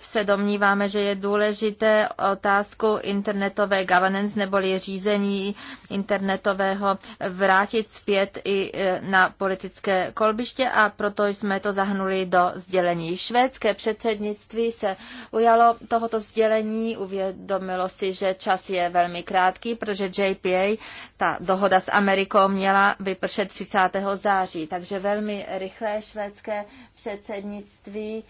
se domníváme, že je důležité otázku internetové governance neboli řízení internetového vrátit zpět i e, na politické kolbiště a proto jsme to zahnuli do sdělení. Švédské předsednictví se ujalo tohoto sdělení, uvědomilo si, že čas je velmi krátký, protože JPA, ta dohoda s Amerikou, měla vypršet 30. září. Takže velmi rychlé švédské předsednictví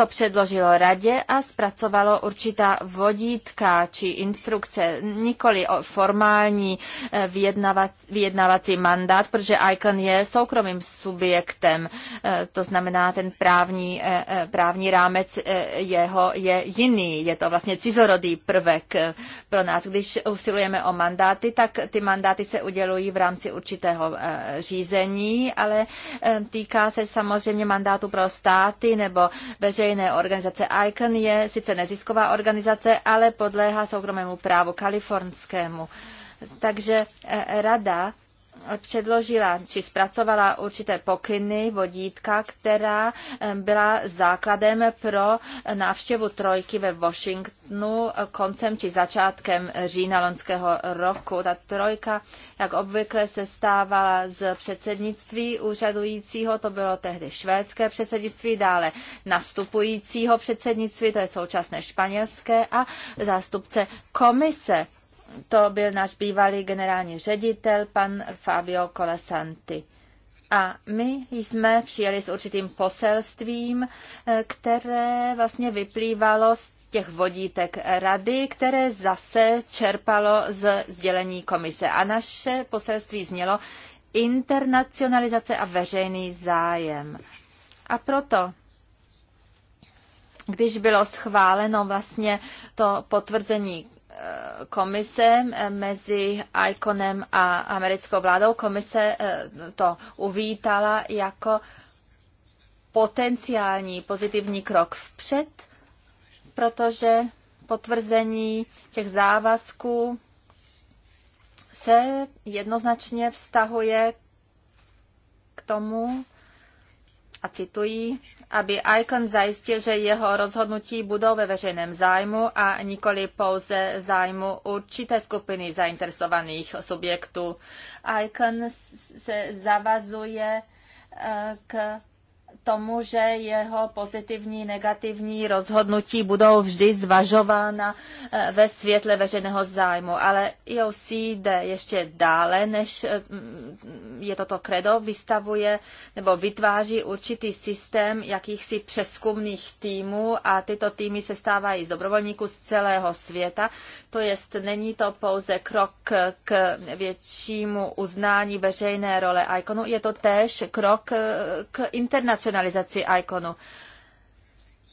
to předložilo radě a zpracovalo určitá vodítka či instrukce, nikoli o formální eh, vyjednavací, vyjednavací mandát, protože ICON je soukromým subjektem, eh, to znamená, ten právní, eh, právní rámec jeho je jiný, je to vlastně cizorodý prvek pro nás. Když usilujeme o mandáty, tak ty mandáty se udělují v rámci určitého řízení, ale týká se samozřejmě mandátu pro státy nebo veřejné veřejné organizace. Icon je sice nezisková organizace, ale podléhá soukromému právu kalifornskému. Takže eh, rada předložila či zpracovala určité pokyny, vodítka, která eh, byla základem pro návštěvu trojky ve Washingtonu koncem či začátkem října loňského roku. Ta trojka, jak obvykle, se stávala z předsednictví úřadujícího, to bylo tehdy švédské předsednictví, dále nastupujícího předsednictví, to je současné španělské, a zástupce komise to byl náš bývalý generální ředitel, pan Fabio Colasanti. A my jsme přijeli s určitým poselstvím, eh, které vlastně vyplývalo z těch vodítek rady, které zase čerpalo z sdělení komise. A naše poselství znělo internacionalizace a veřejný zájem. A proto když bylo schváleno vlastně to potvrzení komise mezi ICONem a americkou vládou. Komise eh, to uvítala jako potenciální pozitivní krok vpřed, protože potvrzení těch závazků se jednoznačně vztahuje k tomu, a cituji, aby ICON zajistil, že jeho rozhodnutí budou ve veřejném zájmu a nikoli pouze zájmu určité skupiny zainteresovaných subjektů. ICON se zavazuje eh, k tomu, že jeho pozitivní, negativní rozhodnutí budou vždy zvažována eh, ve světle veřejného zájmu. Ale IOC e jde ještě dále, než eh, mm, je toto kredo, vystavuje nebo vytváří určitý systém jakýchsi přeskumných týmů a tyto týmy se stávají z dobrovolníků z celého světa. To jest, není to pouze krok k většímu uznání veřejné role ikonu, je to též krok eh, k internacionalizaci personalizaci ikonu.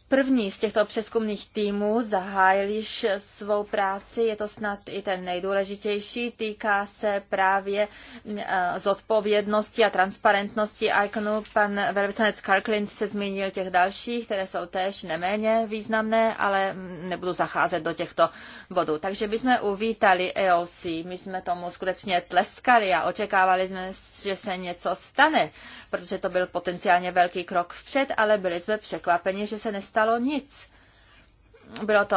První z těchto přeskumných týmů zahájil již svou práci, je to snad i ten nejdůležitější, týká se právě eh, zodpovědnosti a transparentnosti ICONu. Pan velvyslanec Karklin se zmínil těch dalších, které jsou též neméně významné, ale nebudu zacházet do těchto bodů. Takže bychom uvítali EOC, my jsme tomu skutečně tleskali a očekávali jsme, že se něco stane, protože to byl potenciálně velký krok vpřed, ale byli jsme překvapeni, že se nestalo nestalo nic. Bylo to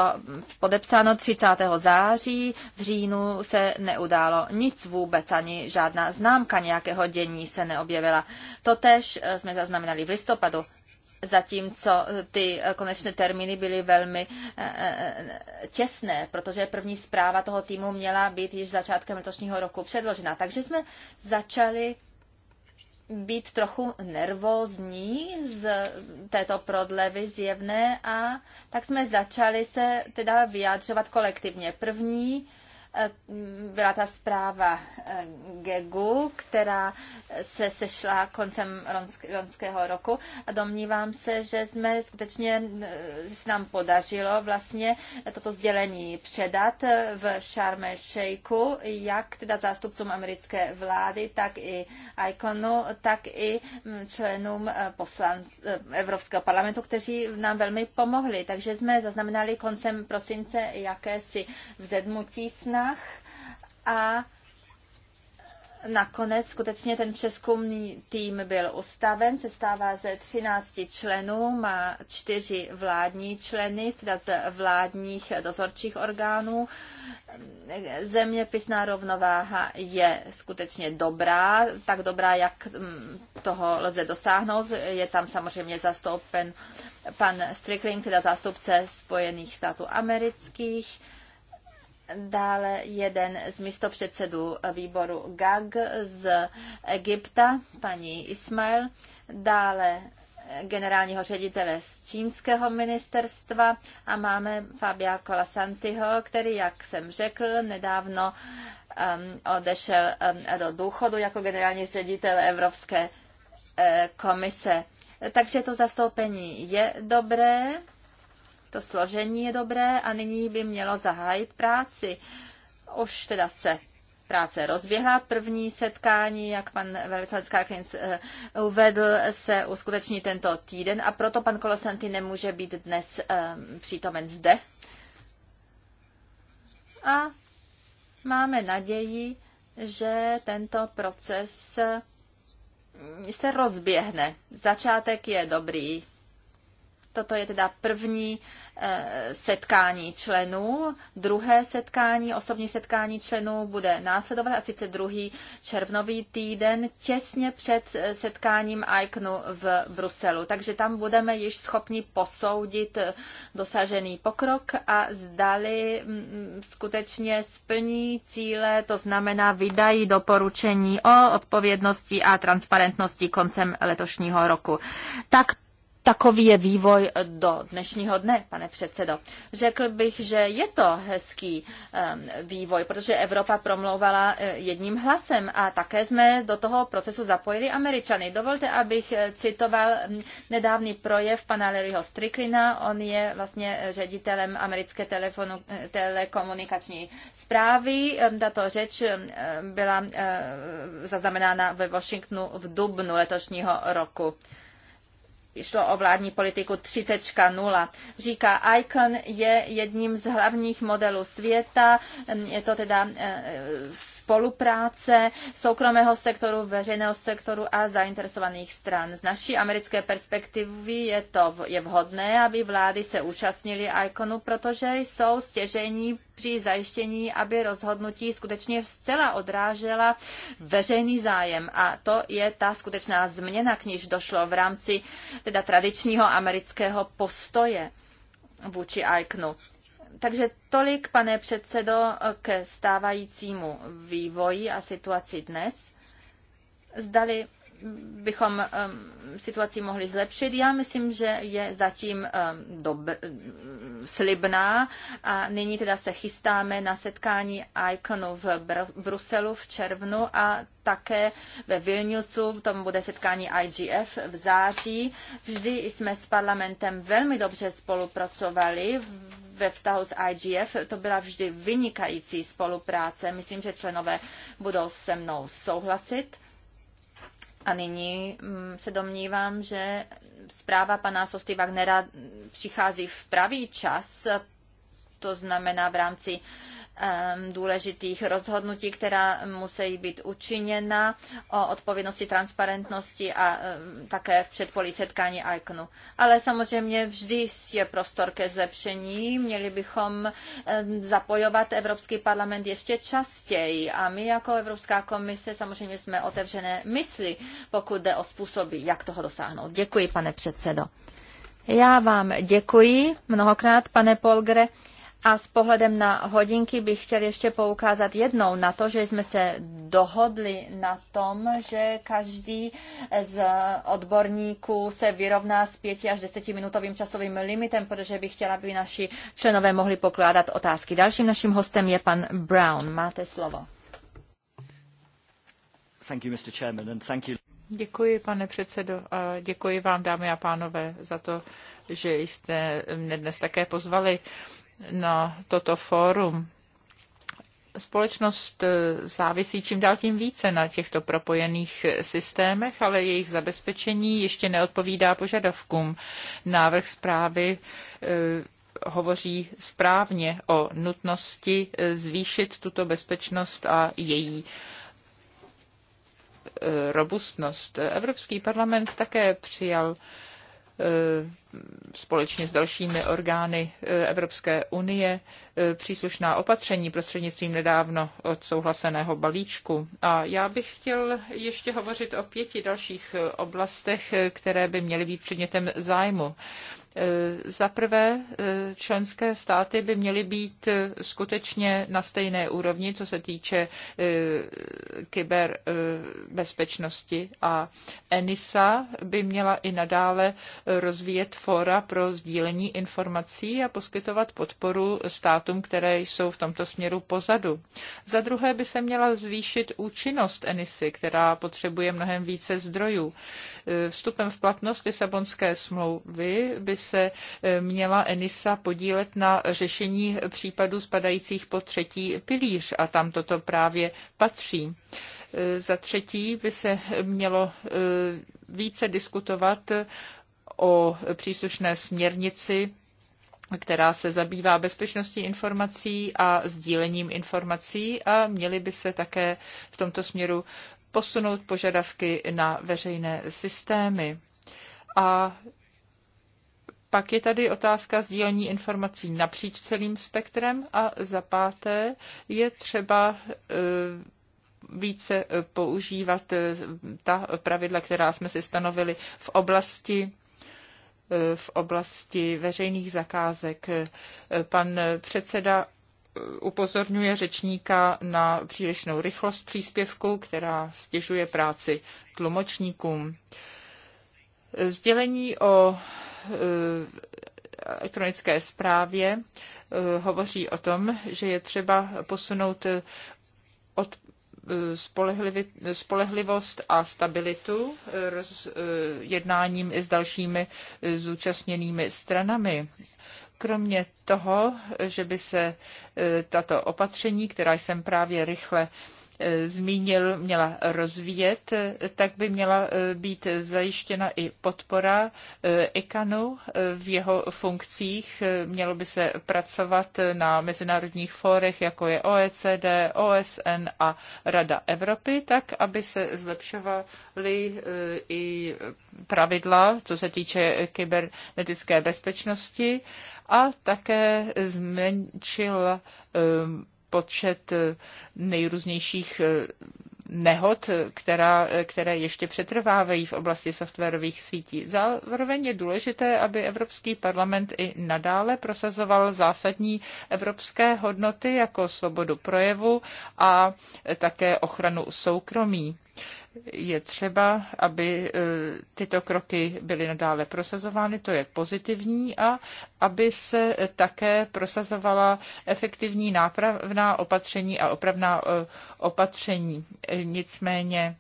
podepsáno 30. září, v říjnu se neudálo nic vůbec, ani žádná známka nějakého dění se neobjevila. Totež eh, jsme zaznamenali v listopadu, zatímco eh, ty eh, konečné termíny byly velmi těsné, protože první zpráva toho týmu měla být již začátkem letošního roku předložena. Takže jsme začali být trochu nervózní z této prodlevy zjevné a tak jsme začali se teda vyjádřovat kolektivně. První Eh, byla ta zpráva eh, GEGu, která se sešla koncem loňského roku a domnívám se, že jsme skutečně, eh, že se nám podařilo vlastně toto sdělení předat v Sharm Sheiku, jak teda zástupcům americké vlády, tak i ICONu, tak i mm, členům poslanc, Evropského parlamentu, kteří nám velmi pomohli. Takže jsme zaznamenali koncem prosince jakési vzedmutí snad stranách a Nakonec skutečně ten přeskumný tým byl ustaven, se stává ze 13 členů, má čtyři vládní členy, teda z vládních dozorčích orgánů. Zeměpisná rovnováha je skutečně dobrá, tak dobrá, jak mm, toho lze dosáhnout. Je tam samozřejmě zastoupen pan Strickling, teda zástupce Spojených států amerických Dále jeden z místopředsedů výboru GAG z Egypta, paní Ismail. Dále generálního ředitele z čínského ministerstva a máme Fabia Colasantiho, který, jak jsem řekl, nedávno um, odešel um, do důchodu jako generální ředitel Evropské uh, komise. Takže to zastoupení je dobré to složení je dobré a nyní by mělo zahájit práci. Už teda se práce rozběhla. První setkání, jak pan velvyslanec Karkins eh, uvedl, se uskuteční tento týden a proto pan Kolosanty nemůže být dnes eh, přítomen zde. A máme naději, že tento proces eh, se rozběhne. Začátek je dobrý. Toto je teda první eh, setkání členů. Druhé setkání, osobní setkání členů bude následovat a sice druhý červnový týden těsně před eh, setkáním ICNu v Bruselu. Takže tam budeme již schopni posoudit eh, dosažený pokrok a zdali mm, mm, skutečně splní cíle, to znamená vydají doporučení o odpovědnosti a transparentnosti koncem letošního roku. Tak Takový je vývoj do dnešního dne, pane předsedo. Řekl bych, že je to hezký vývoj, protože Evropa promlouvala eh, jedním hlasem a také jsme do toho procesu zapojili Američany. Dovolte, abych eh, citoval mm, nedávný projev pana Larryho Striklina. On je vlastně ředitelem americké telefonu, eh, telekomunikační zprávy. Tato řeč byla zaznamenána ve Washingtonu v dubnu letošního roku šlo o vládní politiku 3.0. Říká, ICON je jedním z hlavních modelů světa, je to teda eh, spolupráce soukromého sektoru, veřejného sektoru a zainteresovaných stran. Z naší americké perspektivy je to je vhodné, aby vlády se účastnily ICONu, protože jsou stěžení při zajištění, aby rozhodnutí skutečně zcela odrážela veřejný zájem. A to je ta skutečná změna, k níž došlo v rámci teda tradičního amerického postoje vůči ICONu. Takže tolik, pane předsedo, ke stávajícímu vývoji a situaci dnes. Zdali bychom um, situaci mohli zlepšit. Já myslím, že je zatím um, dob, slibná a nyní teda se chystáme na setkání ICONu v Br- Bruselu v červnu a také ve Vilniusu, tam bude setkání IGF v září. Vždy jsme s parlamentem velmi dobře spolupracovali ve vztahu s IGF. To byla vždy vynikající spolupráce. Myslím, že členové budou se mnou souhlasit. A nyní mm, se domnívám, že zpráva pana Sosty Wagnera přichází v pravý čas, to znamená v rámci důležitých rozhodnutí, která musí být učiněna o odpovědnosti, transparentnosti a také v předpolí setkání ICNu. Ale samozřejmě vždy je prostor ke zlepšení. Měli bychom zapojovat Evropský parlament ještě častěji a my jako Evropská komise samozřejmě jsme otevřené mysli, pokud jde o způsoby, jak toho dosáhnout. Děkuji, pane předsedo. Já vám děkuji mnohokrát, pane Polgre. A s pohledem na hodinky bych chtěl ještě poukázat jednou na to, že jsme se dohodli na tom, že každý z odborníků se vyrovná s pěti až desetiminutovým časovým limitem, protože bych chtěla, aby naši členové mohli pokládat otázky. Dalším naším hostem je pan Brown. Máte slovo. Thank you, Mr. Chairman, and thank you. Děkuji, pane předsedo, a děkuji vám, dámy a pánové, za to, že jste mě dnes také pozvali na toto fórum. Společnost eh, závisí čím dál tím více na těchto propojených eh, systémech, ale jejich zabezpečení ještě neodpovídá požadavkům. Návrh zprávy eh, hovoří správně o nutnosti zvýšit tuto bezpečnost a její robustnost. Evropský parlament také přijal Eh, společně s dalšími orgány eh, Evropské unie eh, příslušná opatření prostřednictvím nedávno odsouhlaseného balíčku. A já bych chtěl ještě hovořit o pěti dalších oblastech, které by měly být předmětem zájmu Eh, za prvé, eh, členské státy by měly být eh, skutečně na stejné úrovni, co se týče kyberbezpečnosti a ENISA by měla i nadále rozvíjet fóra pro sdílení informací a poskytovat podporu státům, které jsou v tomto směru pozadu. Za druhé by se měla zvýšit účinnost ENISY, která potřebuje mnohem více zdrojů. Vstupem v platnost Lisabonské smlouvy by se eh, měla Enisa podílet na řešení případů spadajících po třetí pilíř a tam toto právě patří. Eh, za třetí by se mělo eh, více diskutovat o příslušné směrnici která se zabývá bezpečností informací a sdílením informací a měly by se také v tomto směru posunout požadavky na veřejné systémy. A pak je tady otázka sdílení informací napříč celým spektrem a za páté je třeba eh, více eh, používat eh, ta pravidla, která jsme si stanovili v oblasti v oblasti veřejných zakázek. Pan předseda upozorňuje řečníka na přílišnou rychlost příspěvku, která stěžuje práci tlumočníkům. Sdělení o Eh, elektronické zprávě eh, hovoří o tom, že je třeba posunout eh, od spolehlivost a stabilitu jednáním i s dalšími zúčastněnými stranami. Kromě toho, že by se tato opatření, která jsem právě rychle Eh, zmínil, měla rozvíjet, eh, tak by měla eh, být zajištěna i podpora ICANu v jeho funkcích. Mělo by se pracovat na mezinárodních fórech, jako je OECD, OSN a Rada Evropy, tak, aby se zlepšovaly i pravidla, co se týče kybernetické bezpečnosti a také zmenšil počet eh, nejrůznějších eh, nehod, která, eh, které ještě přetrvávají v oblasti softwarových sítí. Zároveň je důležité, aby Evropský parlament i nadále prosazoval zásadní evropské hodnoty jako svobodu projevu a také ochranu soukromí je třeba, aby e, tyto kroky byly nadále prosazovány, to je pozitivní, a aby se také prosazovala efektivní nápravná opatření a opravná e, opatření. E, nicméně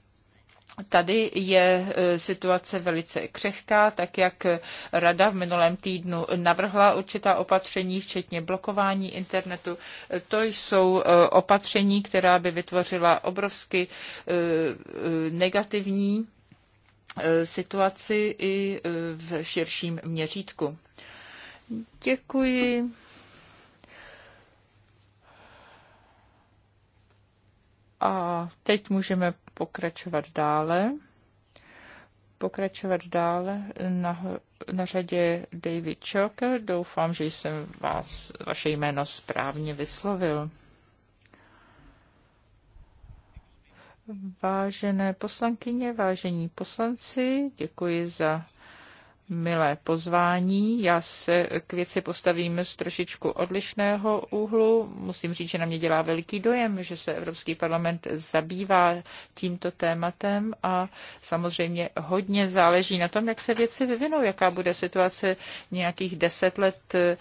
Tady je e, situace velice křehká, tak jak Rada v minulém týdnu navrhla určitá opatření, včetně blokování internetu. E, to jsou e, opatření, která by vytvořila obrovsky negativní situaci i v širším měřítku. Děkuji. A teď můžeme pokračovat dále. Pokračovat dále na, na řadě David Choker. Doufám, že jsem vás, vaše jméno správně vyslovil. Vážené poslankyně, vážení poslanci, děkuji za milé pozvání. Já se k věci postavím z trošičku odlišného úhlu. Musím říct, že na mě dělá veliký dojem, že se Evropský parlament zabývá tímto tématem a samozřejmě hodně záleží na tom, jak se věci vyvinou, jaká bude situace nějakých deset let eh,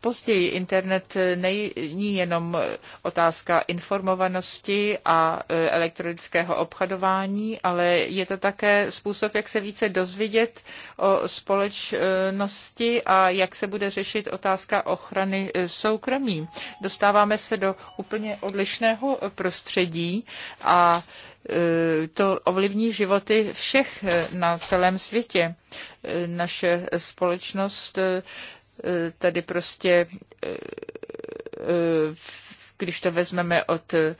později. Internet není jenom otázka informovanosti a eh, elektronického obchodování, ale je to také způsob, jak se více dozvědět, o společnosti a jak se bude řešit otázka ochrany e, soukromí. Dostáváme se do úplně odlišného e, prostředí a e, to ovlivní životy všech na celém světě. Naše společnost tady prostě když to vezmeme od eh,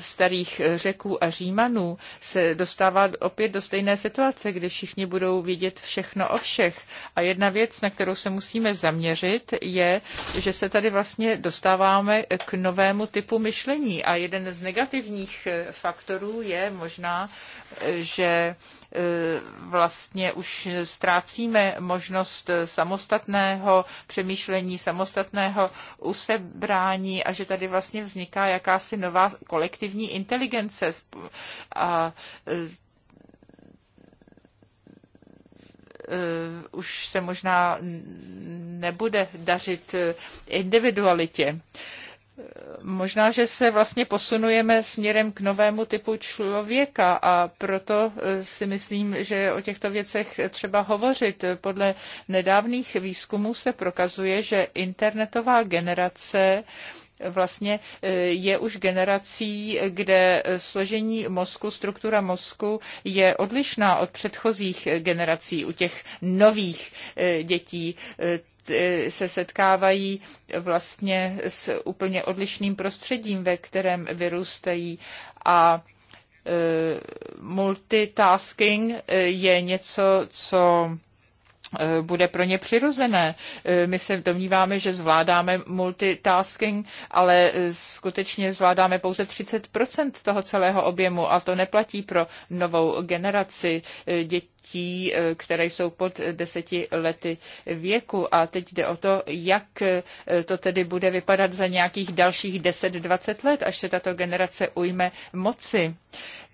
starých řeků a římanů, se dostává opět do stejné situace, kdy všichni budou vidět všechno o všech. A jedna věc, na kterou se musíme zaměřit, je, že se tady vlastně dostáváme k novému typu myšlení. A jeden z negativních eh, faktorů je možná, eh, že Eh, vlastně už ztrácíme možnost samostatného přemýšlení, samostatného usebrání a že tady vlastně vzniká jakási nová kolektivní inteligence. A uh, už se možná nebude dařit individualitě. Uh, Možná, že se vlastně posunujeme směrem k novému typu člověka a proto eh, si myslím, že o těchto věcech třeba hovořit. Podle nedávných výzkumů se prokazuje, že internetová generace eh, vlastně eh, je už generací, kde složení mozku, struktura mozku je odlišná od předchozích generací u těch nových dětí. Eh, se setkávají vlastně s úplně odlišným prostředím, ve kterém vyrůstají a eh, multitasking eh, je něco, co Eh, bude pro ně přirozené. Eh, my se domníváme, že zvládáme multitasking, ale eh, skutečně zvládáme pouze 30 toho celého objemu a to neplatí pro novou generaci dětí které jsou pod deseti lety věku. A teď jde o to, jak to tedy bude vypadat za nějakých dalších 10-20 let, až se tato generace ujme moci.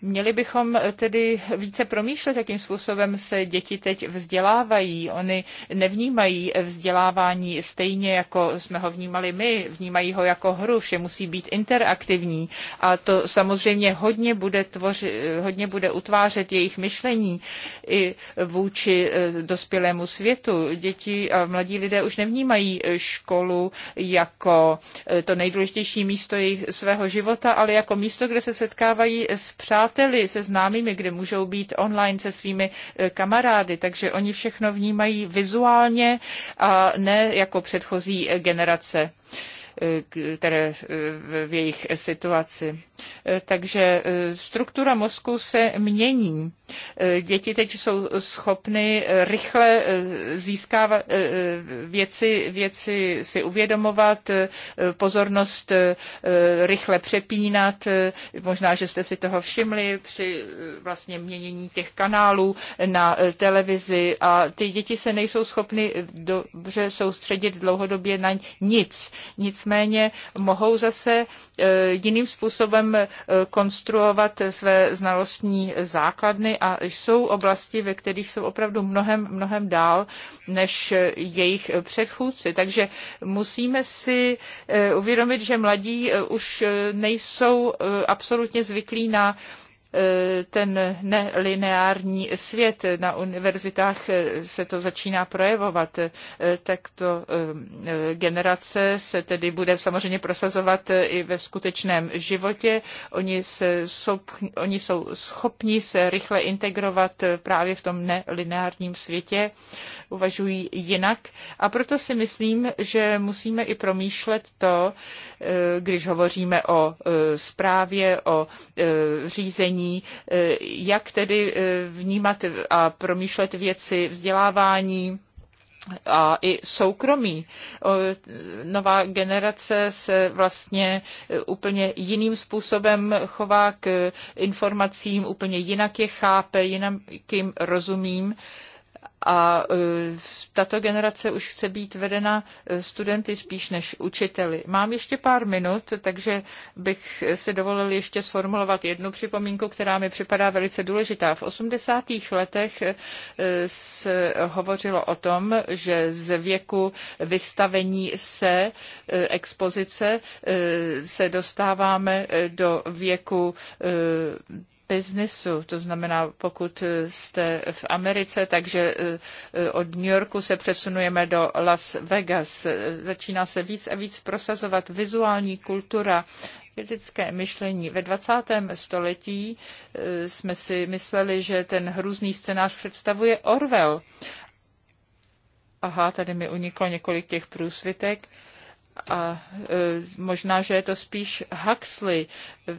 Měli bychom tedy více promýšlet, jakým způsobem se děti teď vzdělávají. Oni nevnímají vzdělávání stejně, jako jsme ho vnímali my. Vnímají ho jako hru, vše musí být interaktivní. A to samozřejmě hodně bude, tvoři, hodně bude utvářet jejich myšlení i vůči e, dospělému světu. Děti a mladí lidé už nevnímají školu jako e, to nejdůležitější místo jejich, svého života, ale jako místo, kde se setkávají s přáteli přáteli, se známými, kde můžou být online se svými eh, kamarády, takže oni všechno vnímají vizuálně a ne jako předchozí eh, generace které e, v jejich situaci. E, takže e, struktura mozku se mění. Děti teď jsou schopny rychle získávat věci, věci si uvědomovat, pozornost rychle přepínat. Možná, že jste si toho všimli při vlastně měnění těch kanálů na televizi a ty děti se nejsou schopny dobře soustředit dlouhodobě na nic. Nic nicméně mohou zase e, jiným způsobem e, konstruovat své znalostní základny a jsou oblasti, ve kterých jsou opravdu mnohem, mnohem dál než jejich předchůdci. Takže musíme si e, uvědomit, že mladí už nejsou absolutně zvyklí na Eh, ten nelineární svět. Na univerzitách eh, se to začíná projevovat. Eh, to generace se tedy bude samozřejmě prosazovat i ve skutečném životě. Oni, se, jsou, oni jsou schopni se rychle integrovat právě v tom nelineárním světě, uvažují jinak. A proto si myslím, že musíme i promýšlet to, když hovoříme o správě, o řízení, vzdělávání, eh, jak tedy eh, vnímat a promýšlet věci vzdělávání a i soukromí. Nová generace se vlastně eh, úplně jiným způsobem chová k informacím, úplně jinak je chápe, jinak jim rozumím a e, tato generace už chce být vedena e, studenty spíš než učiteli. Mám ještě pár minut, takže bych si dovolil ještě sformulovat jednu připomínku, která mi připadá velice důležitá. V 80. letech e, se hovořilo o tom, že z věku vystavení se expozice se dostáváme do věku biznesu. To znamená, pokud jste v Americe, takže eh, eh, od New Yorku se přesunujeme do Las Vegas. Začíná se víc a víc prosazovat vizuální kultura, kritické myšlení. Ve 20. století eh, jsme si mysleli, že ten hrůzný scénář představuje Orwell. Aha, tady mi uniklo několik těch průsvitek a e, možná, že je to spíš Huxley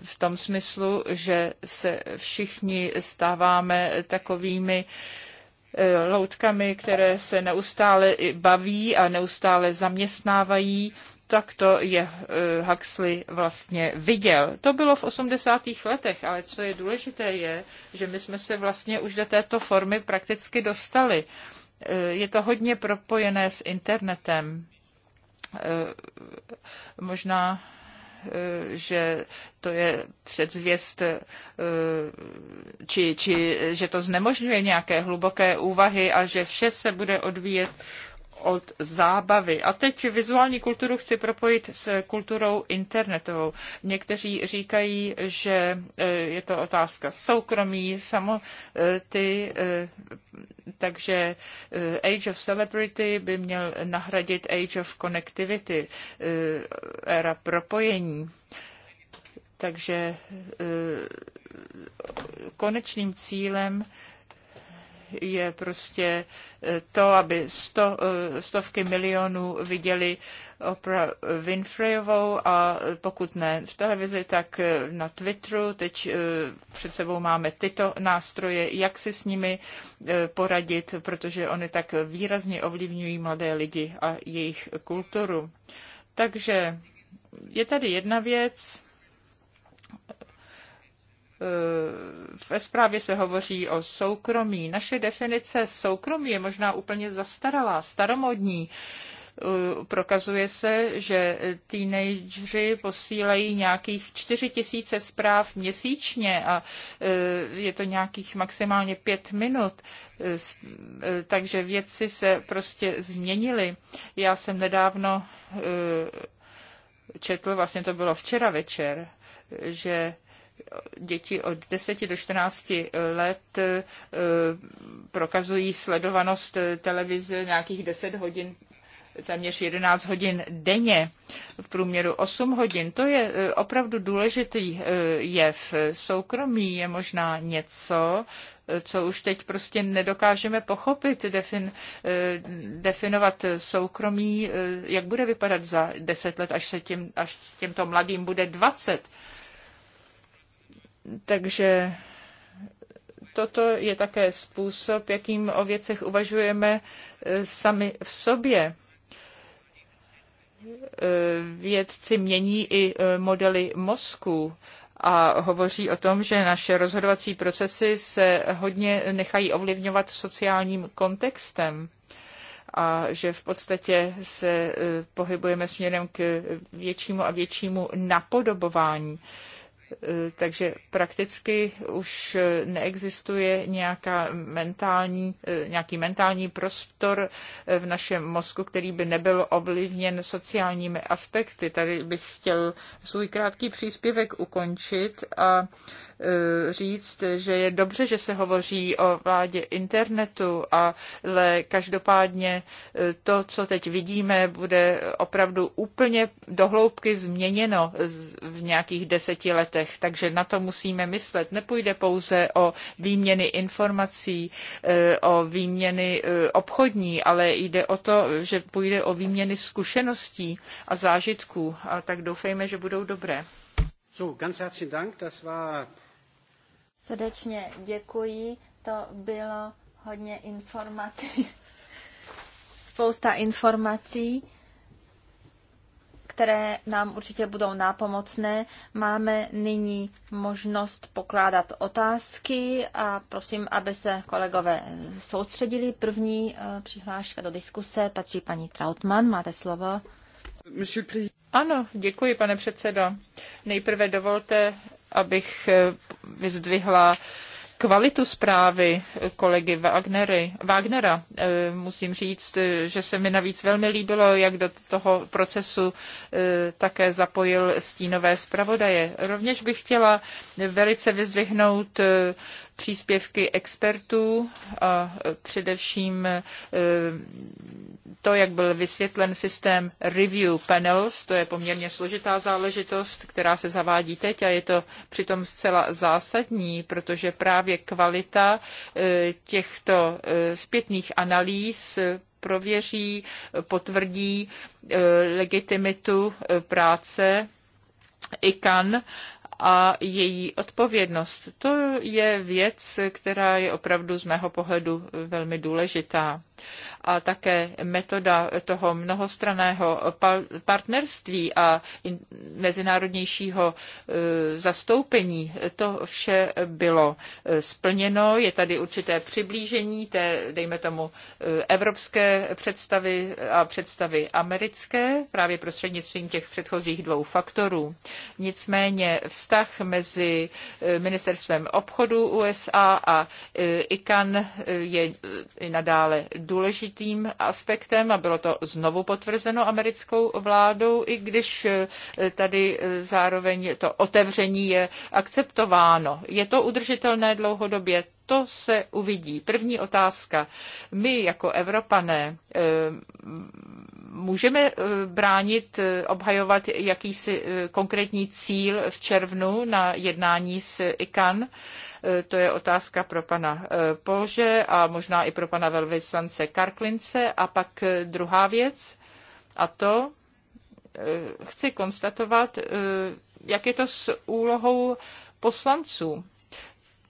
v tom smyslu, že se všichni stáváme takovými e, loutkami, které se neustále baví a neustále zaměstnávají, tak to je e, Huxley vlastně viděl. To bylo v 80. letech, ale co je důležité je, že my jsme se vlastně už do této formy prakticky dostali. Je to hodně propojené s internetem Eh, možná eh, že to je předzvěst, eh, či, či že to znemožňuje nějaké hluboké úvahy a že vše se bude odvíjet od zábavy. A teď vizuální kulturu chci propojit s kulturou internetovou. Někteří říkají, že e, je to otázka soukromí, Samo e, ty, e, takže Age of Celebrity by měl nahradit Age of Connectivity, éra propojení. Takže konečným cílem je prostě eh, to, aby sto, eh, stovky milionů viděli Oprah Winfreyovou a pokud ne v televizi, tak eh, na Twitteru. Teď před sebou máme tyto nástroje, jak si s nimi poradit, protože oni tak výrazně ovlivňují mladé lidi a jejich kulturu. Takže je tady jedna věc, Eh, ve zprávě se hovoří o soukromí. Naše definice soukromí je možná úplně zastaralá, staromodní eh, prokazuje se, že teenageři posílají nějakých 4 tisíce zpráv měsíčně a eh, je to nějakých maximálně pět minut, takže věci se prostě změnily. Já jsem nedávno četl, vlastně to bylo včera večer, že děti od 10 do 14 let eh, prokazují sledovanost televize nějakých 10 hodin téměř 11 hodin denně, v průměru 8 hodin. To je eh, opravdu důležitý eh, jev. Soukromí je možná něco, co už teď prostě nedokážeme pochopit, defin, definovat soukromí, jak bude vypadat za 10 let, až, se tím, až těmto mladým bude 20 takže toto je také způsob, jakým o věcech uvažujeme e, sami v sobě. E, vědci mění i e, modely mozku a hovoří o tom, že naše rozhodovací procesy se hodně nechají ovlivňovat sociálním kontextem a že v podstatě se pohybujeme směrem k většímu a většímu napodobování Eh, takže prakticky už eh, neexistuje nějaká mentální, eh, nějaký mentální prostor v našem mozku, který by nebyl ovlivněn sociálními aspekty. Tady bych chtěl svůj krátký příspěvek ukončit a Eh, říct, že je dobře, že se hovoří o vládě internetu, ale každopádně eh, to, co teď vidíme, bude opravdu úplně dohloubky změněno v nějakých deseti letech, takže na to musíme myslet. Nepůjde pouze o výměny informací, eh, o výměny obchodní, ale jde o to, že půjde o výměny zkušeností a zážitků, a tak doufejme, že budou dobré. So, ganz herzlichen Dank. Das war Srdečně děkuji, to bylo hodně informací, spousta informací, které nám určitě budou nápomocné. Máme nyní možnost pokládat otázky a prosím, aby se kolegové soustředili. První eh, přihláška do diskuse patří paní Trautmann. Máte slovo. Ano, děkuji, pane předsedo. Nejprve dovolte, abych eh, vyzdvihla kvalitu zprávy kolegy Wagnery, Wagnera. Eh, musím říct, eh, že se mi navíc velmi líbilo, jak do toho procesu také zapojil stínové zpravodaje. Rovněž bych chtěla velice vyzdvihnout příspěvky expertů a především e, to, jak byl vysvětlen systém review panels, to je poměrně složitá záležitost, která se zavádí teď a je to přitom zcela zásadní, protože právě kvalita e, těchto e, zpětných analýz prověří, potvrdí legitimitu práce ICAN a její odpovědnost. To je věc, která je opravdu z mého pohledu velmi důležitá a také metoda toho mnohostraného partnerství a mezinárodnějšího e, zastoupení, to vše bylo e, splněno. Je tady určité přiblížení té, dejme tomu, e, evropské představy a představy americké právě prostřednictvím těch předchozích dvou faktorů. Nicméně vztah mezi ministerstvem obchodu USA a ICAN je i nadále důležitý důležitým aspektem a bylo to znovu potvrzeno americkou vládou, i když e, tady e, zároveň to otevření je akceptováno. Je to udržitelné dlouhodobě? To se uvidí. První otázka. My jako Evropané e, můžeme bránit, obhajovat jakýsi konkrétní cíl v červnu na jednání s ICAN E, to je otázka pro pana e, Polže a možná i pro pana velvyslance Karklince. A pak e, druhá věc, a to chci konstatovat, jak je to s úlohou poslanců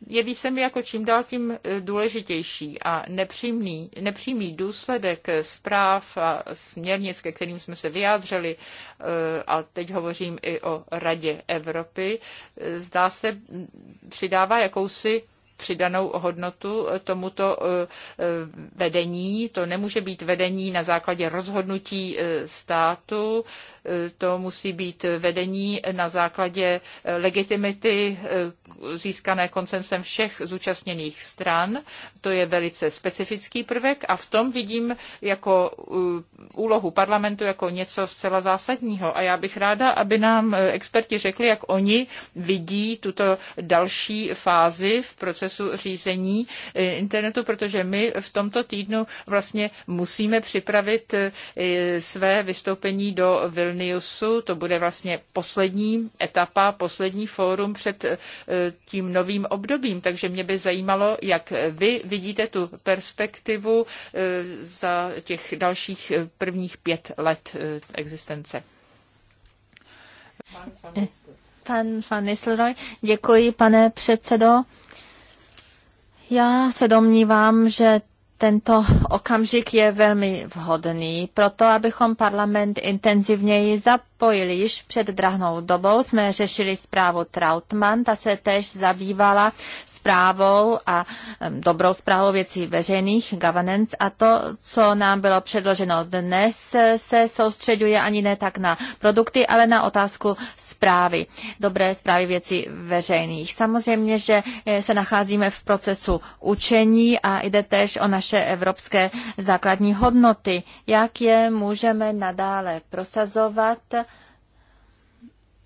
jeví se mi jako čím dál tím e, důležitější a nepřímý, nepřímý důsledek zpráv a směrnic, ke kterým jsme se vyjádřili, e, a teď hovořím i o Radě Evropy, e, zdá se přidává jakousi přidanou hodnotu tomuto vedení. To nemůže být vedení na základě rozhodnutí státu, to musí být vedení na základě legitimity eh, získané koncensem všech zúčastněných stran. To je velice specifický prvek a v tom vidím jako eh, úlohu parlamentu jako něco zcela zásadního. A já bych ráda, aby nám eh, experti řekli, jak oni vidí tuto další fázi v procesu řízení internetu, protože my v tomto týdnu vlastně musíme připravit své vystoupení do Vilnius Vilniusu. To bude vlastně poslední etapa, poslední fórum před eh, tím novým obdobím. Takže mě by zajímalo, jak vy vidíte tu perspektivu eh, za těch dalších eh, prvních pět let existence. Pan Van Nistelrooy, děkuji, pane předsedo. Já se domnívám, že tento okamžik je velmi vhodný, proto abychom parlament intenzivněji zapojili. Již před drahnou dobou jsme řešili zprávu Trautmann, ta se tež zabývala zprávou a dobrou zprávou věcí veřejných, governance a to, co nám bylo předloženo dnes, se soustředuje ani ne tak na produkty, ale na otázku zprávy, dobré zprávy věcí veřejných. Samozřejmě, že e, se nacházíme v procesu učení a jde tež o naše evropské základní hodnoty. Jak je můžeme nadále prosazovat?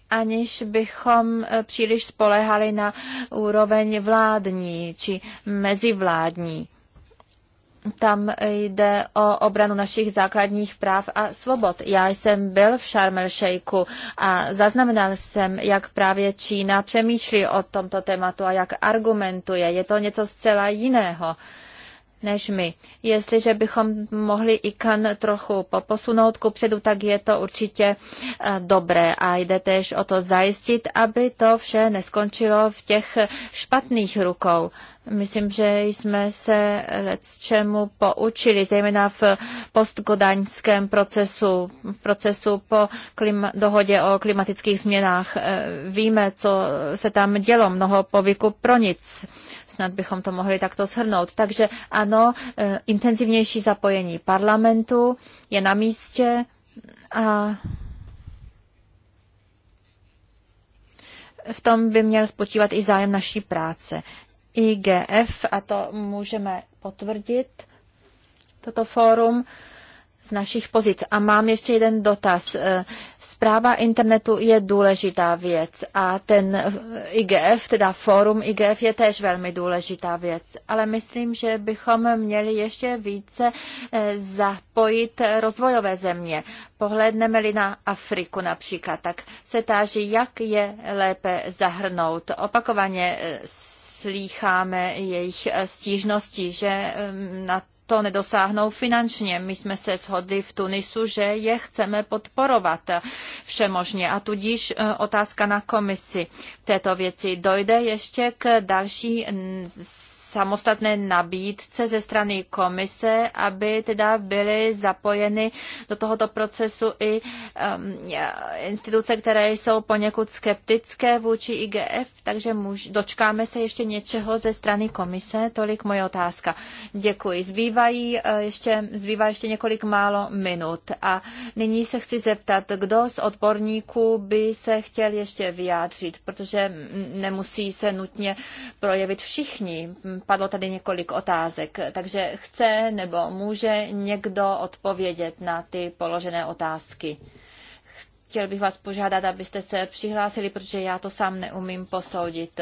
aniž bychom e, příliš spolehali na úroveň vládní či mezivládní. Tam jde o obranu našich základních práv a svobod. Já jsem byl v šarmelšejku Sheikhu a zaznamenal jsem, jak právě Čína přemýšlí o tomto tématu a jak argumentuje. Je to něco zcela jiného než my. Jestliže bychom mohli kan trochu posunout ku předu, tak je to určitě eh, dobré a jde tež o to zajistit, aby to vše neskončilo v těch špatných rukou. Myslím, že jsme se čemu poučili, zejména v postgodaňském procesu, procesu po klima, dohodě o klimatických změnách. Eh, víme, co se tam dělo, mnoho povyku pro nic. Snad bychom to mohli takto shrnout. Takže ano, eh, intenzivnější zapojení parlamentu je na místě a v tom by měl spočívat i zájem naší práce. IGF a to můžeme potvrdit, toto fórum z našich pozic. A mám ještě jeden dotaz. Eh, zpráva internetu je důležitá věc a ten eh, IGF, teda fórum IGF je též velmi důležitá věc. Ale myslím, že bychom měli ještě více eh, zapojit rozvojové země. Pohledneme-li na Afriku například, tak se táží, jak je lépe zahrnout. Opakovaně slýcháme jejich eh, stížnosti, že na to nedosáhnou finančně. My jsme se shodli v Tunisu, že je chceme podporovat eh, všemožně. A tudíž eh, otázka na komisi této věci. Dojde ještě k další samostatné nabídce ze strany komise, aby teda byly zapojeny do tohoto procesu i um, instituce, které jsou poněkud skeptické vůči IGF, takže muž, dočkáme se ještě něčeho ze strany komise, tolik moje otázka. Děkuji. Zbývají eh, ještě, zbývá ještě několik málo minut a nyní se chci zeptat, kdo z odborníků by se chtěl ještě vyjádřit, protože nemusí se nutně projevit všichni. Padlo tady několik otázek, takže chce nebo může někdo odpovědět na ty položené otázky. Chtěl bych vás požádat, abyste se přihlásili, protože já to sám neumím posoudit.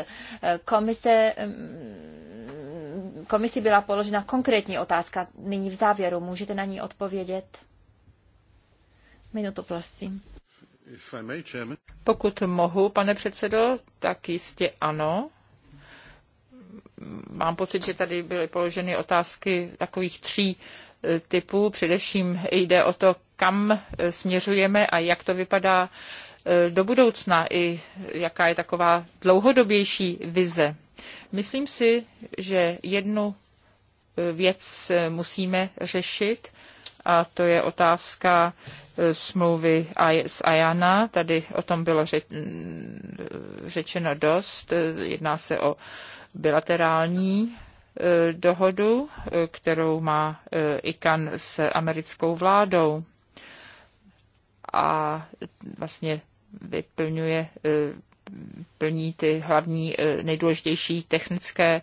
Komise, mm, komisi byla položena konkrétní otázka, nyní v závěru. Můžete na ní odpovědět? Minutu, prosím. Pokud mohu, pane předsedo, tak jistě ano. Mám pocit, že tady byly položeny otázky takových tří e, typů. Především jde o to, kam e, směřujeme a jak to vypadá e, do budoucna i jaká je taková dlouhodobější vize. Myslím si, že jednu věc musíme řešit a to je otázka smlouvy s Ayana. Tady o tom bylo řečeno dost. Jedná se o bilaterální e, dohodu, e, kterou má e, ICAN s americkou vládou a vlastně vyplňuje plní ty hlavní nejdůležitější technické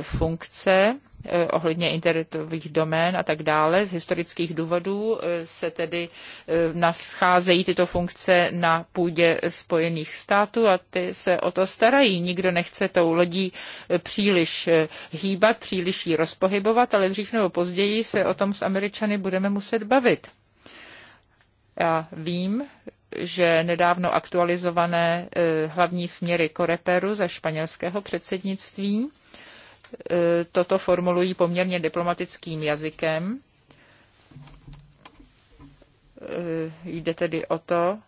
funkce Eh, ohledně internetových domén a tak dále. Z historických důvodů eh, se tedy eh, nacházejí tyto funkce na půdě Spojených států a ty se o to starají. Nikdo nechce tou lodí příliš hýbat, příliš ji rozpohybovat, ale dřív nebo později se o tom s Američany budeme muset bavit. Já vím, že nedávno aktualizované hlavní směry Koreperu za španělského předsednictví E, toto formulují poměrně diplomatickým jazykem. E, jde tedy o to, e,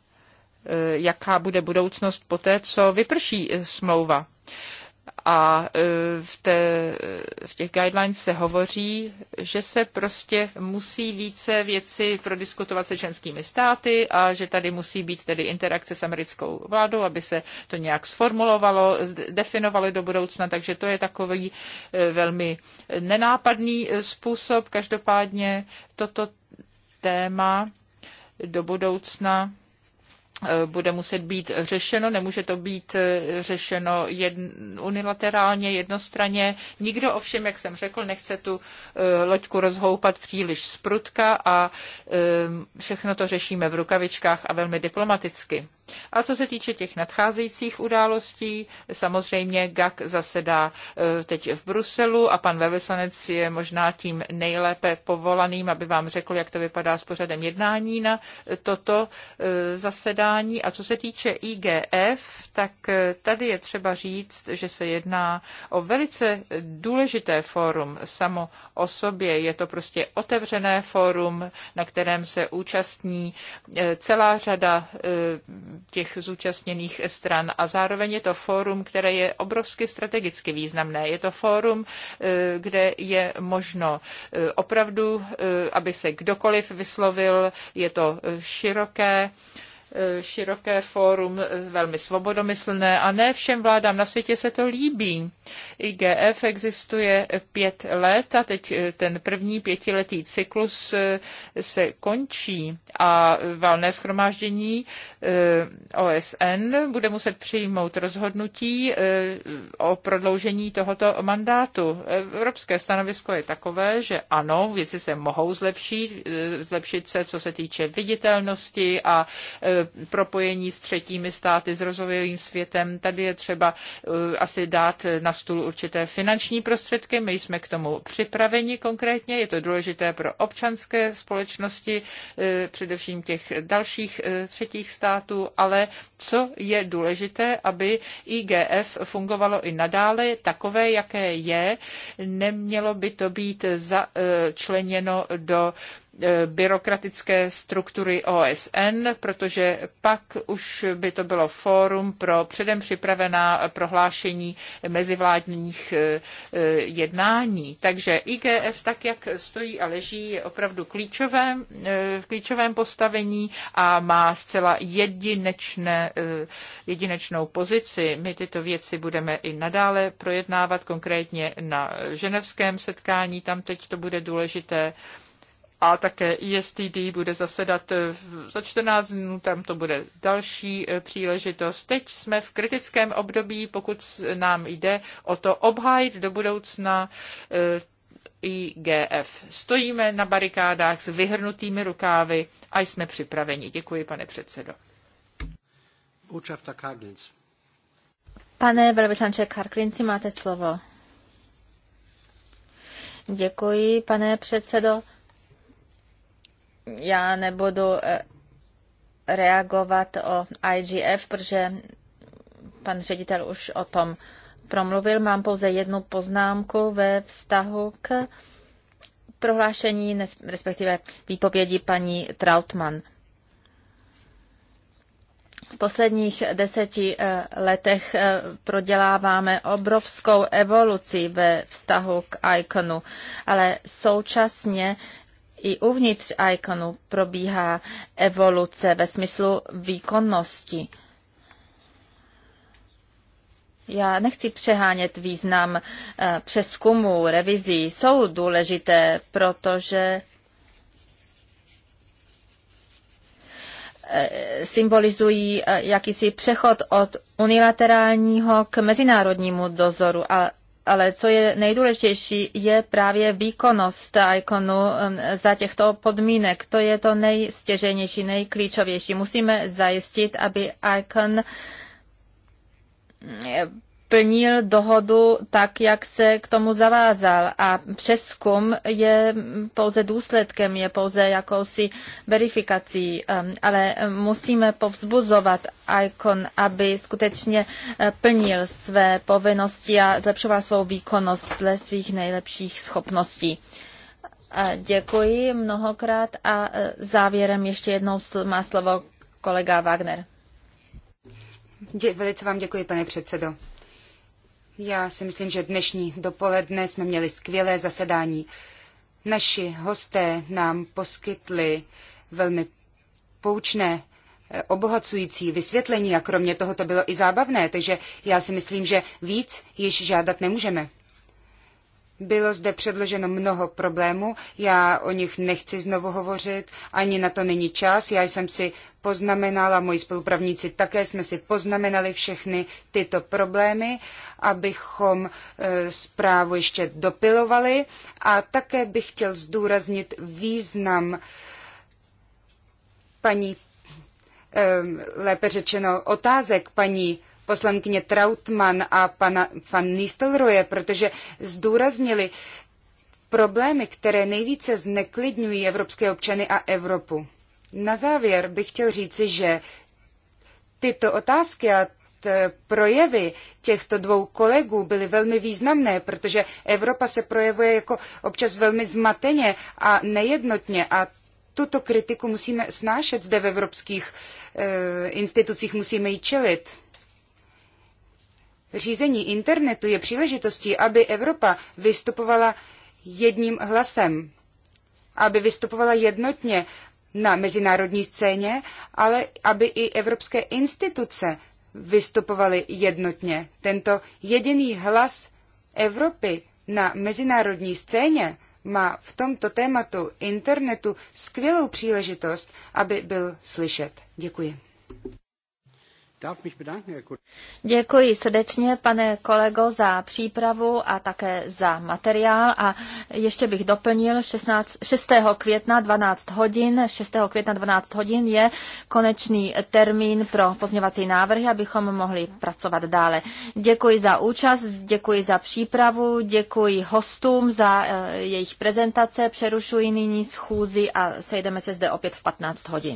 jaká bude budoucnost poté, co vyprší smlouva a e, v, té, v těch guidelines se hovoří, že se prostě musí více věci prodiskutovat se členskými státy a že tady musí být tedy interakce s americkou vládou, aby se to nějak sformulovalo, definovalo do budoucna, takže to je takový e, velmi nenápadný e, způsob. Každopádně toto téma do budoucna Eh, bude muset být řešeno, nemůže to být eh, řešeno jedn, unilaterálně, jednostranně. Nikdo ovšem, jak jsem řekl, nechce tu eh, loďku rozhoupat příliš z prutka a všechno to řešíme v rukavičkách a velmi diplomaticky. A co se týče těch nadcházejících událostí, samozřejmě GAK zasedá teď v Bruselu a pan velvyslanec je možná tím nejlépe povolaným, aby vám řekl, jak to vypadá s pořadem jednání na toto zasedání zasedání. A co se týče IGF, tak eh, tady je třeba říct, že se jedná o velice důležité fórum samo o sobě. Je to prostě otevřené fórum, na kterém se účastní eh, celá řada eh, těch zúčastněných stran a zároveň je to fórum, které je obrovsky strategicky významné. Je to fórum, kde je možno opravdu, aby se kdokoliv vyslovil, je to široké Eh, široké fórum, eh, velmi svobodomyslné a ne všem vládám na světě se to líbí. IGF existuje pět let a teď eh, ten první pětiletý cyklus se končí a valné schromáždění Eh, OSN bude muset přijmout rozhodnutí eh, o prodloužení tohoto mandátu. Evropské stanovisko je takové, že ano, věci se mohou zlepšit, eh, zlepšit se, co se týče viditelnosti a propojení s třetími státy, s rozvojovým světem. Tady je třeba asi dát na stůl určité finanční prostředky. My jsme k tomu připraveni konkrétně. Je to důležité pro občanské společnosti, především těch dalších třetích států států, ale co je důležité, aby IGF fungovalo i nadále takové, jaké je. Nemělo by to být začleněno do E, byrokratické struktury OSN, protože pak už by to bylo fórum pro předem připravená prohlášení mezivládních e, e, jednání. Takže IGF, tak jak stojí a leží, je opravdu klíčové, v klíčovém postavení a má zcela jedinečné, jedinečnou pozici. My tyto věci budeme i nadále projednávat, konkrétně na ženevském setkání, tam teď to bude důležité a také ISTD e bude zasedat eh, za 14 dnů, tam to bude další eh, příležitost. Teď jsme v kritickém období, pokud nám jde o to obhájit do budoucna eh, IGF. Stojíme na barikádách s vyhrnutými rukávy a jsme připraveni. Děkuji, pane předsedo. Pane velvyslanče Karklinci, máte slovo. Děkuji, pane předsedo já nebudu eh, reagovat o IGF, protože pan ředitel už o tom promluvil. Mám pouze jednu poznámku ve vztahu k prohlášení, respektive výpovědi paní Trautmann. V posledních deseti eh, letech eh, proděláváme obrovskou evoluci ve vztahu k ikonu, ale současně i uvnitř ikonu probíhá evoluce ve smyslu výkonnosti. Já nechci přehánět význam eh, přeskumu, revizí. Jsou důležité, protože eh, symbolizují eh, jakýsi přechod od unilaterálního k mezinárodnímu dozoru Ale ale co je nejdůležitější, je právě výkonnost ikonu um, za těchto podmínek. To je to nejstěženější, nejklíčovější. Musíme zajistit, aby ikon plnil dohodu tak, jak se k tomu zavázal. A přeskum je pouze důsledkem, je pouze jakousi verifikací, um, ale musíme povzbuzovat ICON, aby skutečně eh, plnil své povinnosti a zlepšoval svou výkonnost dle svých nejlepších schopností. Děkuji mnohokrát a eh, závěrem ještě jednou má slovo kolega Wagner. Dě, velice vám děkuji, pane předsedo. Já si myslím, že dnešní dopoledne jsme měli skvělé zasedání. Naši hosté nám poskytli velmi poučné eh, obohacující vysvětlení a kromě toho to bylo i zábavné, takže já si myslím, že víc již žádat nemůžeme. Bylo zde předloženo mnoho problémů, já o nich nechci znovu hovořit, ani na to není čas. Já jsem si poznamenala, moji spolupravníci také jsme si poznamenali všechny tyto problémy, abychom e, zprávu ještě dopilovali. A také bych chtěl zdůraznit význam paní, e, lépe řečeno, otázek paní poslankyně Trautmann a pana van protože zdůraznili problémy, které nejvíce zneklidňují evropské občany a Evropu. Na závěr bych chtěl říci, že tyto otázky a projevy těchto dvou kolegů byly velmi významné, protože Evropa se projevuje jako občas velmi zmateně a nejednotně a tuto kritiku musíme snášet zde v evropských e, institucích, musíme ji čelit. Řízení internetu je příležitostí, aby Evropa vystupovala jedním hlasem, aby vystupovala jednotně na mezinárodní scéně, ale aby i evropské instituce vystupovaly jednotně. Tento jediný hlas Evropy na mezinárodní scéně má v tomto tématu internetu skvělou příležitost, aby byl slyšet. Děkuji. Děkuji srdečně, pane kolego, za přípravu a také za materiál. A ještě bych doplnil, 16, 6. května 12 hodin, 6. května 12 hodin je konečný termín pro pozněvací návrhy, abychom mohli pracovat dále. Děkuji za účast, děkuji za přípravu, děkuji hostům za eh, jejich prezentace, přerušuji nyní schůzi a sejdeme se zde opět v 15 hodin.